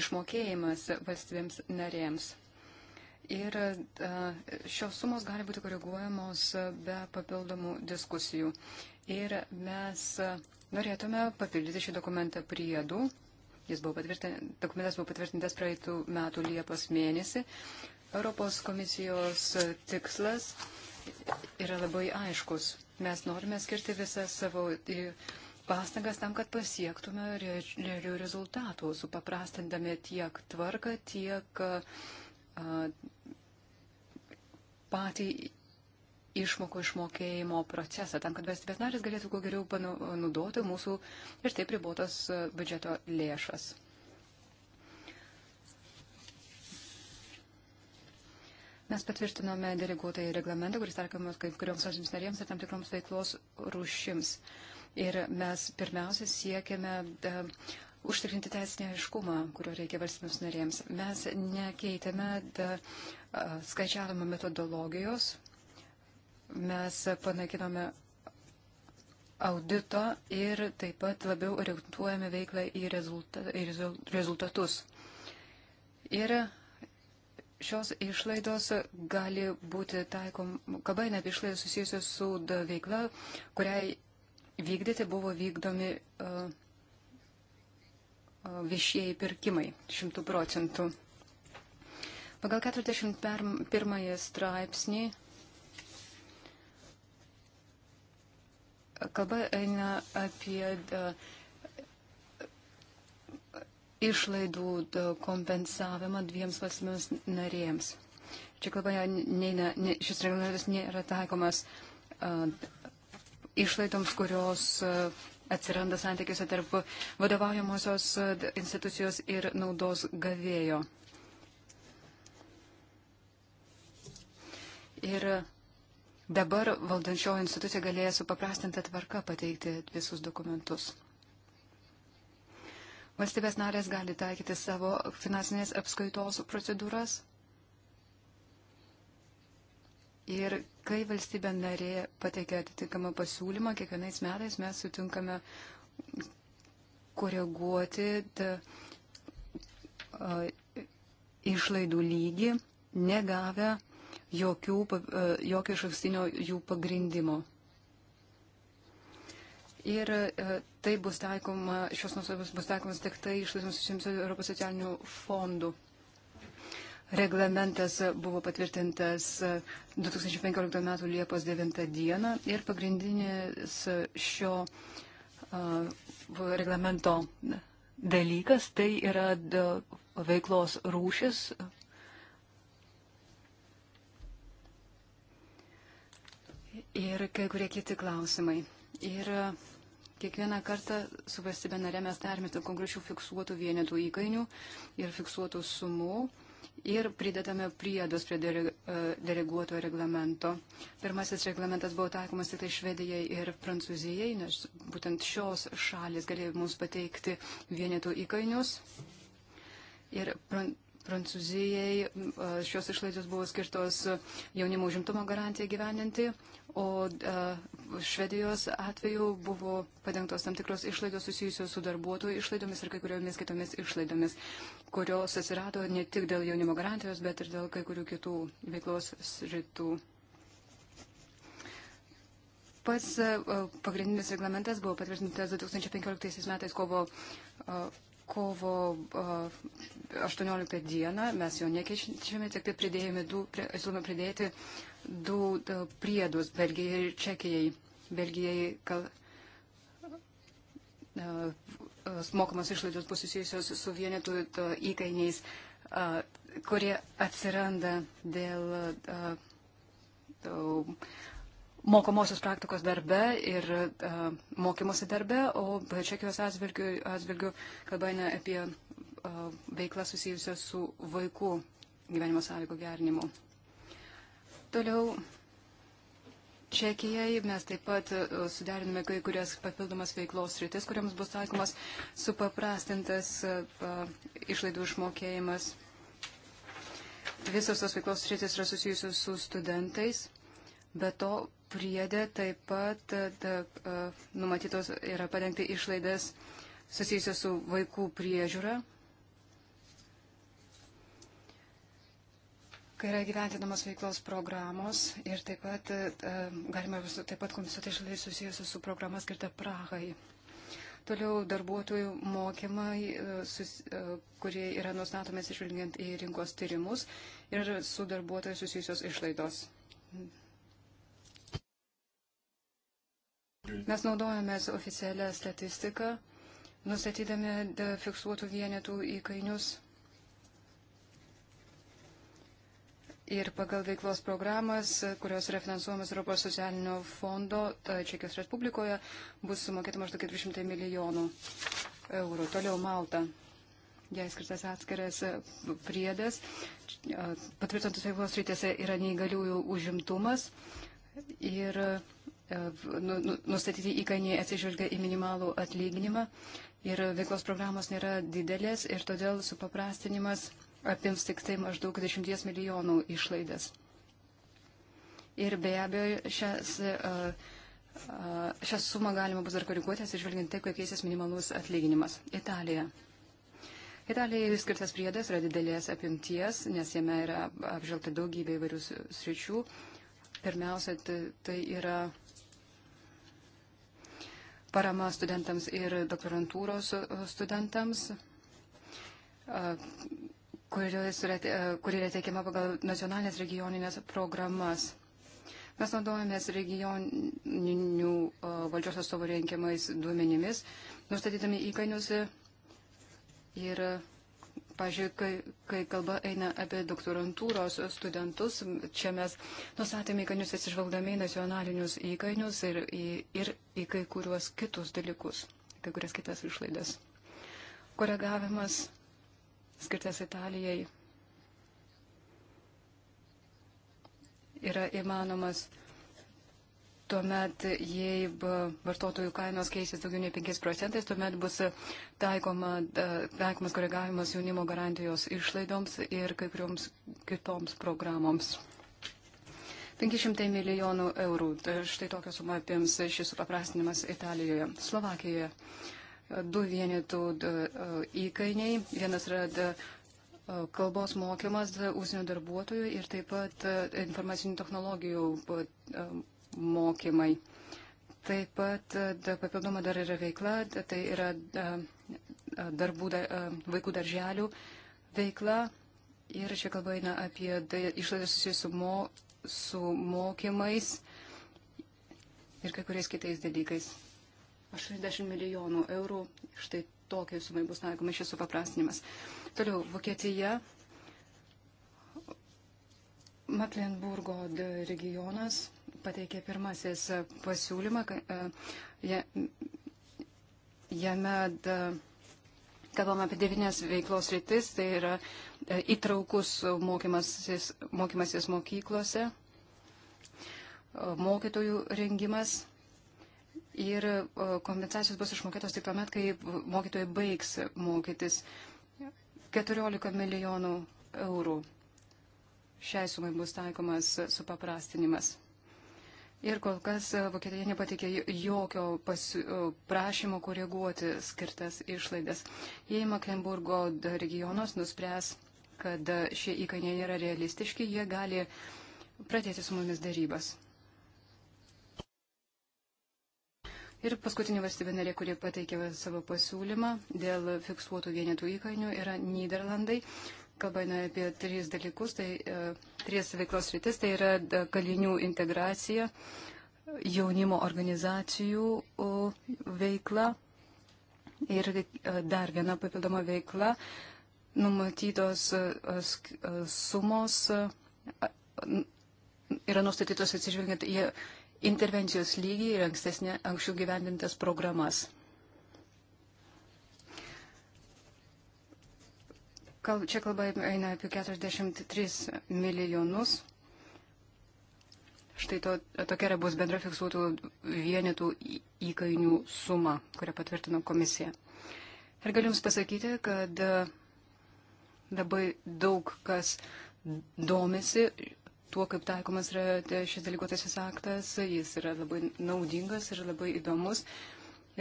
išmokėjimas valstybėms narėms. Ir e, šios sumos gali būti koreguojamos be papildomų diskusijų. Ir mes norėtume papildyti šį dokumentą priedų. Jis buvo dokumentas buvo patvirtintas praeitų metų Liepos mėnesį. Europos komisijos tikslas yra labai aiškus. Mes norime skirti visas savo pastangas tam, kad pasiektume realių rezultatų, supaprastindami tiek tvarką, tiek patį išmokų išmokėjimo procesą, tam, kad valstybės narės galėtų kuo geriau panaudoti mūsų ir taip ribotas biudžeto lėšas. Mes patvirtinome deleguotąjį reglamentą, kuris taikomas kai kurioms valstybėms narėms ir tam tikroms veiklos rušims. Uh, Ir mes pirmiausia siekiame e, užtikrinti teisinį aiškumą, kurio reikia valstybėms narėms. Mes nekeitėme e, e, skaičiavimo metodologijos, mes panaikinome audito ir taip pat labiau orientuojame veiklą į, rezulta, į rezultatus. Ir šios išlaidos gali būti taikom, kabaina apie išlaidas susijusios su veikla, kuriai vykdyti buvo vykdomi e, e, viešieji pirkimai šimtų procentų. Pagal 41 straipsnį kalba eina apie e, išlaidų kompensavimą dviems valstybėms narėms. Čia kalba neina, ne, šis reglamentas nėra taikomas išlaidoms, kurios e, atsiranda santykiuose tarp vadovaujamosios e, institucijos ir naudos gavėjo. Ir dabar valdančioji institucija galėjo supaprastinti tvarką pateikti visus dokumentus. Valstybės narės gali taikyti savo finansinės apskaitos procedūras ir Kai valstybė narė pateikia atitinkamą pasiūlymą, kiekvienais metais mes sutinkame koreguoti tą, a, išlaidų lygį, negavę jokių, a, jokio išankstinio jų pagrindimo. Ir a, tai bus taikoma, šios nuostabos bus taikomas tik tai išlaidoms susijusiams Europos socialinių fondų. Reglamentas buvo patvirtintas 2015 e, m. Liepos 9 d. ir pagrindinis šio e, reglamento dalykas tai yra veiklos rūšis. Ir kai kurie kiti klausimai. Ir e, Kiekvieną kartą su valstybė narė mes darėme konkrečių fiksuotų vienetų įkainių ir fiksuotų sumų ir pridedame priedus prie e, deleguoto reglamento. Pirmasis reglamentas buvo taikomas tik tai Švedijai ir Prancūzijai, nes būtent šios šalis galėjo mums pateikti vienetų įkainius. Ir pran Prancūzijai šios išlaidos buvo skirtos jaunimo užimtumo garantiją gyveninti, o Švedijos atveju buvo padengtos tam tikros išlaidos susijusios su darbuotojų išlaidomis ir kai kuriomis kitomis išlaidomis, kurios atsirado ne tik dėl jaunimo garantijos, bet ir dėl kai kurių kitų veiklos sritų. Pats pagrindinis reglamentas buvo patvirtintas 2015 metais kovo kovo 18 dieną, mes jo nekeičiame, tik tai pridėjome du, siūlome pridėti du priedus Belgijai ir Čekijai. Belgijai kal, mokamas išlaidos bus susijusios su vienetų įkainiais, kurie atsiranda dėl mokomosios praktikos darbe ir uh, mokymosi darbe, o Čekijos atžvilgių, atžvilgių kalba eina apie uh, veiklą susijusią su vaikų gyvenimo sąlygų gerinimu. Toliau Čekijai mes taip pat e, suderiname kai kurias papildomas veiklos rytis, kuriams bus taikomas supaprastintas išlaidų išmokėjimas. Visos tos veiklos rytis yra susijusios su studentais, bet to priedė taip pat da, numatytos yra padengti išlaidas susijusios su vaikų priežiūra. kai yra gyventinamos veiklos programos ir taip pat galima taip pat kompensuoti išlaidas susijusios su programa skirta Prahai. Toliau darbuotojų mokymai, sus, kurie yra nustatomi atsižvelgiant į rinkos tyrimus ir su darbuotojų susijusios išlaidos. Mes naudojamės oficialią statistiką, nustatydami e, fiksuotų vienetų įkainius. Ir pagal veiklos programas, e, kurios yra finansuojamas Europos socialinio fondo Čekijos Respublikoje, bus sumokėta maždaug 400 milijonų eurų. Toliau Malta. Jai skirtas atskiras e, priedas. Patvirtintos veiklos rytėse yra neįgaliųjų užimtumas. Ir E, nu, nu, nustatyti įkainiai atsižvelgia į minimalų atlyginimą ir veiklos programos nėra didelės ir todėl supaprastinimas apims tik tai maždaug 10 milijonų išlaidas. Ir be abejo, šias, e, šią sumą galima bus dar koriguoti, atsižvelgiant tai, kokie keisės minimalus atlyginimas. Italija. Italijai skirtas priedas yra didelės apimties, nes jame yra apžvelgta daugybė įvairių sričių. Pirmiausia, tai yra parama studentams ir doktorantūros studentams, kuris yra, kuri yra teikiama pagal nacionalinės regioninės programas. Mes naudojamės regioninių valdžios atstovų rinkimais duomenimis, nustatydami įkainius ir Pavyzdžiui, kai, kai kalba eina apie doktorantūros studentus, čia mes nusatėme įkainius atsižvelgdami į nacionalinius įkainius ir, į, ir į kai kuriuos kitus dalykus, kai kurias kitas išlaidas. Koregavimas skirtas Italijai yra įmanomas Tuomet, jei vartotojų kainos keisis daugiau nei 5 procentais, tuomet bus taikoma, taikomas koregavimas jaunimo garantijos išlaidoms ir kai kurioms kitoms programoms. 500 milijonų eurų. Tai štai tokią sumą apims šis supaprastinimas Italijoje, Slovakijoje. Du vienetų įkainiai. Vienas yra kalbos mokymas užsienio darbuotojų ir taip pat informacinių technologijų mokymai. Taip pat e, da, papildoma dar yra veikla, da, tai yra da, darbų, da, vaikų darželių veikla. Ir čia kalba eina apie išlaidas susijusius su, mo, su mokymais ir kai kuriais kitais dalykais. 80 milijonų eurų, štai tokiai sumai bus taikoma šis supaprastinimas. Toliau, Vokietija, Matlenburgo regionas pateikė pirmasis pasiūlymą, e, jame kalbam apie devynės veiklos rytis, tai yra e, įtraukus mokymasis, mokymasis mokyklose, mokytojų rengimas. Ir kompensacijos bus išmokėtos tik tuomet, kai mokytojai baigs mokytis 14 milijonų eurų. Šiai sumai bus taikomas supaprastinimas. Ir kol kas e, Vokietija nepatikė jokio pasi... E, prašymo koreguoti skirtas išlaidas. Jei Maklenburgo regionas nuspręs, kad e, šie įkainiai yra realistiški, jie gali pradėti su mumis darybas. Ir paskutinė valstybė narė, kurie pateikė savo pasiūlymą dėl fiksuotų vienetų įkainių, yra Niderlandai kalba eina apie tris dalykus, tai e, tris veiklos rytis, tai yra e, kalinių integracija, jaunimo organizacijų veikla ir e, dar viena papildoma veikla, numatytos sumos yra nustatytos atsižvelgiant į intervencijos lygį ir ankstesnė anksčiau gyvendintas programas. Kal, čia kalba eina apie 43 milijonus. Štai to, tokia yra bus bendra fiksuotų vienetų įkainių suma, kurią patvirtino komisija. Ir galiu Jums pasakyti, kad e, labai daug kas domisi tuo, kaip taikomas yra šis dalykotasis aktas. Jis yra labai naudingas ir labai įdomus.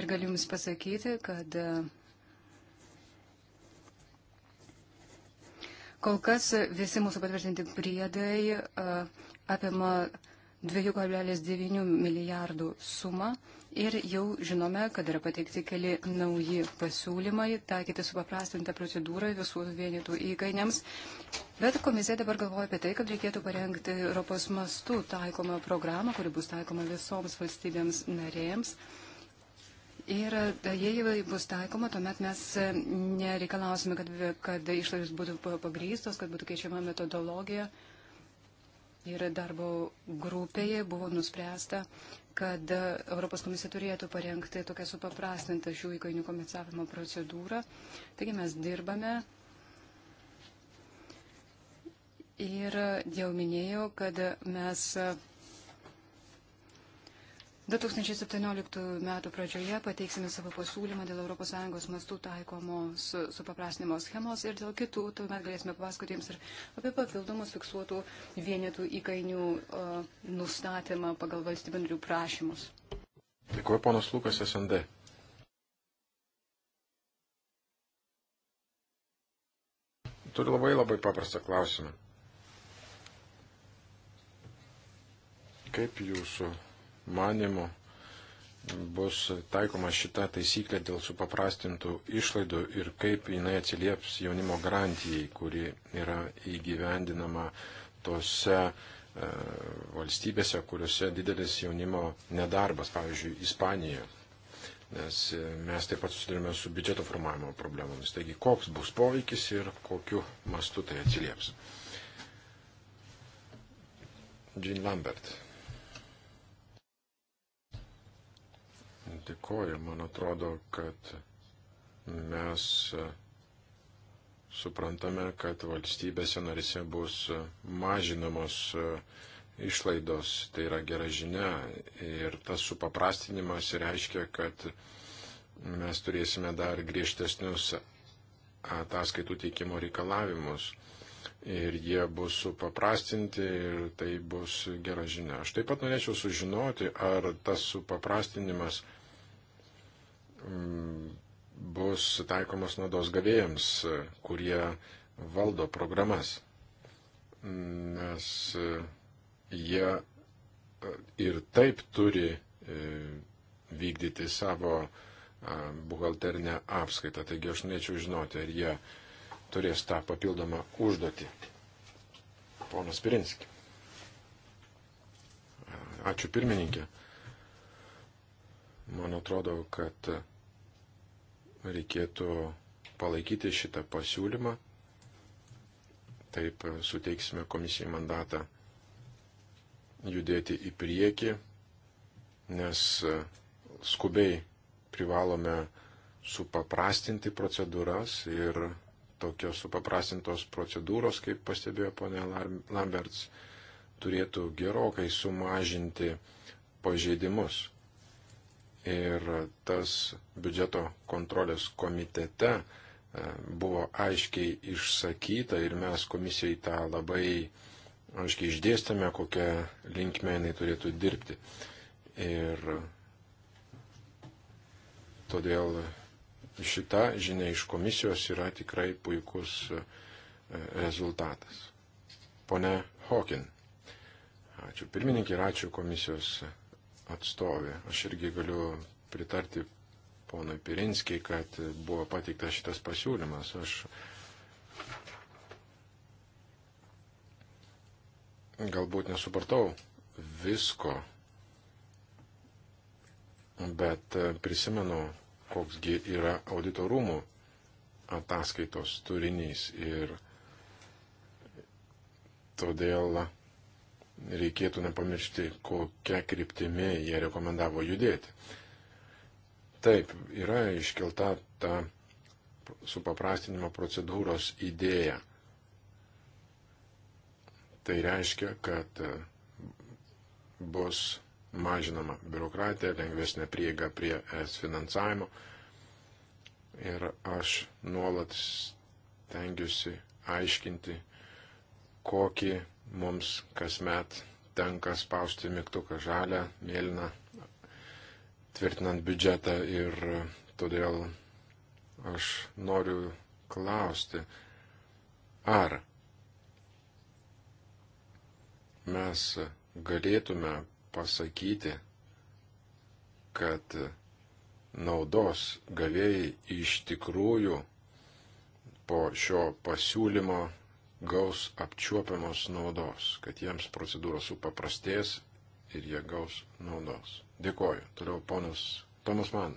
Ir galiu Jums pasakyti, kad e, Kol kas visi mūsų patvirtinti priedai apima 2,9 milijardų sumą ir jau žinome, kad yra pateikti keli nauji pasiūlymai taikyti supaprastintą procedūrą visų vienetų įkainiams. Bet komisija dabar galvoja apie tai, kad reikėtų parengti Europos mastų taikomą programą, kuri bus taikoma visoms valstybėms narėms. Ir e, jei bus taikoma, tuomet mes e, nereikalausime, kad, kad išlaidos būtų pagrystos, kad būtų keičiama metodologija. Ir darbo grupėje buvo nuspręsta, kad e, Europos komisija turėtų parengti tokią supaprastintą šių įkainių kompensavimo procedūrą. Taigi mes dirbame. Ir jau minėjau, kad mes 2017 metų pradžioje pateiksime savo pasiūlymą dėl ES mastų taikomos supaprastinimo schemos ir dėl kitų, tuomet galėsime papasakoti jums ir apie papildomus fiksuotų vienetų įkainių uh, nustatymą pagal valstybių narių prašymus. Dėkuoju, ponas Lukas SND. Turiu labai labai paprastą klausimą. Kaip jūsų manimo bus taikoma šita taisyklė dėl supaprastintų išlaidų ir kaip jinai atsilieps jaunimo garantijai, kuri yra įgyvendinama tose e, valstybėse, kuriuose didelis jaunimo nedarbas, pavyzdžiui, Ispanijoje. Nes e, mes taip pat susidurime su biudžeto formavimo problemomis. Taigi, koks bus poveikis ir kokiu mastu tai atsilieps. Jean Lambert. Dėkoju, man atrodo, kad mes suprantame, kad valstybėse narise bus mažinamos išlaidos, tai yra gera žinia. Ir tas supaprastinimas reiškia, kad mes turėsime dar griežtesnius ataskaitų teikimo reikalavimus. Ir jie bus supaprastinti ir tai bus gera žinia. Aš taip pat norėčiau sužinoti, ar tas supaprastinimas Mm, bus taikomos naudos gavėjams, kurie valdo programas, nes e, jie e, ir taip turi e, vykdyti savo buhalterinę apskaitą. Taigi aš norėčiau žinoti, ar jie turės tą papildomą užduotį. Ponas Pirinski. Ačiū pirmininkė. Man atrodo, kad reikėtų palaikyti šitą pasiūlymą. Taip e, suteiksime komisijai mandatą judėti į priekį, nes e, skubiai privalome supaprastinti procedūras ir tokios supaprastintos procedūros, kaip pastebėjo ponė Lamberts, turėtų gerokai sumažinti pažeidimus ir tas biudžeto kontrolės komitete e, buvo aiškiai išsakyta ir mes komisijai tą labai aiškiai išdėstėme, kokią linkmę jinai turėtų dirbti. Ir todėl šita žinia iš komisijos yra tikrai puikus e, rezultatas. Pone Hawking, ačiū pirmininkį ir ačiū komisijos atstovė. Aš irgi galiu pritarti ponui Pirinskiai, kad buvo pateiktas šitas pasiūlymas. Aš galbūt nesupratau visko, bet prisimenu, koksgi yra auditorumų ataskaitos turinys ir todėl reikėtų nepamiršti, kokia kryptimi jie rekomendavo judėti. Taip, yra iškelta ta supaprastinimo procedūros idėja. Tai reiškia, kad e, bus mažinama biurokratija, lengvesnė prieiga prie es finansavimo. Ir aš nuolat stengiuosi aiškinti, kokį mums kasmet tenka spausti mygtuką žalę, mėlyną, tvirtinant biudžetą ir todėl aš noriu klausti, ar mes galėtume pasakyti, kad naudos gavėjai iš tikrųjų po šio pasiūlymo gaus apčiuopiamos naudos, kad jiems procedūros supaprastės ir jie gaus naudos. Dėkoju. Toliau ponas Tomas Man.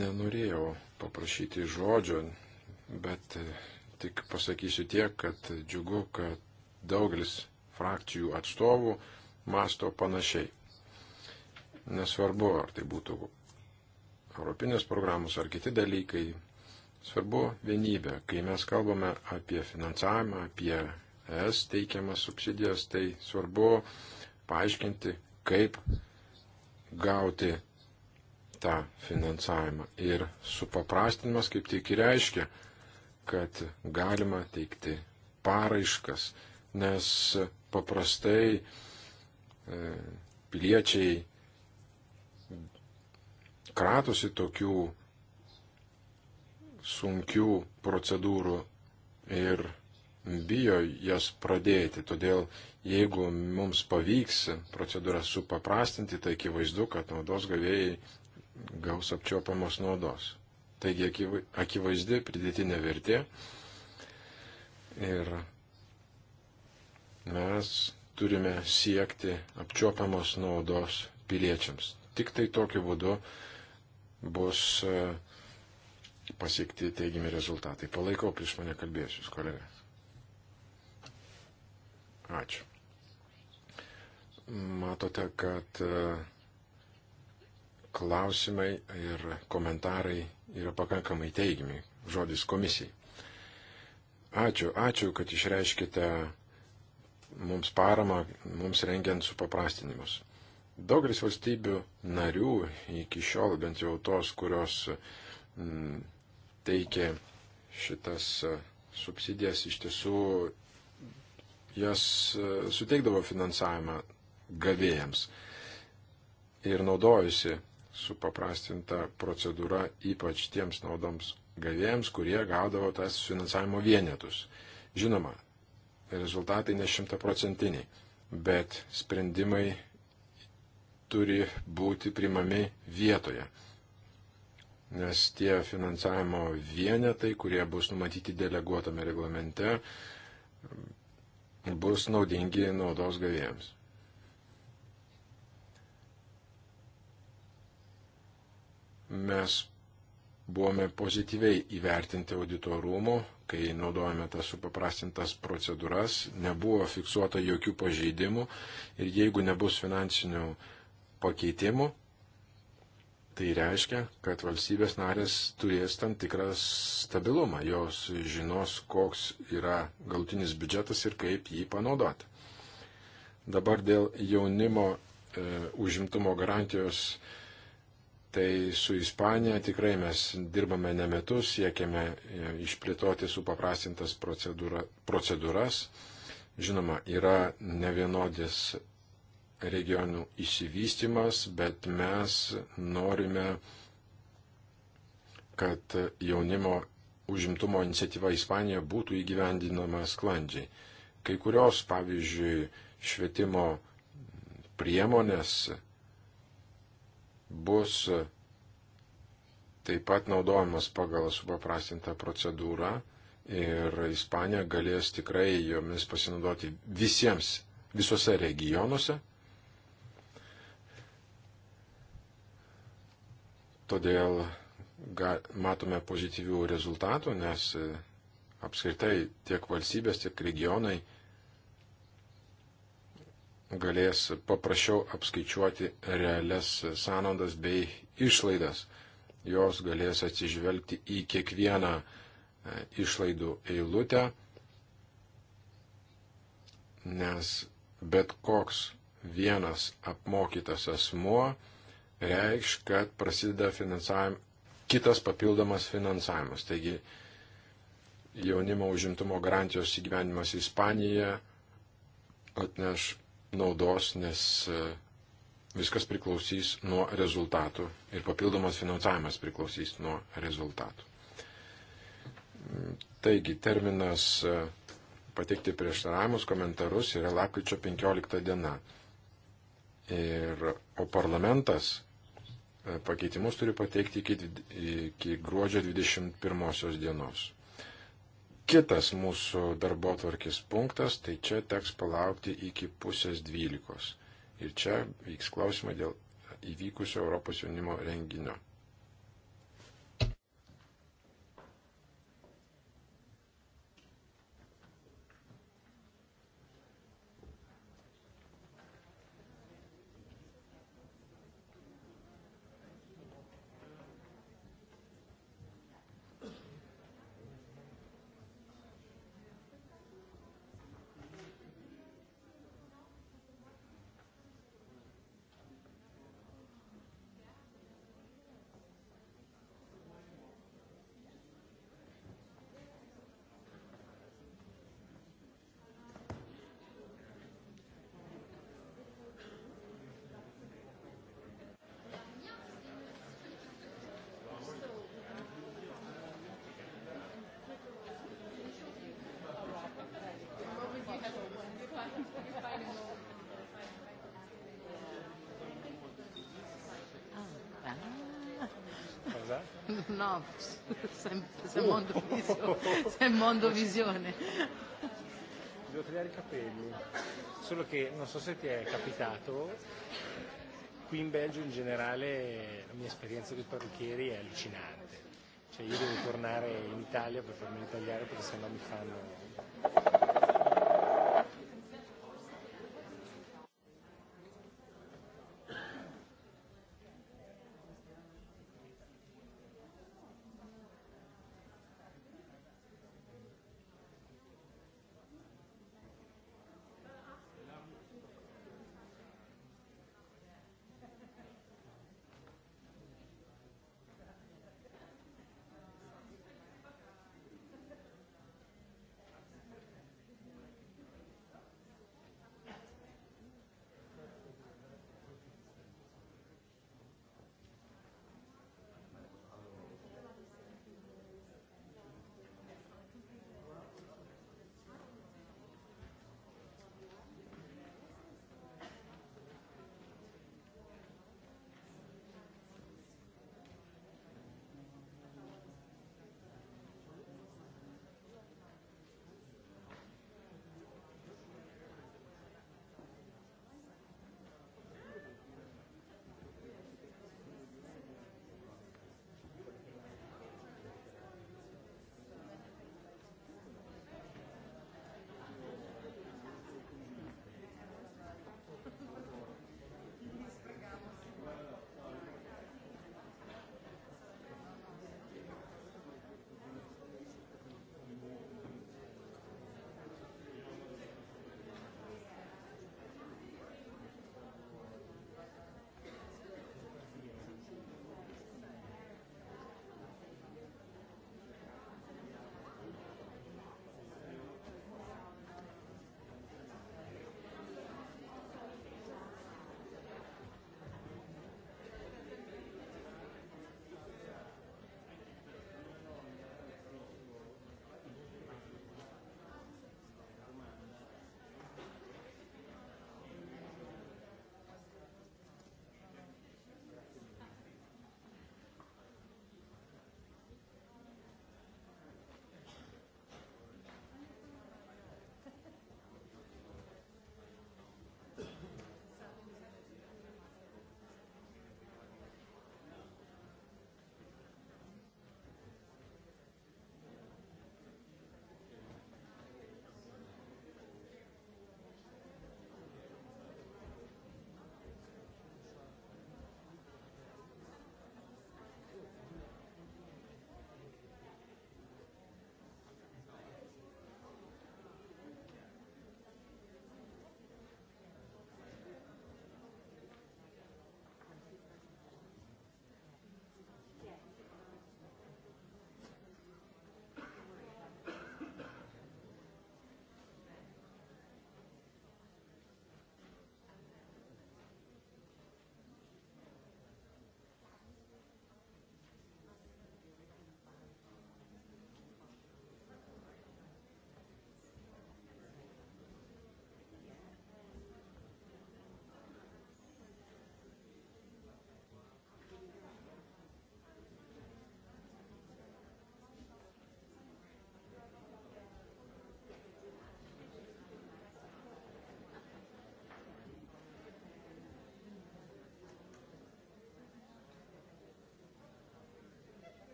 Nenorėjau paprašyti žodžio, bet tik pasakysiu tiek, kad džiugu, kad daugelis frakcijų atstovų masto panašiai. Nesvarbu, ar tai būtų europinės programos ar kiti dalykai. Svarbu vienybė. Kai mes kalbame apie finansavimą, apie ES teikiamas subsidijas, tai svarbu paaiškinti, kaip gauti tą finansavimą. Ir supaprastinimas kaip tik ir reiškia, kad galima teikti paraiškas, nes paprastai e, piliečiai kratosi tokių sunkių procedūrų ir bijo jas pradėti. Todėl jeigu mums pavyks procedūrą supaprastinti, tai akivaizdu, kad naudos gavėjai gaus apčiopiamos naudos. Taigi akivaizdi pridėtinė vertė ir mes turime siekti apčiopiamos naudos piliečiams. Tik tai tokiu būdu bus e, pasiekti teigiami rezultatai. Palaikau prieš mane kalbėjusius kolegas. Ačiū. Matote, kad e, klausimai ir komentarai yra pakankamai teigiami. Žodis komisijai. Ačiū, ačiū, kad išreiškite mums paramą, mums rengiant supaprastinimus. Daugelis valstybių narių iki šiol, bent jau tos, kurios mm, teikė šitas e, subsidijas, iš tiesų jas e, suteikdavo finansavimą gavėjams ir naudojusi supaprastinta procedūra ypač tiems naudoms gavėjams, kurie gaudavo tas finansavimo vienetus. Žinoma, rezultatai ne šimtaprocentiniai, bet sprendimai turi būti primami vietoje. Nes tie finansavimo vienetai, kurie bus numatyti deleguotame reglamente, bus naudingi naudos gavėjams. Mes buvome pozityviai įvertinti auditorumo, kai naudojame tas supaprastintas procedūras, nebuvo fiksuota jokių pažeidimų ir jeigu nebus finansinių pakeitimų, tai reiškia, kad valstybės narės turės tam tikrą stabilumą, jos žinos, koks yra galtinis biudžetas ir kaip jį panaudoti. Dabar dėl jaunimo e, užimtumo garantijos, tai su Ispanija tikrai mes dirbame ne metus, siekiame e, išplėtoti supaprastintas procedūra, procedūras. Žinoma, yra nevienodis regionų išsivystimas, bet mes norime, kad jaunimo užimtumo iniciatyva Ispanija būtų įgyvendinama sklandžiai. Kai kurios, pavyzdžiui, švietimo priemonės bus taip pat naudojamas pagal supaprastintą procedūrą ir Ispanija galės tikrai jomis pasinaudoti visiems, visuose regionuose Todėl ga, matome pozityvių rezultatų, nes e, apskritai tiek valstybės, tiek regionai galės paprasčiau apskaičiuoti realias sąnaudas bei išlaidas. Jos galės atsižvelgti į kiekvieną e, išlaidų eilutę, nes bet koks vienas apmokytas asmuo reikš, kad prasideda finansavim, kitas papildomas finansavimas. Taigi jaunimo užimtumo garantijos įgyvenimas į Ispaniją atneš naudos, nes e, viskas priklausys nuo rezultatų ir papildomas finansavimas priklausys nuo rezultatų. Taigi terminas e, pateikti prieštaravimus komentarus yra lapkričio 15 diena. Ir, o parlamentas pakeitimus turi pateikti iki, iki gruodžio 21 dienos. Kitas mūsų darbo tvarkis punktas, tai čia teks palaukti iki pusės dvylikos. Ir čia vyks klausimai dėl įvykusio Europos jaunimo renginio. Bravo, sei mondo visione. Sei mondo visione. Devo tagliare i capelli. Solo che non so se ti è capitato, qui in Belgio in generale la mia esperienza con i parrucchieri è allucinante. Cioè io devo tornare in Italia per farmi tagliare perché sennò mi fanno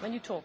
when you talk.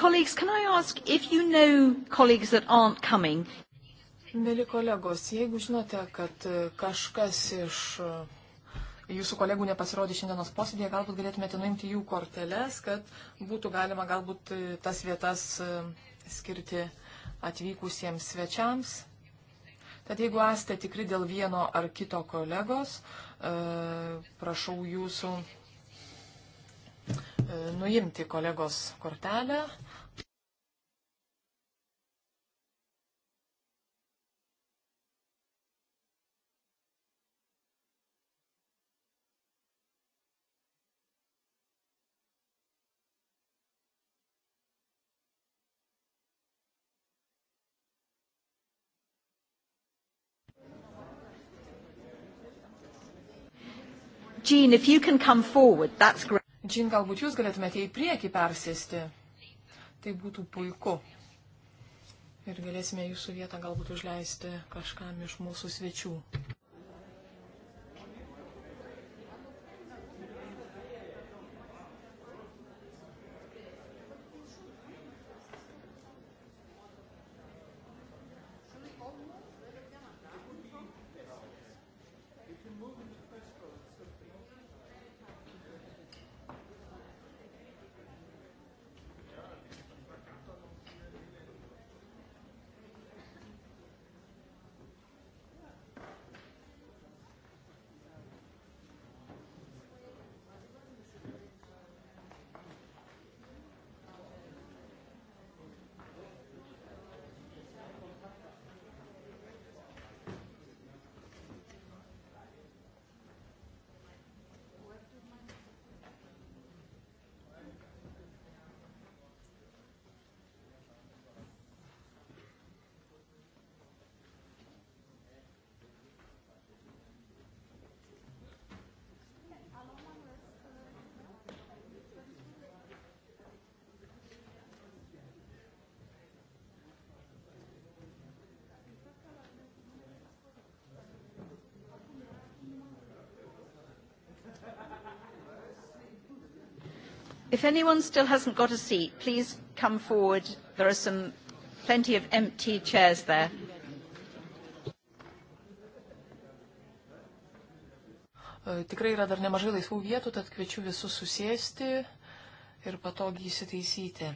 colleagues, can I ask if you know colleagues that aren't coming? Mėly kolegos, jeigu žinote, kad e, kažkas iš e, jūsų kolegų nepasirodė šiandienos posėdėje, galbūt galėtumėte nuimti jų korteles, kad būtų galima galbūt e, tas vietas skirti atvykusiems svečiams. Tad jeigu esate tikri dėl vieno ar kito kolegos, prašau jūsų nuimti kolegos kortelę. Jean, if you can come forward, that's great. Jean, galbūt jūs galėtumėte į priekį persėsti. Tai būtų puiku. Ir galėsime jūsų vietą galbūt užleisti kažkam iš mūsų svečių. If anyone still hasn't got a seat, please come forward. There are some plenty of empty chairs there. E, tikrai yra dar nemažai laisvų vietų, tad kviečiu visus susėsti ir patogiai įsitaisyti.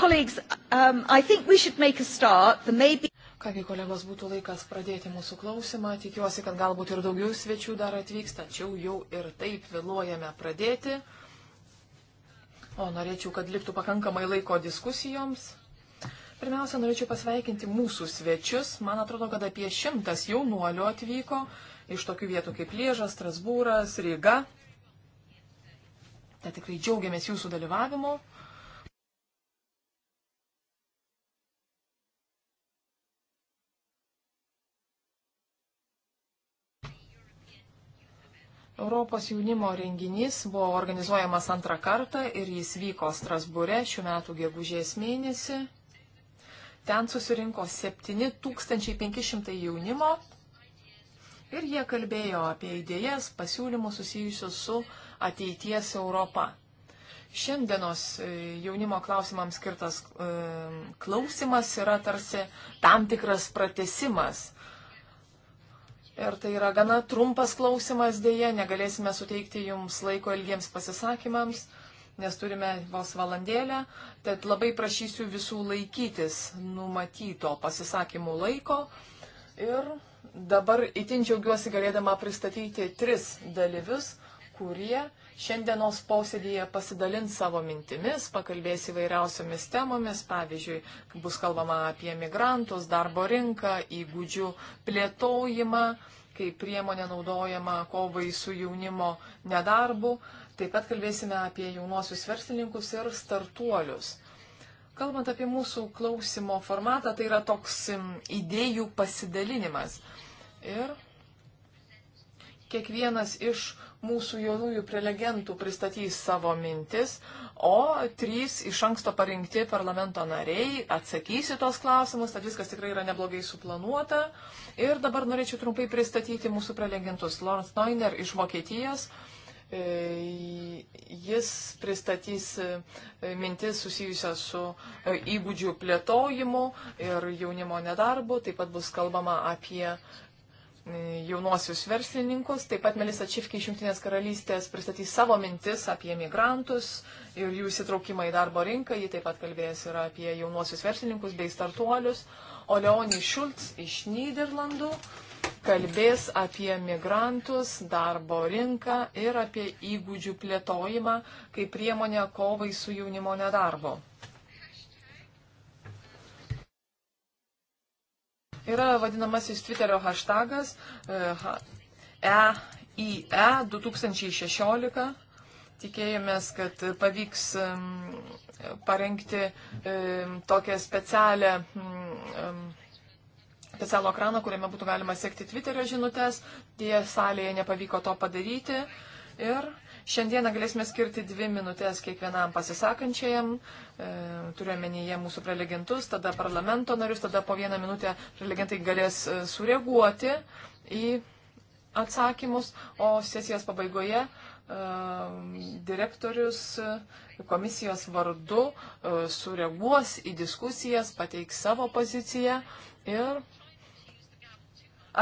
colleagues, um, I think we should make a start. There may be... Kągi kolegos, būtų laikas pradėti mūsų klausimą. Tikiuosi, kad galbūt ir daugiau svečių dar atvyks, tačiau jau ir taip vėluojame pradėti. O norėčiau, kad liktų pakankamai laiko diskusijoms. Pirmiausia, norėčiau pasveikinti mūsų svečius. Man atrodo, kad apie šimtas jaunuolių atvyko iš tokių vietų kaip Liežas, Strasbūras, Ryga. Tai tikrai džiaugiamės jūsų dalyvavimu. Europos jaunimo renginys buvo organizuojamas antrą kartą ir jis vyko Strasbūre šių metų gegužės mėnesį. Ten susirinko 7500 jaunimo ir jie kalbėjo apie idėjas, pasiūlymus susijusius su ateities Europa. Šiandienos e, jaunimo klausimams skirtas e, klausimas yra tarsi tam tikras pratesimas Ir tai yra gana trumpas klausimas dėje, negalėsime suteikti jums laiko ilgiems pasisakymams, nes turime vos valandėlę. Tad labai prašysiu visų laikytis numatyto pasisakymų laiko. Ir dabar itin džiaugiuosi galėdama pristatyti tris dalyvius, kurie šiandienos posėdėje pasidalins savo mintimis, pakalbės įvairiausiamis temomis, pavyzdžiui, bus kalbama apie migrantus, darbo rinką, įgūdžių plėtojimą, kaip priemonė naudojama kovai su jaunimo nedarbu. Taip pat kalbėsime apie jaunuosius verslininkus ir startuolius. Kalbant apie mūsų klausimo formatą, tai yra toks idėjų pasidalinimas. Ir kiekvienas iš mūsų jaunųjų prelegentų pristatys savo mintis, o trys iš anksto parinkti parlamento nariai atsakys į tos klausimus, tad viskas tikrai yra neblogai suplanuota. Ir dabar norėčiau trumpai pristatyti mūsų prelegentus. Lawrence Neuner iš Vokietijos. E, jis pristatys e, mintis susijusias su e, įgūdžių plėtojimu ir jaunimo nedarbu. Taip pat bus kalbama apie E, jaunuosius verslininkus. Taip pat Melisa Čifkė iš Junktinės karalystės pristatys savo mintis apie migrantus ir jų įsitraukimą į darbo rinką. Ji taip pat kalbės ir apie jaunuosius verslininkus bei startuolius. O Leonį Šulc iš Niderlandų kalbės apie migrantus, darbo rinką ir apie įgūdžių plėtojimą kaip priemonę kovai su jaunimo nedarbo. Yra vadinamasis Twitterio hashtagas EIE 2016. E, e, Tikėjomės, kad pavyks parengti tokią specialią specialų ekraną, kuriame būtų galima sekti Twitterio žinutės. Dėja, salėje nepavyko to padaryti. Ir uh, Šiandieną galėsime skirti dvi minutės kiekvienam pasisakančiajam, e, turiuomenyje mūsų prelegentus, tada parlamento narius, tada po vieną minutę prelegentai galės e, sureaguoti į atsakymus, o sesijos pabaigoje e, direktorius e, komisijos vardu e, sureaguos į diskusijas, pateiks savo poziciją ir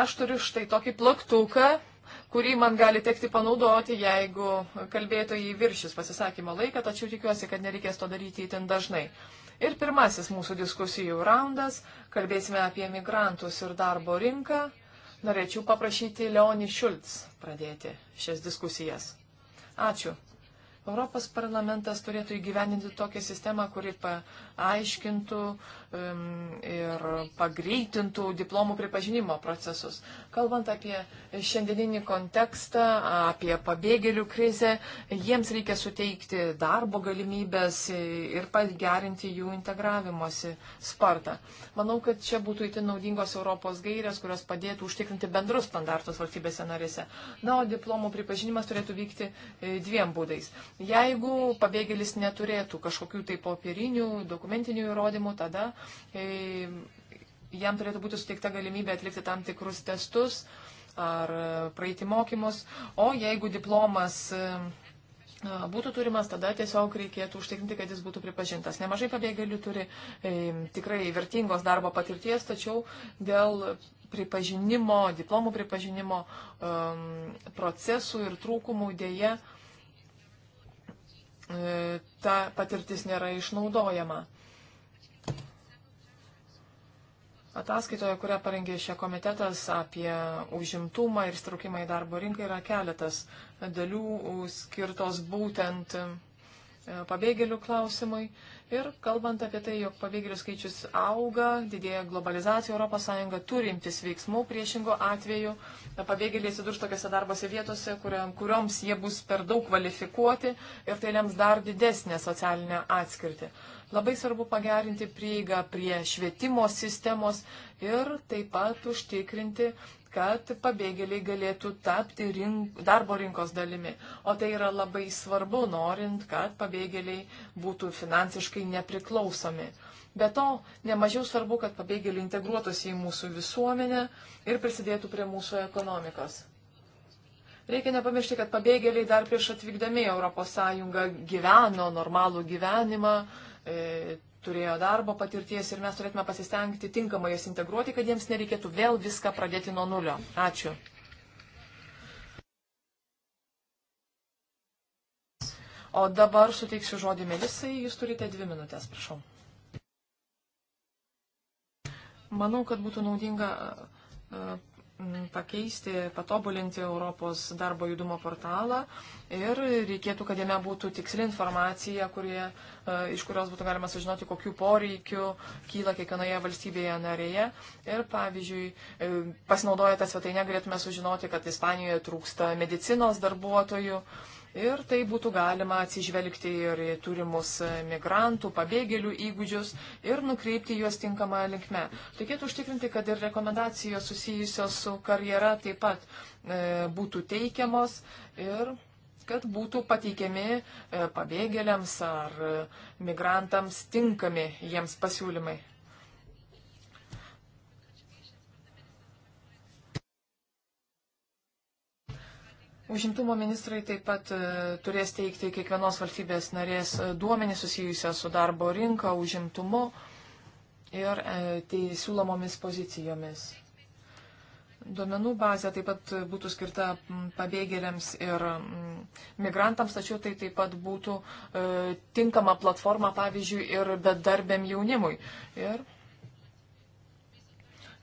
aš turiu štai tokį plaktuką kurį man gali tekti panaudoti, jeigu kalbėtojai viršis pasisakymo laiką, tačiau tikiuosi, kad nereikės to daryti įtin dažnai. Ir pirmasis mūsų diskusijų raundas, kalbėsime apie migrantus ir darbo rinką. Norėčiau paprašyti Leonį Šulc pradėti šias diskusijas. Ačiū. Europos parlamentas turėtų įgyveninti tokią sistemą, kuri pa, aiškintų ir pagreitintų diplomų pripažinimo procesus. Kalbant apie šiandieninį kontekstą, apie pabėgėlių krizę, jiems reikia suteikti darbo galimybės ir pagerinti jų integravimosi spartą. Manau, kad čia būtų įtin naudingos Europos gairės, kurios padėtų užtikrinti bendrus standartus valstybėse narėse. Na, o diplomų pripažinimas turėtų vykti e, dviem būdais. Jeigu pabėgėlis neturėtų kažkokių tai popierinių dokumentų, dokumentinių įrodymų, tada jam turėtų būti suteikta galimybė atlikti tam tikrus testus ar e, praeiti mokymus, o jeigu diplomas e, e, būtų turimas, tada tiesiog reikėtų užtikrinti, kad jis būtų pripažintas. Nemažai pabėgėlių turi e, tikrai vertingos darbo patirties, tačiau dėl pripažinimo, diplomų pripažinimo e, procesų ir trūkumų dėje e, ta patirtis nėra išnaudojama. Ataskaitoje, kurią parengė šie komitetas apie užimtumą ir straukimą į darbo rinką, yra keletas dalių skirtos būtent e, pabėgėlių klausimai. Ir kalbant apie tai, jog pabėgėlių skaičius auga, didėja globalizacija, ES turi imtis veiksmų priešingo atveju, pabėgėliai atsidurs tokiose darbose vietose, kuriam, kurioms jie bus per daug kvalifikuoti ir tai lems dar didesnę socialinę atskirtį. Labai svarbu pagerinti prieigą prie švietimo sistemos ir taip pat užtikrinti, kad pabėgėliai galėtų tapti rink, darbo rinkos dalimi. O tai yra labai svarbu, norint, kad pabėgėliai būtų finansiškai nepriklausomi. Be to, nemažiau svarbu, kad pabėgėliai integruotųsi į mūsų visuomenę ir prisidėtų prie mūsų ekonomikos. Reikia nepamiršti, kad pabėgėliai dar prieš atvykdami į ES gyveno normalų gyvenimą, e, turėjo darbo patirties ir mes turėtume pasistengti tinkamai jas integruoti, kad jiems nereikėtų vėl viską pradėti nuo nulio. Ačiū. O dabar suteiksiu žodį Melisai, jūs turite dvi minutės, prašau. Manau, kad būtų naudinga Mm, pakeisti, patobulinti Europos darbo judumo portalą ir reikėtų, kad jame būtų tiksli informacija, kurie, e, iš kurios būtų galima sužinoti, kokiu poreikiu kyla kiekvienoje valstybėje narėje. Ir pavyzdžiui, e, pasinaudoję tą svetainę galėtume sužinoti, kad Ispanijoje trūksta medicinos darbuotojų. Ir tai būtų galima atsižvelgti ir į turimus migrantų, pabėgėlių įgūdžius ir nukreipti juos tinkamą linkmę. Reikėtų užtikrinti, kad ir rekomendacijos susijusios su karjera taip pat e, būtų teikiamos ir kad būtų pateikiami e, pabėgėliams ar e, migrantams tinkami jiems pasiūlymai. Užimtumo ministrai taip pat e, turės teikti kiekvienos valstybės narės e, duomenį susijusią su darbo rinka, užimtumu ir tai siūlomomis pozicijomis. Duomenų bazė taip pat būtų skirta pabėgėliams ir migrantams, tačiau tai taip pat būtų tinkama platforma, pavyzdžiui, ir bedarbėm jaunimui. Ir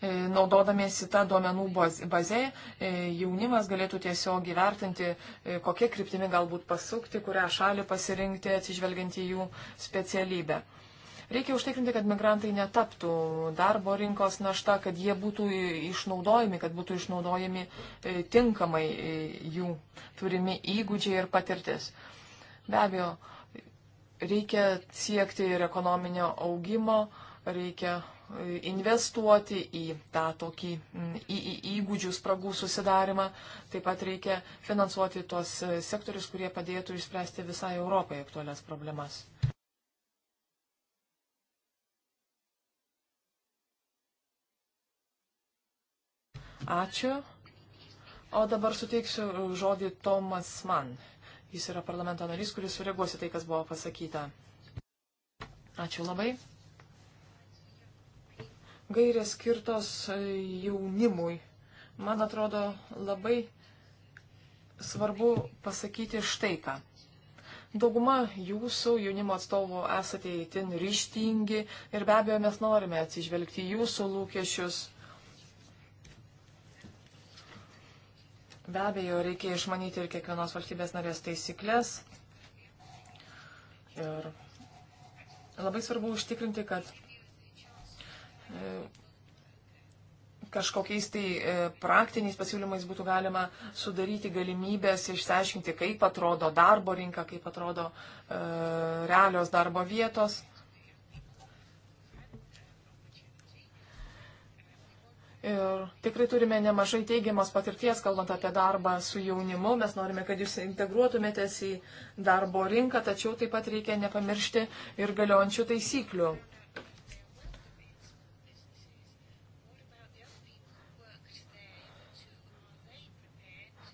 E, naudodamiesi tą duomenų bazę, e, jaunimas galėtų tiesiog įvertinti, e, kokie kryptimi galbūt pasukti, kurią šalį pasirinkti, atsižvelgiant į jų specialybę. Reikia užtikrinti, kad migrantai netaptų darbo rinkos našta, kad jie būtų išnaudojami, kad būtų išnaudojami tinkamai jų turimi įgūdžiai ir patirtis. Be abejo, reikia siekti ir ekonominio augimo, reikia investuoti į tą tokį mm, į, į, įgūdžių spragų susidarimą. Taip pat reikia finansuoti tuos e, sektorius, kurie padėtų išspręsti visai Europai aktualias problemas. Ačiū. O dabar suteiksiu žodį Tomas Mann. Jis yra parlamento narys, kuris sureaguosi tai, kas buvo pasakyta. Ačiū labai gairės skirtos e, jaunimui. Man atrodo labai svarbu pasakyti štai ką. Dauguma jūsų jaunimo atstovų esate įtin ryštingi ir be abejo mes norime atsižvelgti jūsų lūkesčius. Be abejo, reikia išmanyti ir kiekvienos valstybės narės taisyklės. Ir labai svarbu užtikrinti, kad E, kažkokiais tai e, praktiniais pasiūlymais būtų galima sudaryti galimybės išsiaiškinti, kaip atrodo darbo rinka, kaip atrodo e, realios darbo vietos. Ir tikrai turime nemažai teigiamas patirties, kalbant apie darbą su jaunimu. Mes norime, kad jūs integruotumėtės į darbo rinką, tačiau taip pat reikia nepamiršti ir galiojančių taisyklių.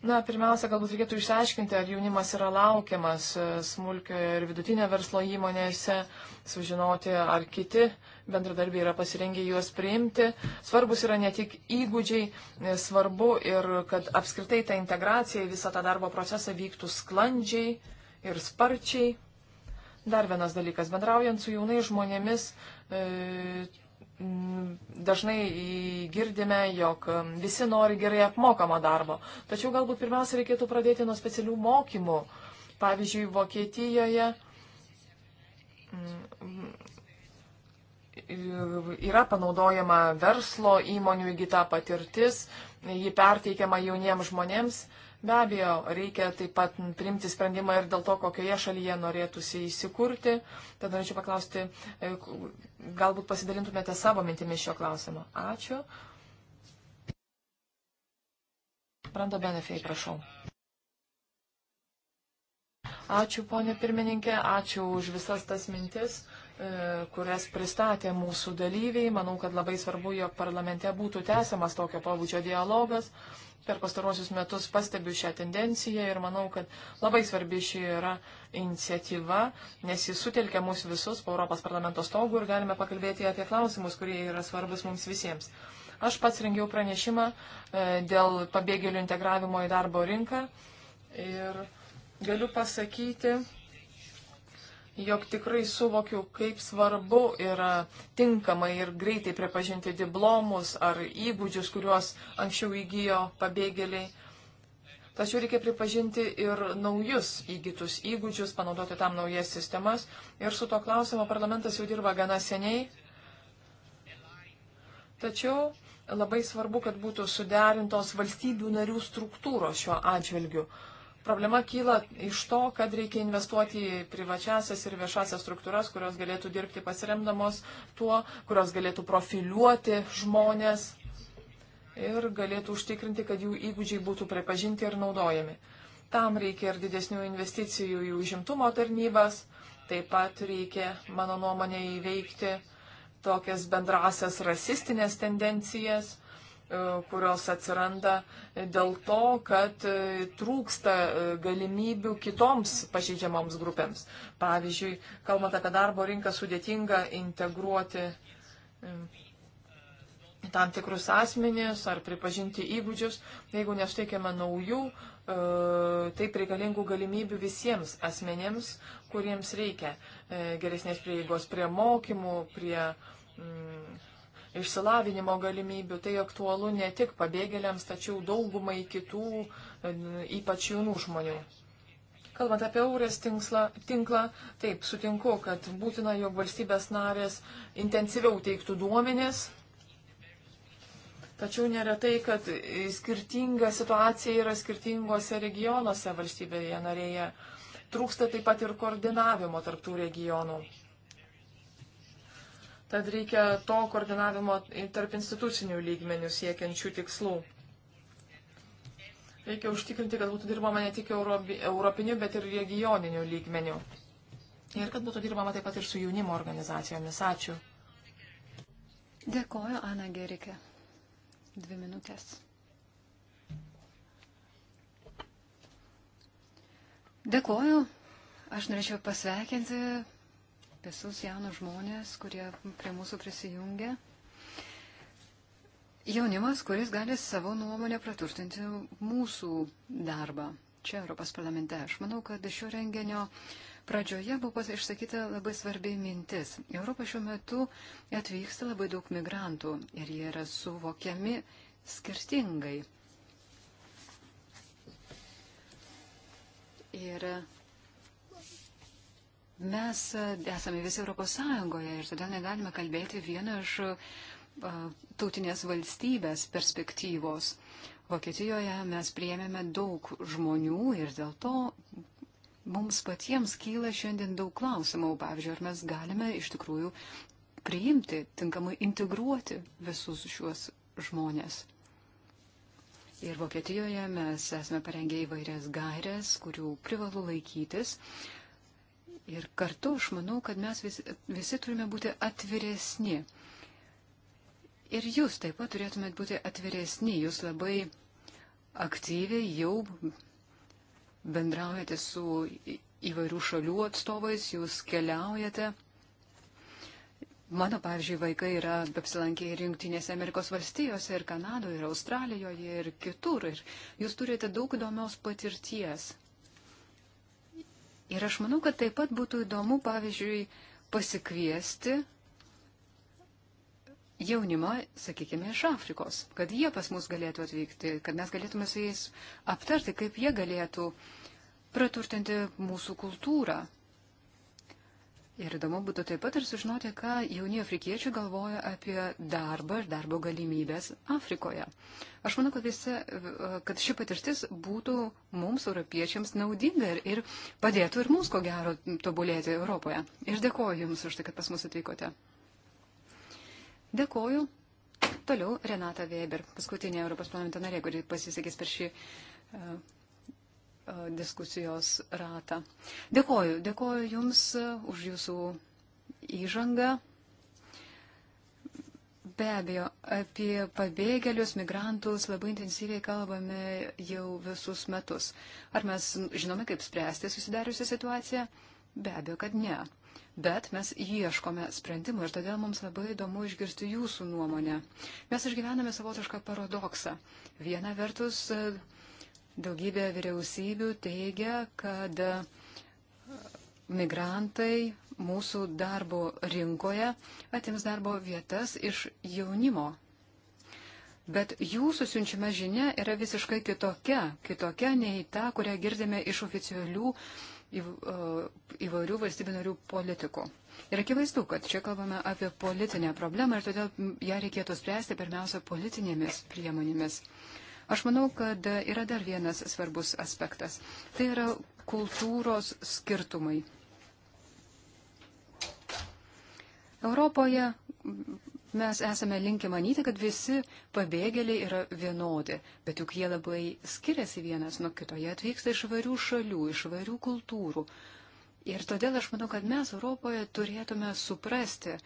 Na, pirmiausia, galbūt reikėtų išsiaiškinti, ar jaunimas yra laukiamas e, smulkioje ir vidutinio verslo įmonėse, sužinoti, ar kiti bendradarbiai yra pasirengę juos priimti. Svarbus yra ne tik įgūdžiai, e, svarbu ir, kad apskritai ta integracija į visą tą darbo procesą vyktų sklandžiai ir sparčiai. Dar vienas dalykas, bendraujant su jaunais žmonėmis, e, Mm, dažnai girdime, jog mm, visi nori gerai apmokamo darbo. Tačiau galbūt pirmiausia reikėtų pradėti nuo specialių mokymų. Pavyzdžiui, Vokietijoje mm, yra panaudojama verslo įmonių įgyta patirtis, ji perteikiama jauniems žmonėms Be abejo, reikia taip pat priimti sprendimą ir dėl to, kokioje šalyje norėtųsi įsikurti. Tad norėčiau paklausti, e, galbūt pasidalintumėte savo mintimis šio klausimo. Ačiū. Brando Benefei, prašau. Ačiū, ponė pirmininkė, ačiū už visas tas mintis e, kurias pristatė mūsų dalyviai. Manau, kad labai svarbu, jog parlamente būtų tęsiamas tokio pabudžio dialogas per pastarosius metus pastebiu šią tendenciją ir manau, kad labai svarbi ši yra iniciatyva, nes jis sutelkia mus visus po Europos parlamento stogų ir galime pakalbėti apie klausimus, kurie yra svarbus mums visiems. Aš pats rengiau pranešimą e, dėl pabėgėlių integravimo į darbo rinką ir galiu pasakyti, jog tikrai suvokiu, kaip svarbu yra tinkamai ir greitai pripažinti diplomus ar įgūdžius, kuriuos anksčiau įgyjo pabėgėliai. Tačiau reikia pripažinti ir naujus įgytus įgūdžius, panaudoti tam naujas sistemas. Ir su to klausimo parlamentas jau dirba gana seniai. Tačiau labai svarbu, kad būtų suderintos valstybių narių struktūros šiuo atžvilgiu. Problema kyla iš to, kad reikia investuoti į privačiasias ir viešasias struktūras, kurios galėtų dirbti pasiremdamos tuo, kurios galėtų profiliuoti žmonės ir galėtų užtikrinti, kad jų įgūdžiai būtų pripažinti ir naudojami. Tam reikia ir didesnių investicijų į užimtumo tarnybas, taip pat reikia, mano nuomonė, įveikti tokias bendrasias rasistinės tendencijas kurios atsiranda dėl to, kad e, trūksta e, galimybių kitoms pažeidžiamoms grupėms. Pavyzdžiui, kalbant apie darbo rinką, sudėtinga integruoti e, tam tikrus asmenys ar pripažinti įgūdžius, jeigu nesuteikiame naujų, taip reikalingų galimybių visiems asmenėms, kuriems reikia geresnės prieigos prie mokymų, prie mm, išsilavinimo galimybių. Tai aktualu ne tik pabėgėliams, tačiau daugumai kitų, e, ypač jaunų žmonių. Kalbant apie eurės tinklą, tinklą, taip, sutinku, kad būtina, jog valstybės narės intensyviau teiktų duomenis. Tačiau neretai, kad skirtinga situacija yra skirtingose regionuose valstybėje narėje. Trūksta taip pat ir koordinavimo tarptų regionų. Tad reikia to koordinavimo tarp institucinių lygmenių siekiančių tikslų. Reikia užtikrinti, kad būtų dirbama ne tik eurobi, europiniu, bet ir regioniniu lygmeniu. Ir kad būtų dirbama taip pat ir su jaunimo organizacijomis. Ačiū. Dėkoju, Ana Gerike. Dvi minutės. Dėkoju. Aš norėčiau pasveikinti visus jaunus žmonės, kurie prie mūsų prisijungia. Jaunimas, kuris gali savo nuomonę praturtinti mūsų darbą čia Europos parlamente. Aš manau, kad šio renginio pradžioje buvo išsakyta labai svarbiai mintis. Europą šiuo metu atvyksta labai daug migrantų ir jie yra suvokiami skirtingai. Ir Mes e, esame visi Europos Sąjungoje ir todėl negalime kalbėti vieno iš e, tautinės valstybės perspektyvos. Vokietijoje mes prieėmėme daug žmonių ir dėl to mums patiems kyla šiandien daug klausimų. Pavyzdžiui, ar mes galime iš tikrųjų priimti, tinkamai integruoti visus šiuos žmonės. Ir Vokietijoje mes esame parengę įvairias gairias, kurių privalu laikytis. Ir kartu aš manau, kad mes visi, visi turime būti atviresni. Ir jūs taip pat turėtumėt būti atviresni. Jūs labai aktyviai jau bendraujate su įvairių šalių atstovais, jūs keliaujate. Mano, pavyzdžiui, vaikai yra apsilankę ir Junktinėse Amerikos valstijose, ir Kanadoje, ir Australijoje, ir kitur. Ir jūs turite daug įdomios patirties. Ir aš manau, kad taip pat būtų įdomu, pavyzdžiui, pasikviesti jaunimą, sakykime, iš Afrikos, kad jie pas mus galėtų atvykti, kad mes galėtume su jais aptarti, kaip jie galėtų praturtinti mūsų kultūrą, Ir įdomu būtų taip pat ir sužinoti, ką jauni afrikiečiai galvoja apie darbą ir darbo galimybės Afrikoje. Aš manau, kad, visi, kad ši patirtis būtų mums, europiečiams, naudinga ir, ir padėtų ir mums, ko gero, tobulėti Europoje. Ir dėkoju Jums už tai, kad pas mus atvykote. Dėkoju. Toliau Renata Weber, paskutinė Europos parlamento narė, kuri pasisakys per šį uh, E, diskusijos ratą. Dėkoju, dėkoju Jums e, už Jūsų įžangą. Be abejo, apie pabėgėlius, migrantus labai intensyviai kalbame jau visus metus. Ar mes žinome, kaip spręsti susidariusią situaciją? Be abejo, kad ne. Bet mes ieškome sprendimų ir todėl mums labai įdomu išgirsti jūsų nuomonę. Mes išgyvename savotišką paradoksą. Viena vertus. Uh, Daugybė vyriausybių teigia, kad e, migrantai mūsų darbo rinkoje atims darbo vietas iš jaunimo. Bet jūsų siunčiama žinia yra visiškai kitokia, kitokia nei ta, kurią girdėme iš oficialių e, įvairių valstybių narių politikų. Ir akivaizdu, kad čia kalbame apie politinę problemą ir todėl ją reikėtų spręsti pirmiausia politinėmis priemonėmis. Aš manau, kad yra dar vienas svarbus aspektas. Tai yra kultūros skirtumai. Europoje mes esame linkę manyti, kad visi pabėgėliai yra vienodi, bet juk jie labai skiriasi vienas nuo kito, jie atvyksta iš varių šalių, iš varių kultūrų. Ir todėl aš manau, kad mes Europoje turėtume suprasti,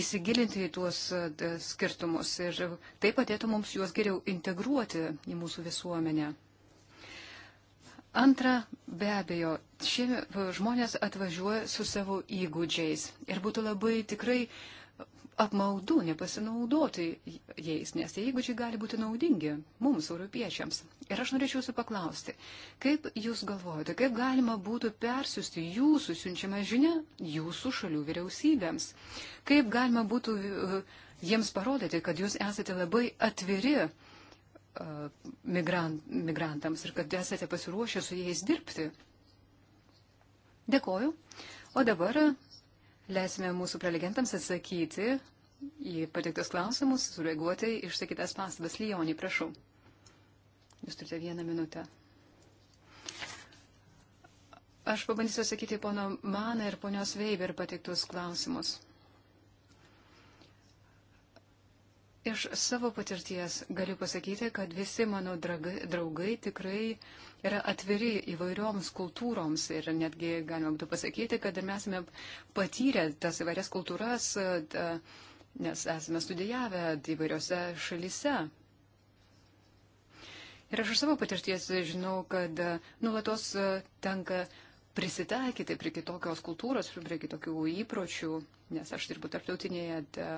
įsigilinti į tuos e, skirtumus ir tai padėtų mums juos geriau integruoti į mūsų visuomenę. Antra, be abejo, šie žmonės atvažiuoja su savo įgūdžiais ir būtų labai tikrai uh, apmaudu nepasinaudoti jais, nes tie įgūdžiai gali būti naudingi mums, europiečiams. Ir aš norėčiau jūsų paklausti, kaip jūs galvojate, kaip galima būtų persiųsti jūsų siunčiamą žinią jūsų šalių vyriausybėms? Kaip galima būtų e, jiems parodyti, kad jūs esate labai atviri e, migrant, migrantams ir kad esate pasiruošę su jais dirbti? Dėkoju. O dabar e, Leisime mūsų prelegentams atsakyti į patiktus klausimus, sureaguoti išsakytas pastabas. Lyonį, prašau. Jūs turite vieną minutę. Aš pabandysiu atsakyti pono Maną ir ponios Veiber patiktus klausimus. Iš savo patirties galiu pasakyti, kad visi mano draugai, draugai tikrai yra atviri įvairioms kultūroms ir netgi galima būtų pasakyti, kad ir mes esame patyrę tas įvairias kultūras. Ta, uh, nes esame studijavę įvairiose šalyse. Ir aš iš savo patirties žinau, kad e, nulatos e, tenka prisitaikyti prie kitokios kultūros, prie kitokių įpročių, nes aš dirbu tarptautinėje e,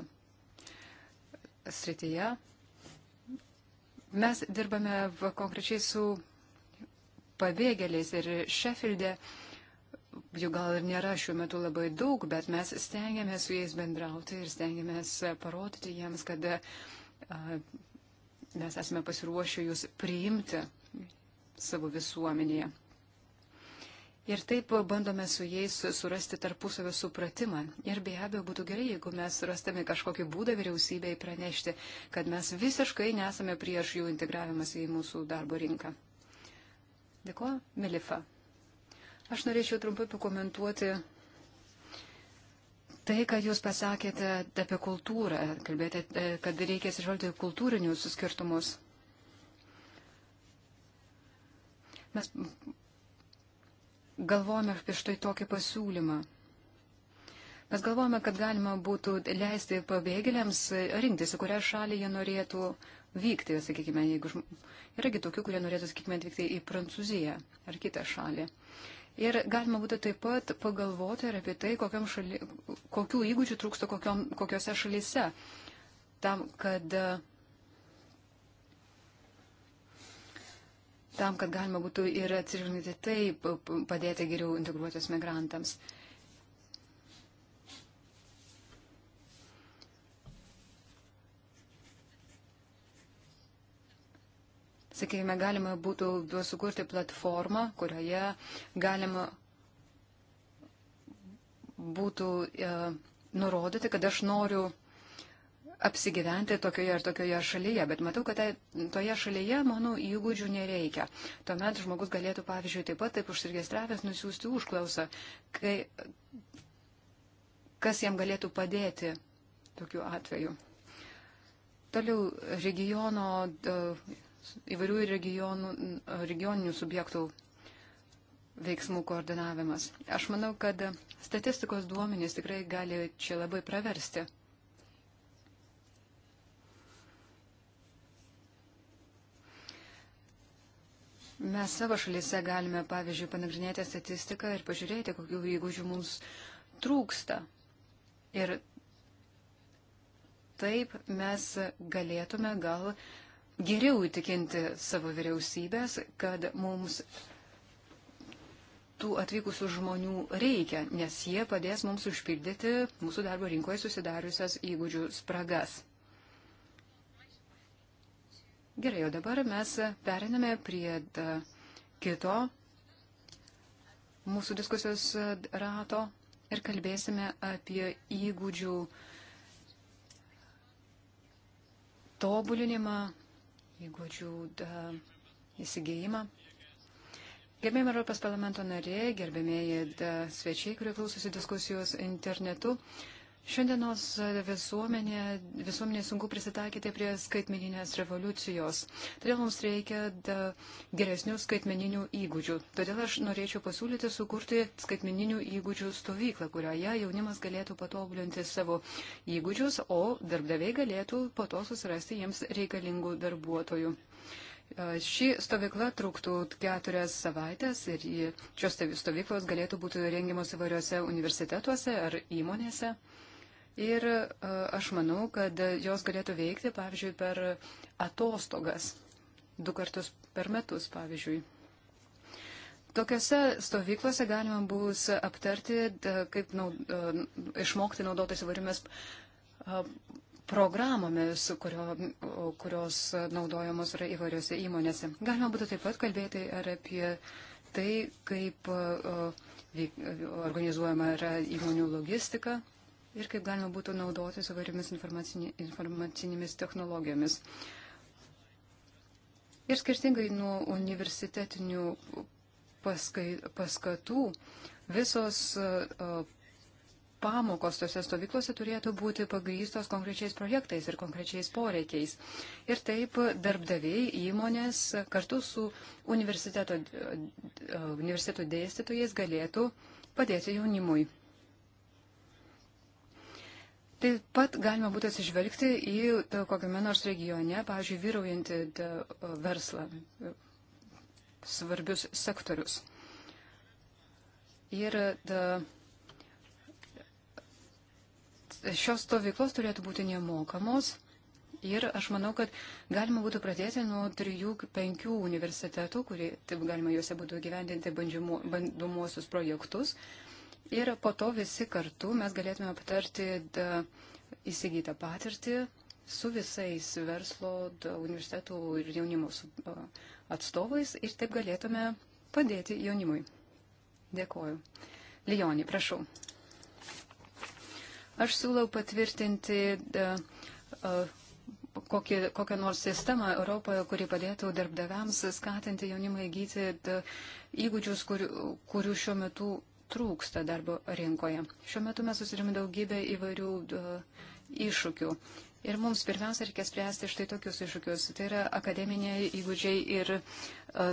srityje. Mes dirbame konkrečiai su pabėgėliais ir Šefildė. E jų gal ir nėra šiuo metu labai daug, bet mes stengiamės su jais bendrauti ir stengiamės parodyti jiems, kad mes esame pasiruošę jūs priimti savo visuomenėje. Ir taip bandome su jais surasti tarpusavio supratimą. Ir be abejo būtų gerai, jeigu mes surastame kažkokį būdą vyriausybei pranešti, kad mes visiškai nesame prieš jų integravimas į mūsų darbo rinką. Dėkuoju, Milifa. Aš norėčiau trumpai pakomentuoti tai, ką Jūs pasakėte apie kultūrą, kalbėjote, e, kad reikia atsižvelgti kultūrinius skirtumus. Mes galvojame apie štai tokį pasiūlymą. Mes galvojame, kad galima būtų leisti pabėgėliams rinktis, į kurią šalį jie norėtų vykti, sakykime, jeigu žm... yragi tokių, kurie norėtų, sakykime, atvykti į Prancūziją ar kitą šalį. Ir galima būtų taip pat pagalvoti ir apie tai, šali, kokių įgūdžių trūksta kokiom, kokiose šalyse, tam, kad, tam, kad galima būtų ir atsižvelgti taip, padėti geriau integruotis migrantams. Uh, sakykime, galima būtų sukurti platformą, kurioje galima būtų e, nurodyti, kad aš noriu apsigyventi tokioje ar tokioje šalyje, bet matau, kad tai, toje šalyje mano įgūdžių nereikia. Tuomet žmogus galėtų, pavyzdžiui, taip pat taip užsiregistravęs nusiųsti užklausą, kai, kas jam galėtų padėti tokiu atveju. Toliau regiono e, įvairių regionų, regioninių subjektų veiksmų koordinavimas. Aš manau, kad statistikos duomenys tikrai gali čia labai praversti. Mes savo šalyse galime, pavyzdžiui, panagrinėti statistiką ir pažiūrėti, kokių įgūdžių mums trūksta. Ir taip mes galėtume gal uh, geriau įtikinti savo vyriausybės, kad mums tų atvykusių žmonių reikia, nes jie padės mums užpildyti mūsų darbo rinkoje susidariusias įgūdžių spragas. Gerai, o dabar mes periname prie kito mūsų diskusijos rato ir kalbėsime apie įgūdžių tobulinimą įgūdžių įsigijimą. Gerbėjami Europos parlamento narė, gerbėmėjai svečiai, kurie klausosi diskusijos internetu, Šiandienos visuomenė, visuomenė sunku prisitaikyti prie skaitmeninės revoliucijos. Todėl mums reikia geresnių skaitmeninių įgūdžių. Todėl aš norėčiau pasiūlyti sukurti skaitmeninių įgūdžių stovyklą, kurioje jaunimas galėtų patobulinti savo įgūdžius, o darbdaviai galėtų po to susirasti jiems reikalingų darbuotojų. Ši stovykla truktų keturias savaitės ir šios stovyklos galėtų būti rengiamos įvairiuose universitetuose ar įmonėse. Ir e, aš manau, kad jos galėtų veikti, pavyzdžiui, per atostogas, du kartus per metus, pavyzdžiui. Tokiose stovyklose galima bus aptarti, e, kaip naud, e, išmokti naudotis įvairiomis programomis, kurio, kurios naudojamos yra įvairiose įmonėse. Galima būtų taip pat kalbėti ir apie tai, kaip organizuojama yra įmonių logistika ir kaip galima būtų naudotis įvairiomis informacinė, informacinėmis technologijomis. Ir skirtingai nuo universitetinių paskai, paskatų, visos uh, pamokos tose stovyklose turėtų būti pagrystos konkrečiais projektais ir konkrečiais poreikiais. Ir taip darbdaviai, įmonės kartu su universiteto, universiteto dėstytojais galėtų padėti jaunimui. Taip pat galima būtų atsižvelgti į kokiame nors regione, pavyzdžiui, vyraujantį verslą, svarbius sektorius. Ir da, šios stovyklos turėtų būti nemokamos. Ir aš manau, kad galima būtų pradėti nuo 3-5 universitetų, kurie, taip galima juose būtų gyvendinti bandomuosius projektus. Uh, ir po to visi kartu mes galėtume aptarti įsigytą patirtį su visais verslo, universitetų ir jaunimo atstovais ir taip galėtume padėti jaunimui. Dėkoju. Lijonį, prašau. Aš siūlau patvirtinti kokį, kokią nors sistemą Europoje, kuri padėtų darbdaviams skatinti jaunimą įgyti įgūdžius, kur, kurių šiuo metu trūksta darbo rinkoje. Šiuo metu mes susirime daugybę įvairių e, iššūkių. Ir mums pirmiausia reikia spręsti štai tokius iššūkius. Tai yra akademiniai įgūdžiai ir e,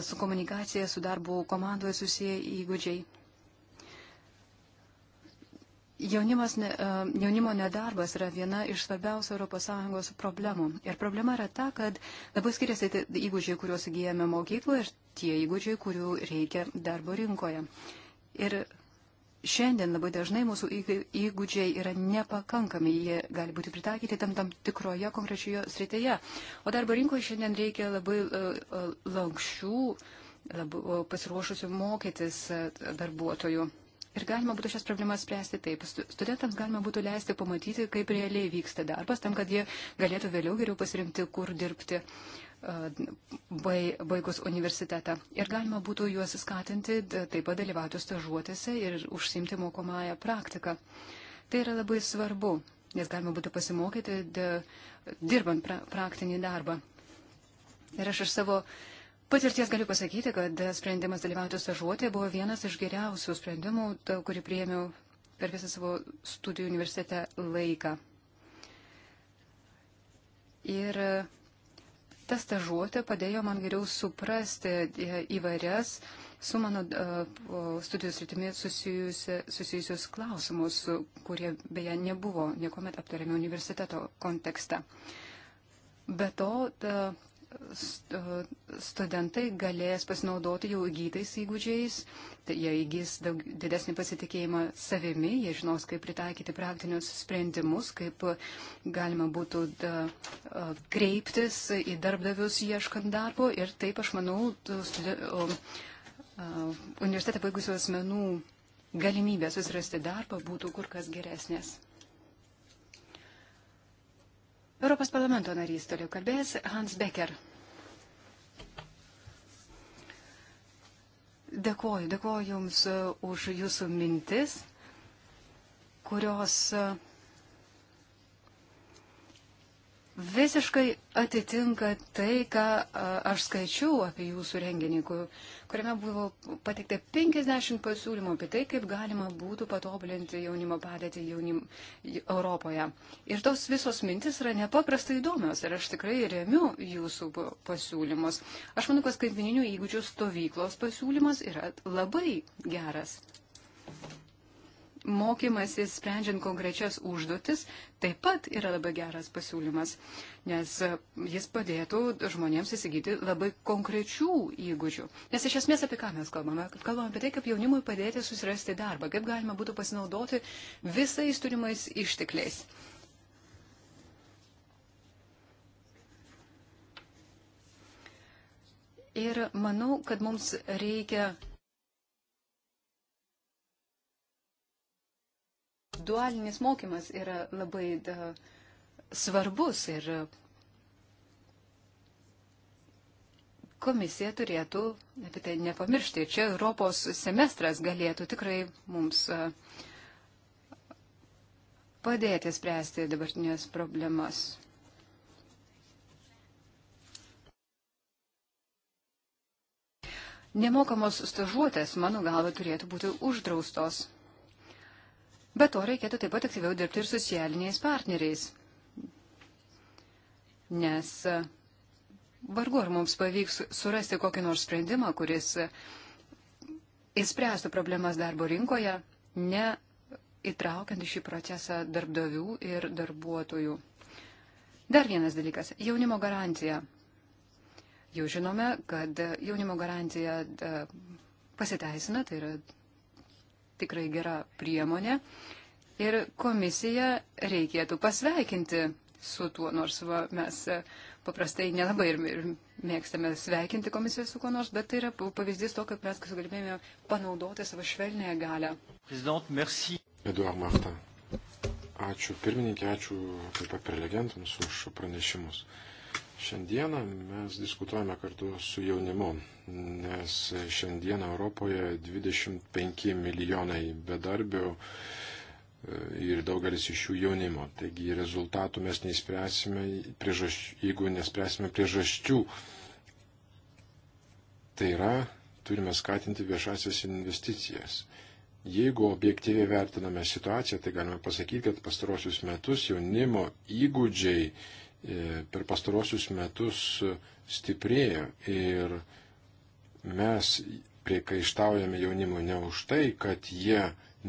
su komunikacija, su darbu komandoje susiję įgūdžiai. Jaunimas, ne, e, jaunimo nedarbas yra viena iš svarbiausių ES problemų. Ir problema yra ta, kad labai skiriasi įgūdžiai, kuriuos įgyjame mokykloje ir tie įgūdžiai, kurių reikia darbo rinkoje. Ir Šiandien labai dažnai mūsų įgūdžiai yra nepakankami, jie gali būti pritaikyti tam, tam tikroje konkrečioje srityje. O darbo rinkoje šiandien reikia labai e, e, lankščių, labai pasiruošusių mokytis e, darbuotojų. Ir galima būtų šias problemas spręsti taip. Studentams galima būtų leisti pamatyti, kaip realiai vyksta darbas, tam, kad jie galėtų vėliau geriau pasirinkti, kur dirbti baigus universitetą. Ir galima būtų juos skatinti taip pat dalyvauti stažuotėse ir užsimti mokomąją praktiką. Tai yra labai svarbu, nes galima būtų pasimokyti de, dirbant pra, praktinį darbą. Ir aš iš savo Patirties galiu pasakyti, kad sprendimas dalyvauti stažuotėje buvo vienas iš geriausių sprendimų, ta, kurį priėmiau per visą savo studijų universitete laiką. Ir Ta stažuotė padėjo man geriau suprasti e, įvairias su mano e, studijos rytimi susijusius klausimus, kurie beje nebuvo niekuomet aptariami universiteto kontekste. Be to, ta, studentai galės pasinaudoti jau įgytais įgūdžiais, tai jie įgys daug, didesnį pasitikėjimą savimi, jie žinos, kaip pritaikyti praktinius sprendimus, kaip galima būtų da, kreiptis į darbdavius ieškant darbo ir taip, aš manau, universitetą baigusių asmenų galimybė susirasti darbą būtų kur kas geresnės. Europos parlamento narys toliau kalbės Hans Becker. Dėkoju, dėkoju Jums uh, už Jūsų mintis, kurios uh, visiškai atitinka tai, ką aš skaičiau apie jūsų renginį, kuriame buvo pateikta 50 pasiūlymų apie tai, kaip galima būtų patobulinti jaunimo padėtį jaunim, Europoje. Ir tos visos mintis yra nepaprastai įdomios ir aš tikrai remiu jūsų pasiūlymus. Aš manau, kad skaitmininių įgūdžių stovyklos pasiūlymas yra labai geras mokymasis sprendžiant konkrečias užduotis taip pat yra labai geras pasiūlymas, nes jis padėtų žmonėms įsigyti labai konkrečių įgūdžių. Nes iš esmės apie ką mes kalbame? Kalbame apie tai, kaip jaunimui padėti susirasti darbą, kaip galima būtų pasinaudoti visais turimais ištekliais. Ir manau, kad mums reikia dualinis mokymas yra labai da, e, svarbus ir komisija turėtų apie tai nepamiršti. Čia Europos semestras galėtų tikrai mums e, padėti spręsti dabartinės problemas. Nemokamos stažuotės, mano galva, turėtų būti uždraustos. Be to reikėtų taip pat aktyviau dirbti ir socialiniais partneriais, nes e, vargu ar mums pavyks surasti kokį nors sprendimą, kuris įspręstų e, problemas darbo rinkoje, ne įtraukiant į šį procesą darbdavių ir darbuotojų. Dar vienas dalykas - jaunimo garantija. Jau žinome, kad jaunimo garantija e, pasiteisina, tai yra tikrai gera priemonė ir komisiją reikėtų pasveikinti su tuo, nors va, mes e, paprastai nelabai ir, ir mėgstame sveikinti komisiją su kuo nors, bet tai yra pavyzdys to, kad mes sugalbėjome panaudoti savo švelnėje galę. Eduard Marta, ačiū pirmininkė, ačiū taip pat prelegentams už pranešimus. Šiandieną mes diskutuojame kartu su jaunimu, nes šiandien Europoje 25 milijonai bedarbių e, ir daugelis iš jų jaunimo. Taigi rezultatų mes neįspręsime, priežaš, jeigu nespręsime priežasčių. Tai yra, turime skatinti viešasias investicijas. Jeigu objektyviai vertiname situaciją, tai galime pasakyti, kad pastarosius metus jaunimo įgūdžiai E, per pastarosius metus stiprėjo ir mes priekaištaujame jaunimu ne už tai, kad jie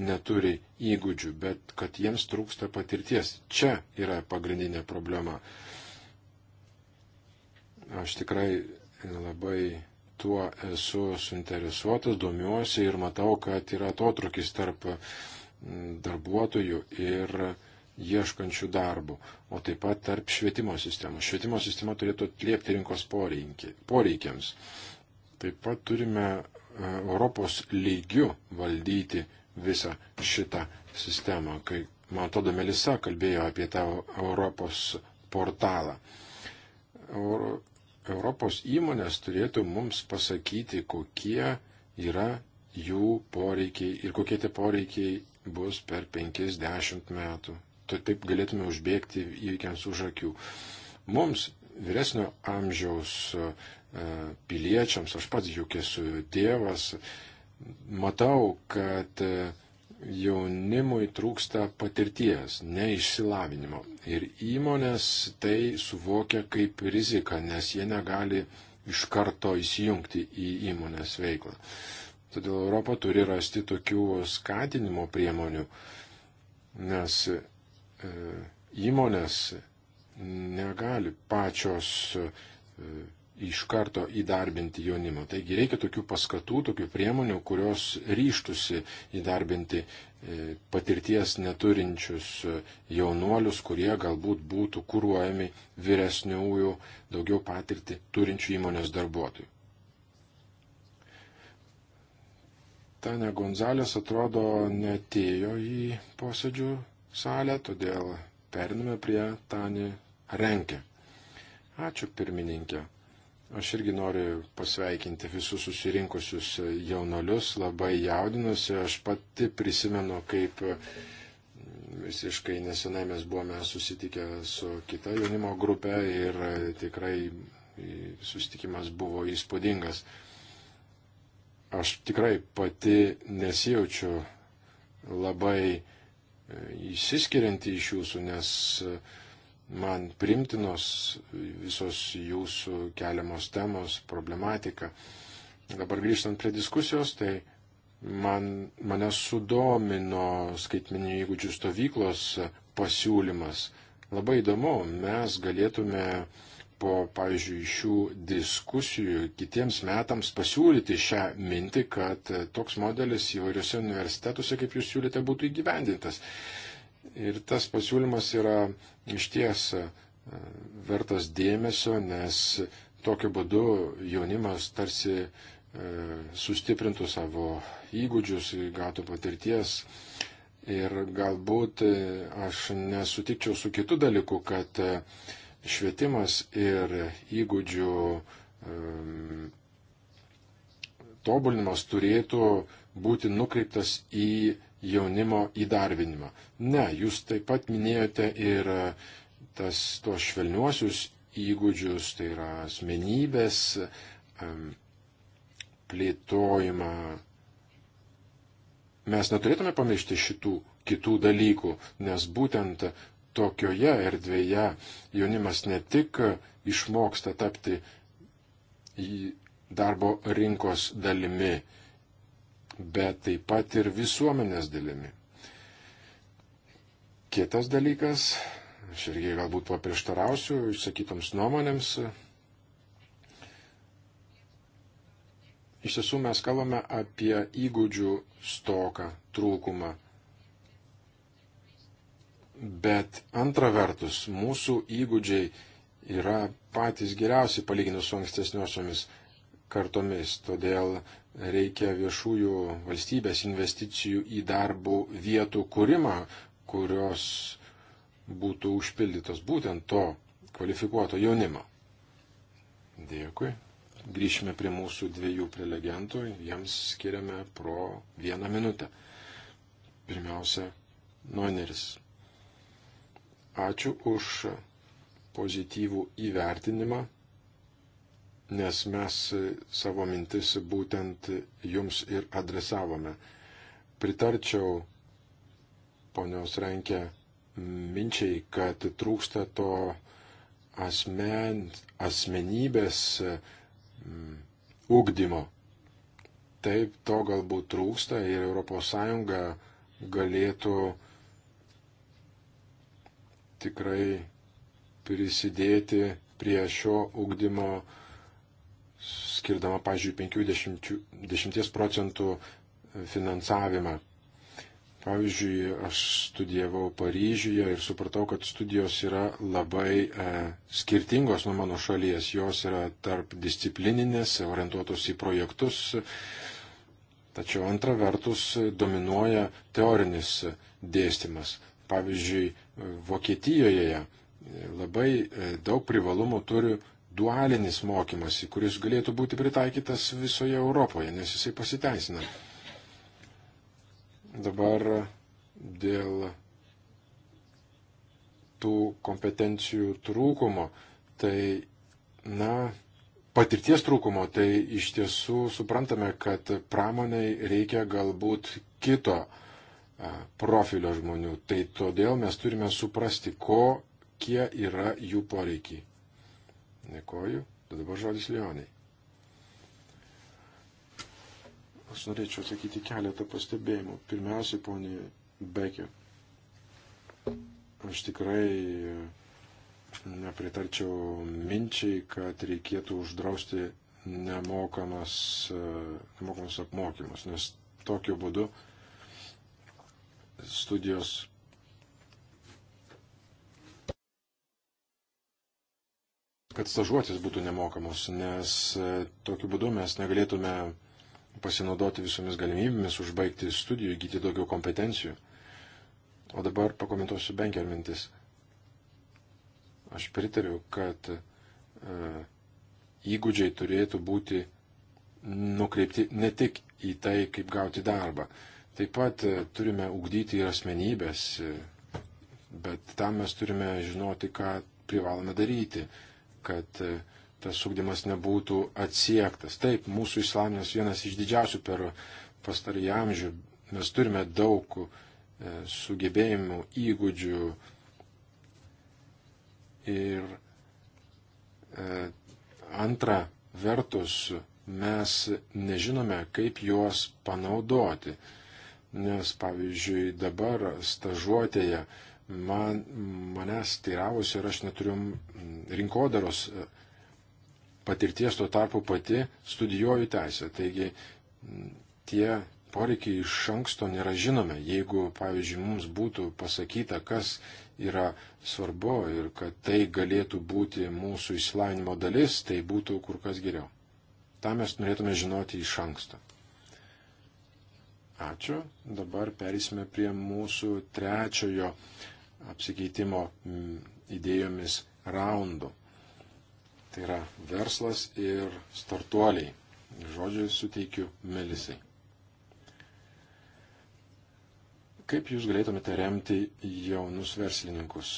neturi įgūdžių, bet kad jiems trūksta patirties. Čia yra pagrindinė problema. Aš tikrai labai tuo esu suinteresuotas, domiuosi ir matau, kad yra atotrukis tarp mm, darbuotojų ir ieškančių darbų, o taip pat tarp švietimo sistemos. Švietimo sistema turėtų atliepti rinkos poreikiams. Taip pat turime e, Europos lygių valdyti visą šitą sistemą. Kai, man atrodo, Melisa kalbėjo apie tą Europos portalą. Euro, Europos įmonės turėtų mums pasakyti, kokie yra jų poreikiai ir kokie tie poreikiai bus per 50 metų taip galėtume užbėgti įvykiams už akių. Mums vyresnio amžiaus e, piliečiams, aš pats juk esu tėvas, matau, kad e, jaunimui trūksta patirties, neišsilavinimo. Ir įmonės tai suvokia kaip riziką, nes jie negali iš karto įsijungti į įmonės veiklą. Todėl Europa turi rasti tokių skatinimo priemonių, nes E, įmonės negali pačios e, iš karto įdarbinti jaunimo. Taigi reikia tokių paskatų, tokių priemonių, kurios ryštusi įdarbinti e, patirties neturinčius jaunuolius, kurie galbūt būtų kūruojami vyresniųjų, daugiau patirti turinčių įmonės darbuotojų. Tane Gonzalės atrodo netėjo į posėdžių salę, todėl periname prie Tani Renke. Ačiū pirmininkė. Aš irgi noriu pasveikinti visus susirinkusius jaunolius, labai jaudinusi, aš pati prisimenu, kaip visiškai nesenai mes buvome susitikę su kita jaunimo grupė ir tikrai susitikimas buvo įspūdingas. Aš tikrai pati nesijaučiu labai įsiskirianti iš jūsų, nes man primtinos visos jūsų keliamos temos, problematika. Dabar grįžtant prie diskusijos, tai man, mane sudomino skaitmeninių įgūdžių stovyklos pasiūlymas. Labai įdomu, mes galėtume po, pavyzdžiui, šių diskusijų kitiems metams pasiūlyti šią mintį, kad toks modelis įvairiose universitetuose, kaip jūs siūlėte, būtų įgyvendintas. Ir tas pasiūlymas yra iš ties e, vertas dėmesio, nes tokiu būdu jaunimas tarsi e, sustiprintų savo įgūdžius, gautų patirties. Ir galbūt e, aš nesutikčiau su kitu dalyku, kad švietimas ir įgūdžių tobulinimas turėtų būti nukreiptas į jaunimo įdarbinimą. Ne, jūs taip pat minėjote ir tas tuos švelniuosius įgūdžius, tai yra asmenybės plėtojimą. Mes neturėtume pamiršti šitų kitų dalykų, nes būtent tokioje erdvėje jaunimas ne tik išmoksta tapti darbo rinkos dalimi, bet taip pat ir visuomenės dalimi. Kitas dalykas, aš irgi galbūt paprieštarausiu išsakytoms nuomonėms. Iš tiesų mes kalbame apie įgūdžių stoką, trūkumą, Bet antra vertus, mūsų įgūdžiai yra patys geriausi palyginus su ankstesniosiomis kartomis. Todėl reikia viešųjų valstybės investicijų į darbų vietų kūrimą, kurios būtų užpildytos būtent to kvalifikuoto jaunimo. Dėkui. Grįžime prie mūsų dviejų prelegentų, jiems skiriame pro vieną minutę. Pirmiausia, Noineris. Ačiū už pozityvų įvertinimą, nes mes savo mintis būtent jums ir adresavome. Pritarčiau ponios Renkė minčiai, kad trūksta to asmen, asmenybės m, mm, ugdymo. Taip, to galbūt trūksta ir ES galėtų tikrai prisidėti prie šio ugdymo, skirdama, pažiūrėjau, 50 procentų finansavimą. Pavyzdžiui, aš studijavau Paryžiuje ir supratau, kad studijos yra labai e, skirtingos nuo mano šalies. Jos yra tarp disciplininės, orientuotos į projektus, tačiau antra vertus dominuoja teorinis dėstymas. Pavyzdžiui, Vokietijoje e, labai e, daug privalumų turi dualinis mokymas, kuris galėtų būti pritaikytas visoje Europoje, nes jisai pasiteisina. Dabar dėl tų kompetencijų trūkumo, tai, na, patirties trūkumo, tai iš tiesų suprantame, kad pramoniai reikia galbūt kito profilio žmonių. Tai todėl mes turime suprasti, kokie yra jų poreikiai. Dėkoju. Dabar žodis Leoniai. Aš norėčiau atsakyti keletą pastebėjimų. Pirmiausia, ponė Bekė. Aš tikrai nepritarčiau minčiai, kad reikėtų uždrausti nemokamas, nemokamas apmokymas, nes tokiu būdu uh, studijos. kad stažuotis būtų nemokamos, nes e, tokiu būdu mes negalėtume pasinaudoti visomis galimybėmis, užbaigti studijų, įgyti daugiau kompetencijų. O dabar pakomentuosiu Benker mintis. Aš pritariu, kad e, įgūdžiai turėtų būti nukreipti ne tik į tai, kaip gauti darbą. Taip pat e, turime ugdyti ir asmenybės, e, bet tam mes turime žinoti, ką privalome daryti, kad e, tas ugdymas nebūtų atsiektas. Taip, mūsų islaminas vienas iš didžiausių per pastarį amžių. Mes turime daug sugebėjimų, įgūdžių ir antra vertus mes nežinome, kaip juos panaudoti nes pavyzdžiui dabar stažuotėje man, manęs teiravosi ir aš neturiu mm, rinkodaros e, patirties, tuo tarpu pati studijuoju teisę. Taigi mm, tie poreikiai iš anksto nėra žinome. Jeigu, pavyzdžiui, mums būtų pasakyta, kas yra svarbu ir kad tai galėtų būti mūsų įsilavinimo dalis, tai būtų kur kas geriau. Ta mes norėtume žinoti iš anksto. Ačiū. Dabar perėsime prie mūsų trečiojo apsikeitimo mm, idėjomis raundų. Tai yra verslas ir startuoliai. Žodžiu suteikiu Melisai. Kaip jūs galėtumėte remti jaunus verslininkus?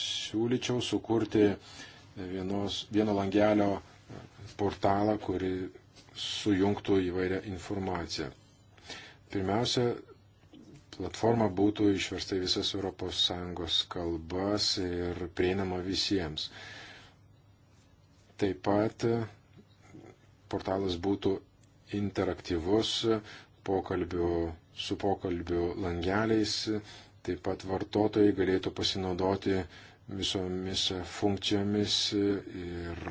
Siūlyčiau sukurti vienos, vieno langelio portalą, kuri sujungtų įvairią informaciją. Pirmiausia, platforma būtų išversta į visas ES kalbas ir prieinama visiems. Taip pat portalas būtų interaktyvus pokalbių, su pokalbių langeliais, taip pat vartotojai galėtų pasinaudoti visomis funkcijomis ir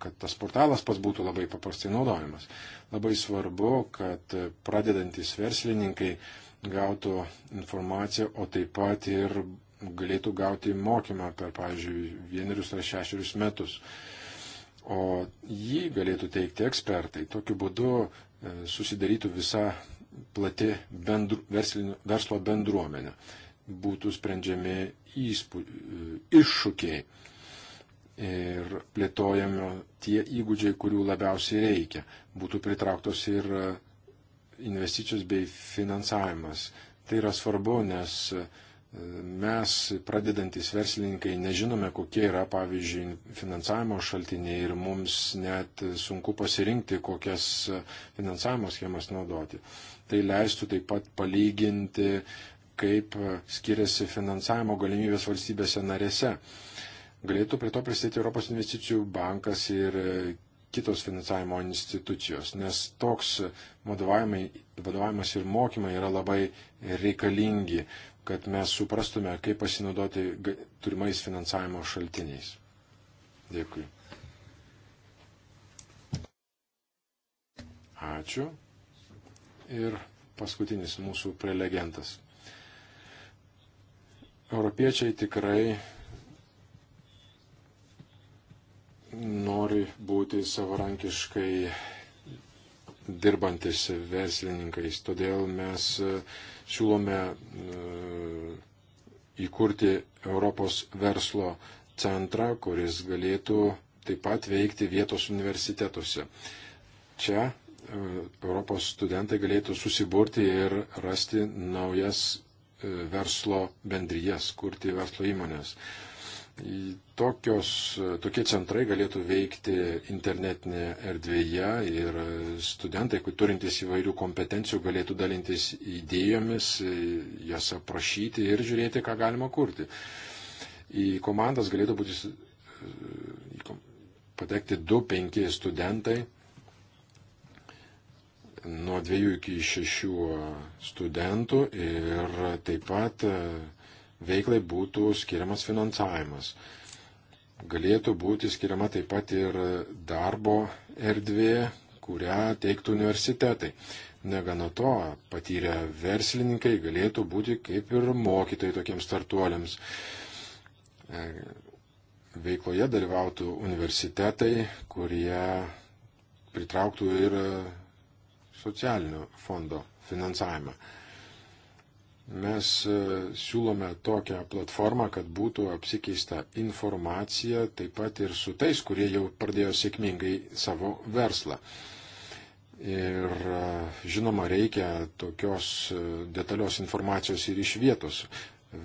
kad tas portalas pats būtų labai paprastai naudojamas. Labai svarbu, kad pradedantis verslininkai gautų informaciją, o taip pat ir galėtų gauti mokymą per, pavyzdžiui, vienerius ar šešerius metus. O jį galėtų teikti ekspertai. Tokiu būdu e, susidarytų visa plati bendru, verslino, verslo bendruomenė. Būtų sprendžiami įspū, e, iššūkiai ir plėtojami tie įgūdžiai, kurių labiausiai reikia. Būtų pritrauktos ir e, investicijos bei finansavimas. Tai yra svarbu, nes e, mes, pradedantis verslininkai, nežinome, kokie yra, pavyzdžiui, finansavimo šaltiniai ir mums net sunku pasirinkti, kokias e, finansavimo schemas naudoti. Tai leistų taip pat palyginti, kaip skiriasi finansavimo galimybės valstybėse narėse. Galėtų prie to prisidėti Europos investicijų bankas ir e, kitos finansavimo institucijos, nes toks vadovavimas ir mokymai yra labai reikalingi, kad mes suprastume, kaip pasinaudoti turimais finansavimo šaltiniais. Dėkui. Ačiū. Ir paskutinis mūsų prelegentas. Europiečiai tikrai nori būti savarankiškai dirbantis verslininkais. Todėl mes e, siūlome e, įkurti Europos verslo centrą, kuris galėtų taip pat veikti vietos universitetuose. Čia e, Europos studentai galėtų susiburti ir rasti naujas verslo bendrijas, kurti verslo įmonės. Tokios, tokie centrai galėtų veikti internetinėje erdvėje ir studentai, turintys įvairių kompetencijų, galėtų dalintis idėjomis, jas aprašyti ir žiūrėti, ką galima kurti. Į komandas galėtų būti patekti 2-5 studentai, nuo 2 iki 6 studentų ir taip pat veiklai būtų skiriamas finansavimas. Galėtų būti skiriama taip pat ir darbo erdvė, kurią teiktų universitetai. Negana to, patyrę verslininkai galėtų būti kaip ir mokytojai tokiems startuoliams. E, veikloje dalyvautų universitetai, kurie pritrauktų ir socialinio fondo finansavimą. Mes e, siūlome tokią platformą, kad būtų apsikeista informacija taip pat ir su tais, kurie jau pradėjo sėkmingai savo verslą. Ir e, žinoma, reikia tokios e, detalios informacijos ir iš vietos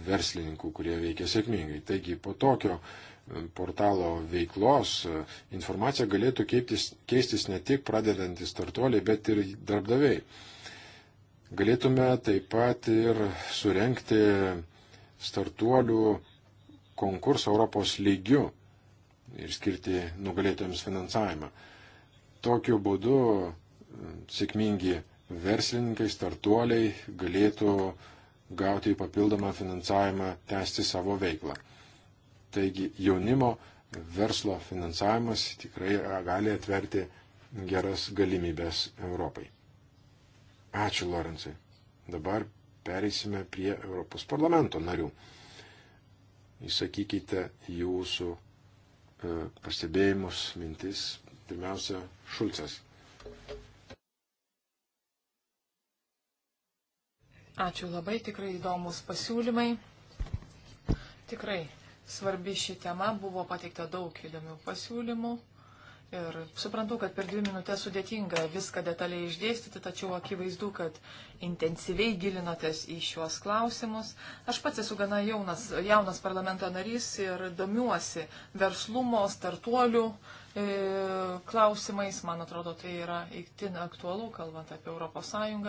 verslininkų, kurie veikia sėkmingai. Taigi po tokio portalo veiklos informacija galėtų keistis, keistis ne tik pradedantys startuoliai, bet ir darbdaviai. Galėtume taip pat ir surenkti startuolių konkursą Europos lygiu ir skirti nugalėtojams finansavimą. Tokiu būdu sėkmingi verslininkai, startuoliai galėtų gauti papildomą finansavimą, tęsti savo veiklą. Taigi jaunimo verslo finansavimas tikrai gali atverti geras galimybės Europai. Ačiū, Lorencai. Dabar pereisime prie Europos parlamento narių. Įsakykite jūsų e, pastebėjimus, mintis. Pirmiausia, Šulcas. Ačiū labai, tikrai įdomus pasiūlymai. Tikrai svarbi ši tema, buvo pateikta daug įdomių pasiūlymų. Ir suprantu, kad per dvi minutės sudėtinga viską detaliai išdėstyti, tačiau akivaizdu, kad intensyviai gilinatės į šiuos klausimus. Aš pats esu gana jaunas, jaunas parlamento narys ir domiuosi verslumo, startuolių E, klausimais. Man atrodo, tai yra įtin aktualu, kalbant apie ES.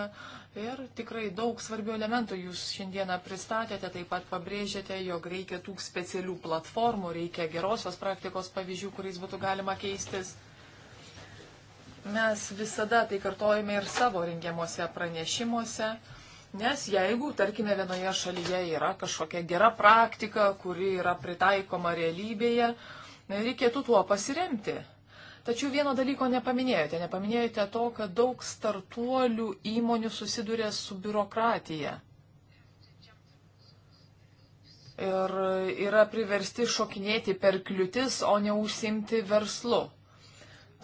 Ir tikrai daug svarbių elementų jūs šiandieną pristatėte, taip pat pabrėžėte, jog reikia tų specialių platformų, reikia gerosios praktikos pavyzdžių, kuriais būtų galima keistis. Mes visada tai kartojame ir savo rengiamuose pranešimuose. Nes jeigu, tarkime, vienoje šalyje yra kažkokia gera praktika, kuri yra pritaikoma realybėje, reikėtų tuo pasiremti. Tačiau vieno dalyko nepaminėjote. Nepaminėjote to, kad daug startuolių įmonių susiduria su biurokratija. Ir yra priversti šokinėti per kliūtis, o ne užsimti verslu.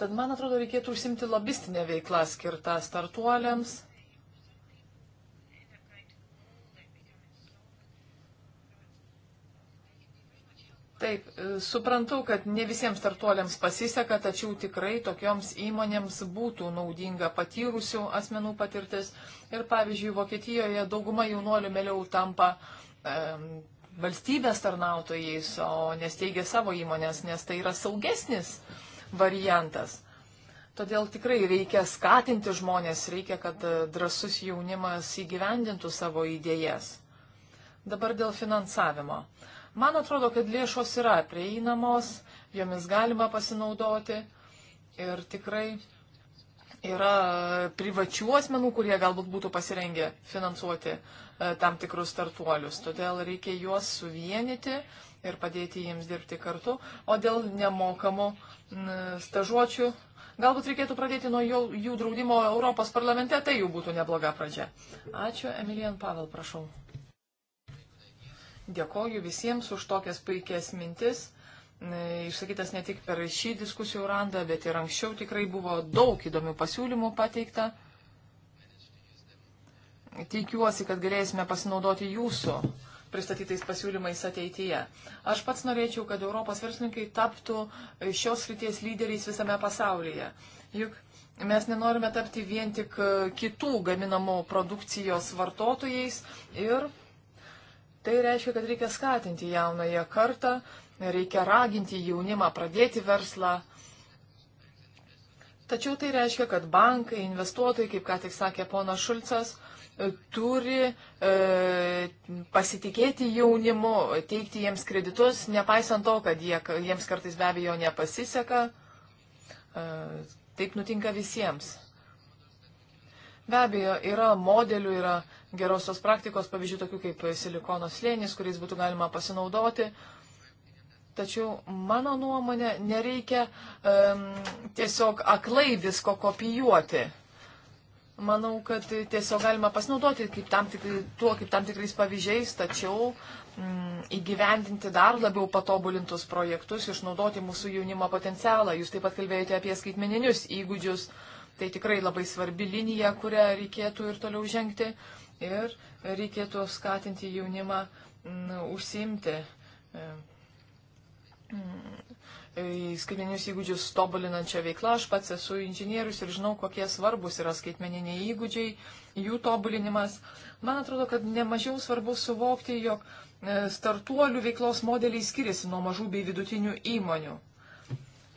Tad, man atrodo, reikėtų užsimti lobistinę veiklą skirtą startuoliams Taip, e, suprantu, kad ne visiems startuoliams pasiseka, tačiau tikrai tokioms įmonėms būtų naudinga patyrusių asmenų patirtis. Ir pavyzdžiui, Vokietijoje dauguma jaunuolių mėliau tampa e, valstybės tarnautojais, o nesteigia savo įmonės, nes tai yra saugesnis variantas. Todėl tikrai reikia skatinti žmonės, reikia, kad e, drasus jaunimas įgyvendintų savo idėjas. Dabar dėl finansavimo. Uh, Man atrodo, kad lėšos yra prieinamos, jomis galima pasinaudoti ir tikrai yra privačių asmenų, kurie galbūt būtų pasirengę finansuoti e, tam tikrus startuolius. Todėl reikia juos suvienyti ir padėti jiems dirbti kartu. O dėl nemokamų stažuočių, galbūt reikėtų pradėti nuo jų, jų draudimo Europos parlamente, tai jų būtų nebloga pradžia. Ačiū, Emilijan Pavel, prašau. Dėkoju visiems už tokias puikias mintis. E, išsakytas ne tik per šį diskusijų randą, bet ir anksčiau tikrai buvo daug įdomių pasiūlymų pateikta. Tikiuosi, kad galėsime pasinaudoti jūsų pristatytais pasiūlymais ateityje. Aš pats norėčiau, kad Europos verslininkai taptų šios ryties lyderiais visame pasaulyje. Juk mes nenorime tapti vien tik kitų gaminamų produkcijos vartotojais ir Tai reiškia, kad reikia skatinti jaunąją kartą, reikia raginti jaunimą pradėti verslą. Tačiau tai reiškia, kad bankai, investuotojai, kaip ką tik sakė pona Šulcas, e, turi e, pasitikėti jaunimu, teikti jiems kreditus, nepaisant to, kad jie, jiems kartais be abejo nepasiseka. E, taip nutinka visiems. Be abejo, yra modelių, yra gerosios praktikos pavyzdžių, tokių kaip silikono slėnis, kuriais būtų galima pasinaudoti. Tačiau mano nuomonė nereikia um, tiesiog aklai visko kopijuoti. Manau, kad tiesiog galima pasinaudoti kaip tam tikri, tuo kaip tam tikrais pavyzdžiais, tačiau mm, įgyvendinti dar labiau patobulintus projektus, išnaudoti mūsų jaunimo potencialą. Jūs taip pat kalbėjote apie skaitmeninius įgūdžius. Tai tikrai labai svarbi linija, kurią reikėtų ir toliau žengti. Uh, ir reikėtų skatinti jaunimą mm, užsimti e, mm, skaitmeninius įgūdžius tobulinančią veiklą. Aš pats esu inžinierius ir žinau, kokie svarbus yra skaitmeniniai įgūdžiai, jų tobulinimas. Man atrodo, kad nemažiau svarbu suvokti, jog e, startuolių veiklos modeliai skiriasi nuo mažų bei vidutinių įmonių.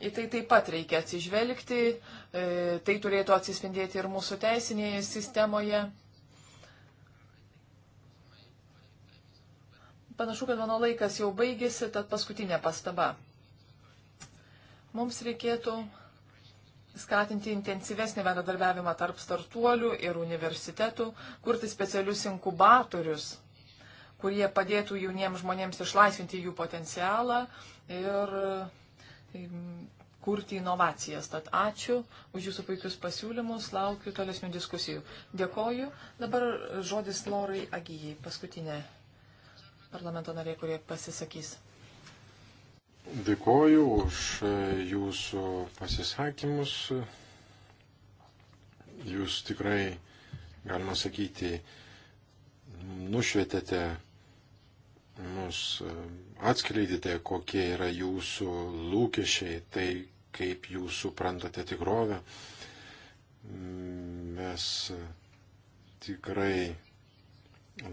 Į tai taip pat reikia atsižvelgti, e, tai turėtų atsispindėti ir mūsų teisinėje sistemoje. Panašu, kad mano laikas jau baigėsi, tad paskutinė pastaba. Mums reikėtų skatinti intensyvesnį bendradarbiavimą tarp startuolių ir universitetų, kurti specialius inkubatorius, kurie padėtų jauniems žmonėms išlaisvinti jų potencialą ir e, kurti inovacijas. Tad ačiū už jūsų puikius pasiūlymus, laukiu tolesnių diskusijų. Dėkoju. Dabar žodis Lorai Agijai, paskutinė parlamento nariai, kurie pasisakys. Dėkoju už e, jūsų pasisakymus. Jūs tikrai, galima sakyti, nušvietėte mus, e, atskleidėte, kokie yra jūsų lūkesčiai, tai kaip jūs suprantate tikrovę. Mes tikrai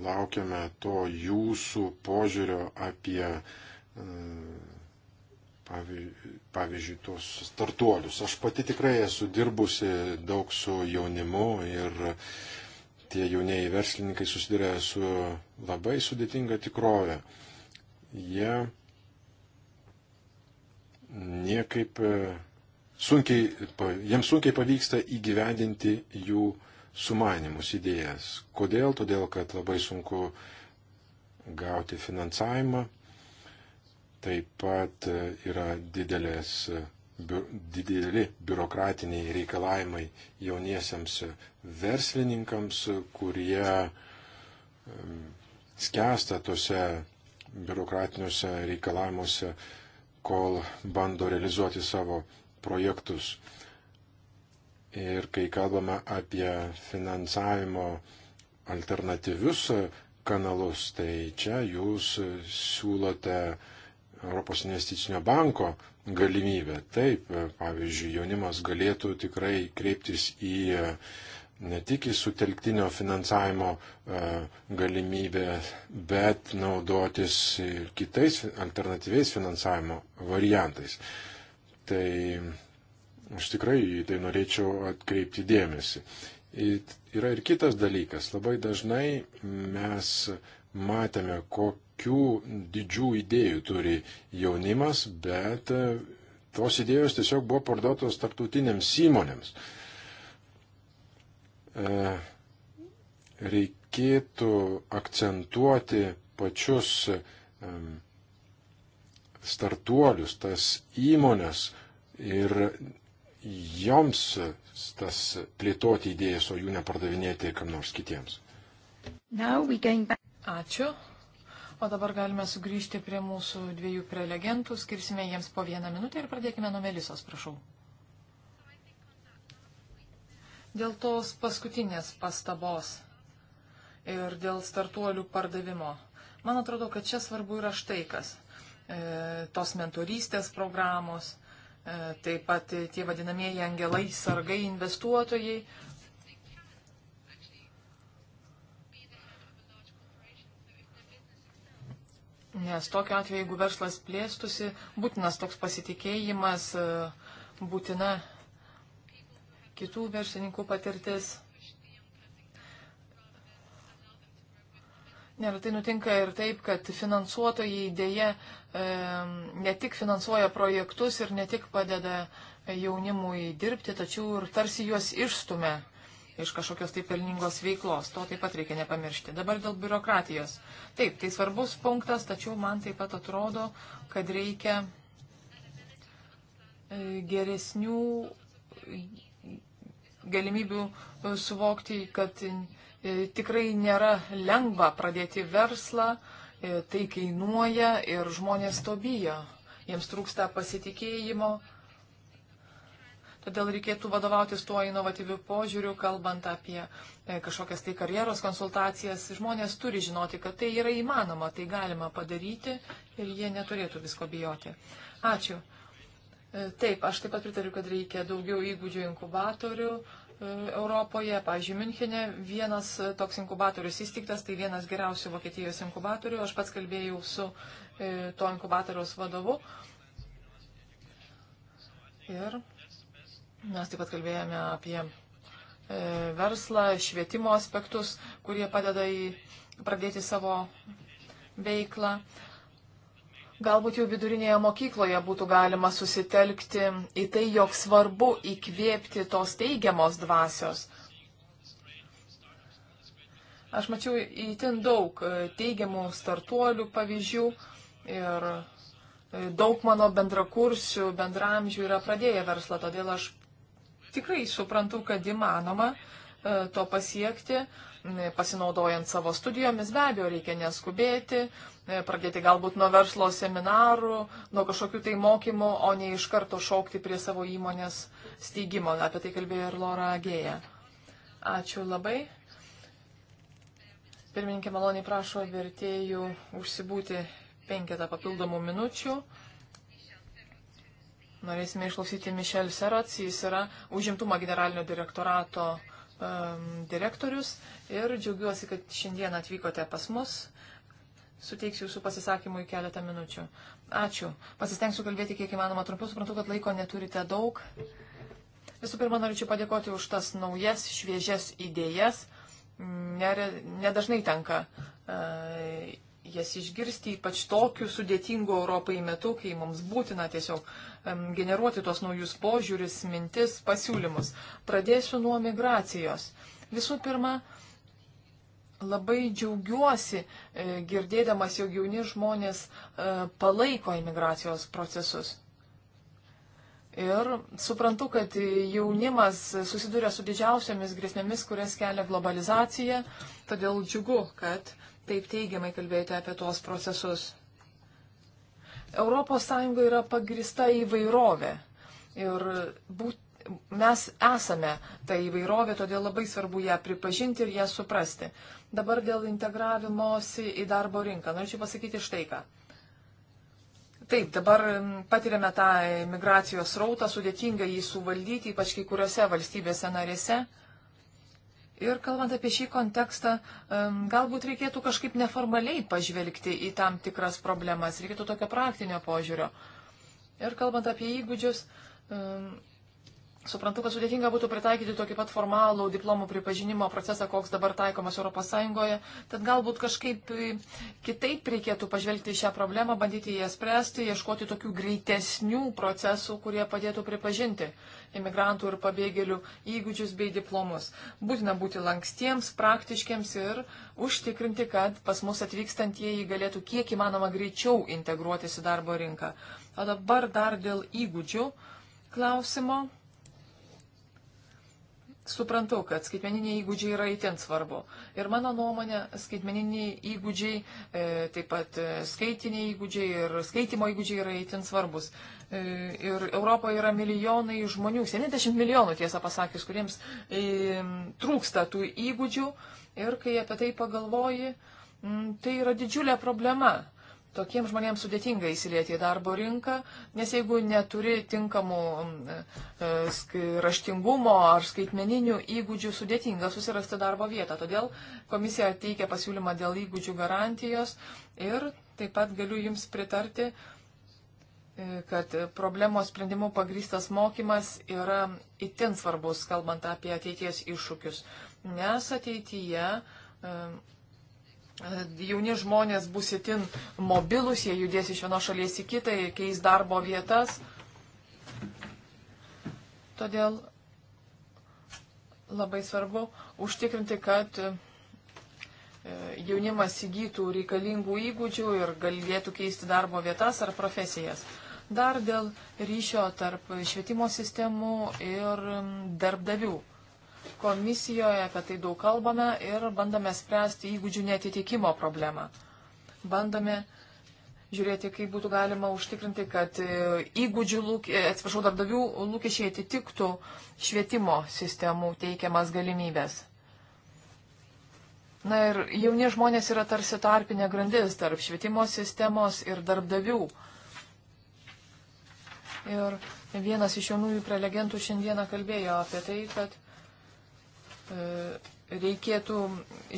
Laukiame to jūsų požiūrio apie, e, pavyzdžiui, tos startuolius. Aš pati tikrai esu dirbusi daug su jaunimu ir tie jaunieji verslininkai susiduria su labai sudėtinga tikrovė. Jie niekaip e, sunkiai, jiems sunkiai pavyksta įgyvendinti jų uh, sumanimus, idėjas. Kodėl? Todėl, kad labai sunku gauti finansavimą. Taip pat e, yra didelės, e, dideli biurokratiniai reikalavimai jauniesiams e, verslininkams, kurie skęsta tose biurokratiniuose reikalavimuose, kol bando realizuoti savo projektus. Ir kai kalbame apie finansavimo alternatyvius kanalus, tai čia jūs siūlote Europos investicinio banko galimybę. Taip, pavyzdžiui, jaunimas galėtų tikrai kreiptis į ne tik į sutelktinio finansavimo e, galimybę, bet naudotis ir kitais alternatyviais finansavimo variantais. Tai Aš tikrai į tai norėčiau atkreipti dėmesį. Yra ir kitas dalykas. Labai dažnai mes matėme, kokių didžių idėjų turi jaunimas, bet tos idėjos tiesiog buvo parduotos tarptautinėms įmonėms. E, reikėtų akcentuoti pačius startuolius, tas įmonės ir joms tas plėtoti idėjas, o jų nepardavinėti kam nors kitiems. Ačiū. O dabar galime sugrįžti prie mūsų dviejų prelegentų, skirsime jiems po vieną minutę ir pradėkime nuo Melisos, prašau. Dėl tos paskutinės pastabos ir dėl startuolių pardavimo. Man atrodo, kad čia svarbu yra štai kas. E, tos mentorystės programos E, taip pat tie vadinamieji angelai, sargai, investuotojai. Nes tokiu atveju, jeigu verslas plėstusi, būtinas toks pasitikėjimas, e, būtina kitų verslininkų patirtis. Neretai nutinka ir taip, kad finansuotojai dėje e, ne tik finansuoja projektus ir ne tik padeda jaunimui dirbti, tačiau ir tarsi juos išstumia iš kažkokios taip pelningos veiklos. To taip pat reikia nepamiršti. Dabar dėl biurokratijos. Taip, tai svarbus punktas, tačiau man taip pat atrodo, kad reikia e, geresnių galimybių suvokti, kad E, tikrai nėra lengva pradėti verslą, e, tai kainuoja ir žmonės to bijo. Jiems trūksta pasitikėjimo. Todėl reikėtų vadovautis tuo inovatyviu požiūriu, kalbant apie e, kažkokias tai karjeros konsultacijas. Žmonės turi žinoti, kad tai yra įmanoma, tai galima padaryti ir jie neturėtų visko bijoti. Ačiū. Taip, aš taip pat pritariu, kad reikia daugiau įgūdžių inkubatorių, Europoje, pavyzdžiui, Münchenė vienas e, toks inkubatorius įsteigtas, tai vienas geriausių Vokietijos inkubatorių. Aš pats kalbėjau su e, to inkubatoriaus vadovu. Ir mes taip pat kalbėjome apie e, verslą, švietimo aspektus, kurie padeda į pradėti savo veiklą. Galbūt jau vidurinėje mokykloje būtų galima susitelkti į tai, jog svarbu įkvėpti tos teigiamos dvasios. Aš mačiau įtin daug e, teigiamų startuolių pavyzdžių ir e, daug mano bendrakursių, bendramžių yra pradėję verslą, todėl aš tikrai suprantu, kad įmanoma e, to pasiekti. E, pasinaudojant savo studijomis, be abejo, reikia neskubėti, e, pradėti galbūt nuo verslo seminarų, nuo kažkokių tai mokymų, o ne iš karto šaukti prie savo įmonės steigimo. Apie tai kalbėjo ir Laura Agėja. Ačiū labai. Pirmininkė maloniai prašo vertėjų užsibūti penketą papildomų minučių. Norėsime išklausyti Mišel Serats, jis yra užimtumo generalinio direktorato um, direktorius ir džiaugiuosi, kad šiandien atvykote pas mus. Suteiksiu jūsų pasisakymui keletą minučių. Ačiū. Pasistengsiu kalbėti kiek įmanoma trumpiau. Suprantu, kad laiko neturite daug. Visų pirma, norėčiau padėkoti už tas naujas, šviežias idėjas. Nedažnai tenka uh, jas išgirsti, ypač tokiu sudėtingu Europai metu, kai mums būtina tiesiog generuoti tos naujus požiūris, mintis, pasiūlymus. Pradėsiu nuo migracijos. Visų pirma, labai džiaugiuosi e, girdėdamas, jog jauni žmonės e, palaiko imigracijos procesus. Ir suprantu, kad jaunimas susiduria su didžiausiamis grėsmėmis, kurias kelia globalizacija, todėl džiugu, kad taip teigiamai kalbėjote apie tuos procesus. ES yra pagrista įvairovė ir būt, mes esame ta įvairovė, todėl labai svarbu ją pripažinti ir ją suprasti. Dabar dėl integravimosi į darbo rinką. Norėčiau pasakyti štai ką. Taip, dabar patiriame tą migracijos rautą, sudėtinga jį suvaldyti, ypač kai kuriuose valstybėse narėse. Ir kalbant apie šį kontekstą, galbūt reikėtų kažkaip neformaliai pažvelgti į tam tikras problemas, reikėtų tokio praktinio požiūrio. Ir kalbant apie įgūdžius, Suprantu, kad sudėtinga būtų pritaikyti tokį pat formalų diplomų pripažinimo procesą, koks dabar taikomas ES, tad galbūt kažkaip kitaip reikėtų pažvelgti šią problemą, bandyti ją spręsti, ieškoti tokių greitesnių procesų, kurie padėtų pripažinti imigrantų ir pabėgėlių įgūdžius bei diplomus. Būtina būti lankstiems, praktiškiams ir užtikrinti, kad pas mus atvykstantieji galėtų kiek įmanoma greičiau integruotis į darbo rinką. O dabar dar dėl įgūdžių klausimo suprantu, kad skaitmeniniai įgūdžiai yra įtent svarbu. Ir mano nuomonė, skaitmeniniai įgūdžiai, e, taip pat e, skaitiniai įgūdžiai ir skaitimo įgūdžiai yra įtent svarbus. E, ir Europoje yra milijonai žmonių, 70 milijonų tiesą pasakius, kuriems e, trūksta tų įgūdžių. Ir kai apie tai pagalvoji, m, tai yra didžiulė problema tokiems žmonėms sudėtinga įsilieti į darbo rinką, nes jeigu neturi tinkamų e, e, raštingumo ar skaitmeninių įgūdžių, sudėtinga susirasti darbo vietą. Todėl komisija teikia pasiūlymą dėl įgūdžių garantijos ir taip pat galiu Jums pritarti, e, kad problemos sprendimų pagrystas mokymas yra itin svarbus, kalbant apie ateities iššūkius, nes ateityje jauni žmonės bus itin mobilus, jie judės iš vienos šalies į kitą, jie keis darbo vietas. Todėl labai svarbu užtikrinti, kad e, jaunimas įgytų reikalingų įgūdžių ir galėtų keisti darbo vietas ar profesijas. Dar dėl ryšio tarp švietimo sistemų ir darbdavių komisijoje apie tai daug kalbame ir bandome spręsti įgūdžių netitikimo problemą. Bandome žiūrėti, kaip būtų galima užtikrinti, kad e, įgūdžių, lūk, e, atsiprašau, darbdavių lūkesčiai atitiktų švietimo sistemų teikiamas galimybės. Na ir jauni žmonės yra tarsi tarpinė grandis tarp švietimo sistemos ir darbdavių. Ir vienas iš jaunųjų prelegentų šiandieną kalbėjo apie tai, kad E, reikėtų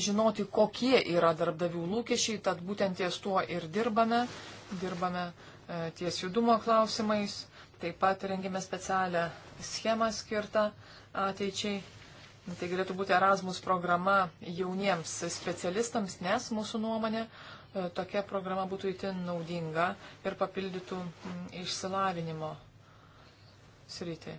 žinoti, kokie yra darbdavių lūkesčiai, tad būtent ties tuo ir dirbame. Dirbame e, ties judumo klausimais, taip pat rengėme specialią schemą skirtą ateičiai. Tai galėtų būti Erasmus programa jauniems specialistams, nes mūsų nuomonė e, tokia programa būtų įtin naudinga ir papildytų išsilavinimo sritį.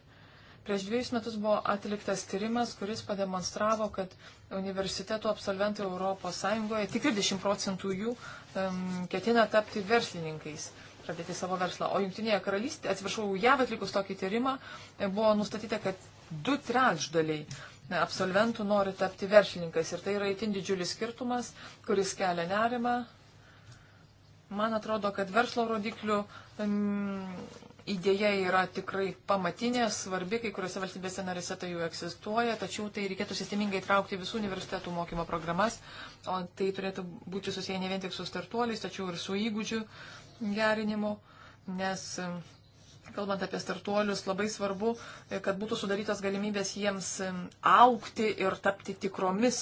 Prieš dviejus metus buvo atliktas tyrimas, kuris pademonstravo, kad universitetų absolventai Europos Sąjungoje tik 20 procentų jų um, ketina tapti verslininkais, pradėti savo verslą. O Junktinėje karalystėje, atsiprašau, JAV atlikus tokį tyrimą, e, buvo nustatyta, kad du trečdaliai e, absolventų nori tapti verslininkais. Ir tai yra itin didžiulis skirtumas, kuris kelia nerimą. Man atrodo, kad verslo rodiklių um, idėja yra tikrai pamatinė, svarbi, kai kuriuose valstybėse narėse tai jau egzistuoja, tačiau tai reikėtų sistemingai traukti visų universitetų mokymo programas, o tai turėtų būti susiję ne vien tik su startuoliais, tačiau ir su įgūdžių gerinimu, nes e, kalbant apie startuolius, labai svarbu, e, kad būtų sudarytos galimybės jiems e, aukti ir tapti tikromis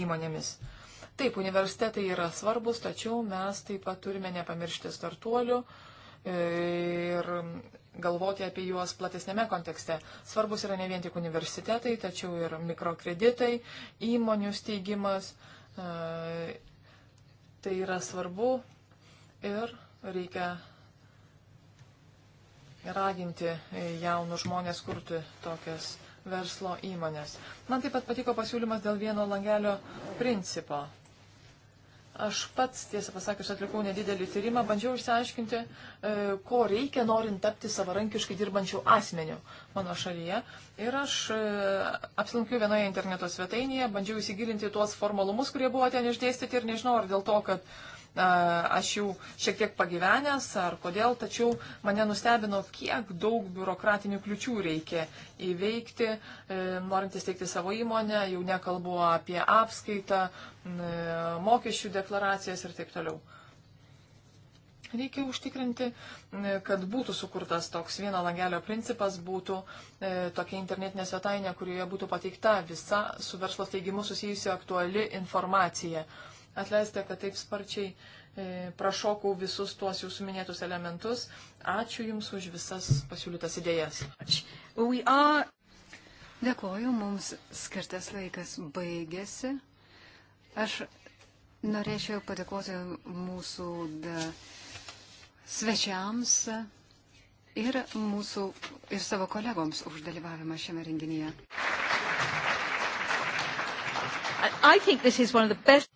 įmonėmis. Taip, universitetai yra svarbus, tačiau mes taip pat turime nepamiršti startuolių ir galvoti apie juos platesnėme kontekste. Svarbus yra ne vien tik universitetai, tačiau ir mikrokreditai, įmonių steigimas. E, tai yra svarbu ir reikia raginti jaunus žmonės kurti tokias verslo įmonės. Man taip pat patiko pasiūlymas dėl vieno langelio principo. Aš pats, tiesą pasakius, atlikau nedidelį tyrimą, bandžiau išsiaiškinti, e, ko reikia norint tapti savarankiškai dirbančių asmenių mano šalyje. Ir aš e, apsilankiau vienoje interneto svetainėje, bandžiau įsigilinti tuos formalumus, kurie buvo ten išdėstyti ir nežinau, ar dėl to, kad aš jau šiek tiek pagyvenęs ar kodėl, tačiau mane nustebino, kiek daug biurokratinių kliučių reikia įveikti, e, norint įsteigti savo įmonę, jau nekalbu apie apskaitą, e, mokesčių deklaracijas ir taip toliau. Reikia užtikrinti, kad būtų sukurtas toks vieno langelio principas, būtų e, tokia internetinė svetainė, kurioje būtų pateikta visa su verslo steigimu susijusi aktuali informacija. E, Atleiskite, kad taip sparčiai e, prašokau visus tuos jūsų minėtus elementus. Ačiū Jums už visas pasiūlytas idėjas. Are... Dėkoju, mums skirtas laikas baigėsi. Aš norėčiau padėkoti mūsų da, svečiams ir mūsų ir savo kolegoms už dalyvavimą šiame renginyje. Best...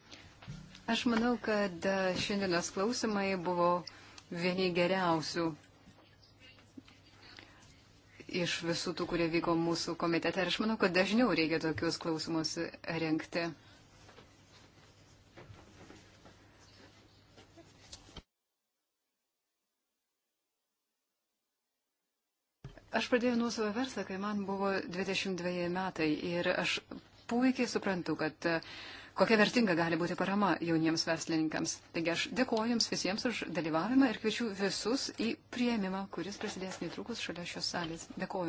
Aš manau, kad e, šiandienos klausimai buvo vieni geriausių iš visų tų, kurie vyko mūsų komitete. Ir aš manau, kad dažniau reikia tokius klausimus renkti. Aš pradėjau nuo savo verslą, kai man buvo 22 metai ir aš puikiai suprantu, kad uh, kokia vertinga gali būti parama jauniems verslininkams. Taigi aš dėkoju Jums visiems už dalyvavimą ir kviečiu visus į prieimimą, kuris prasidės netrukus šalia šios salės. Dėkoju.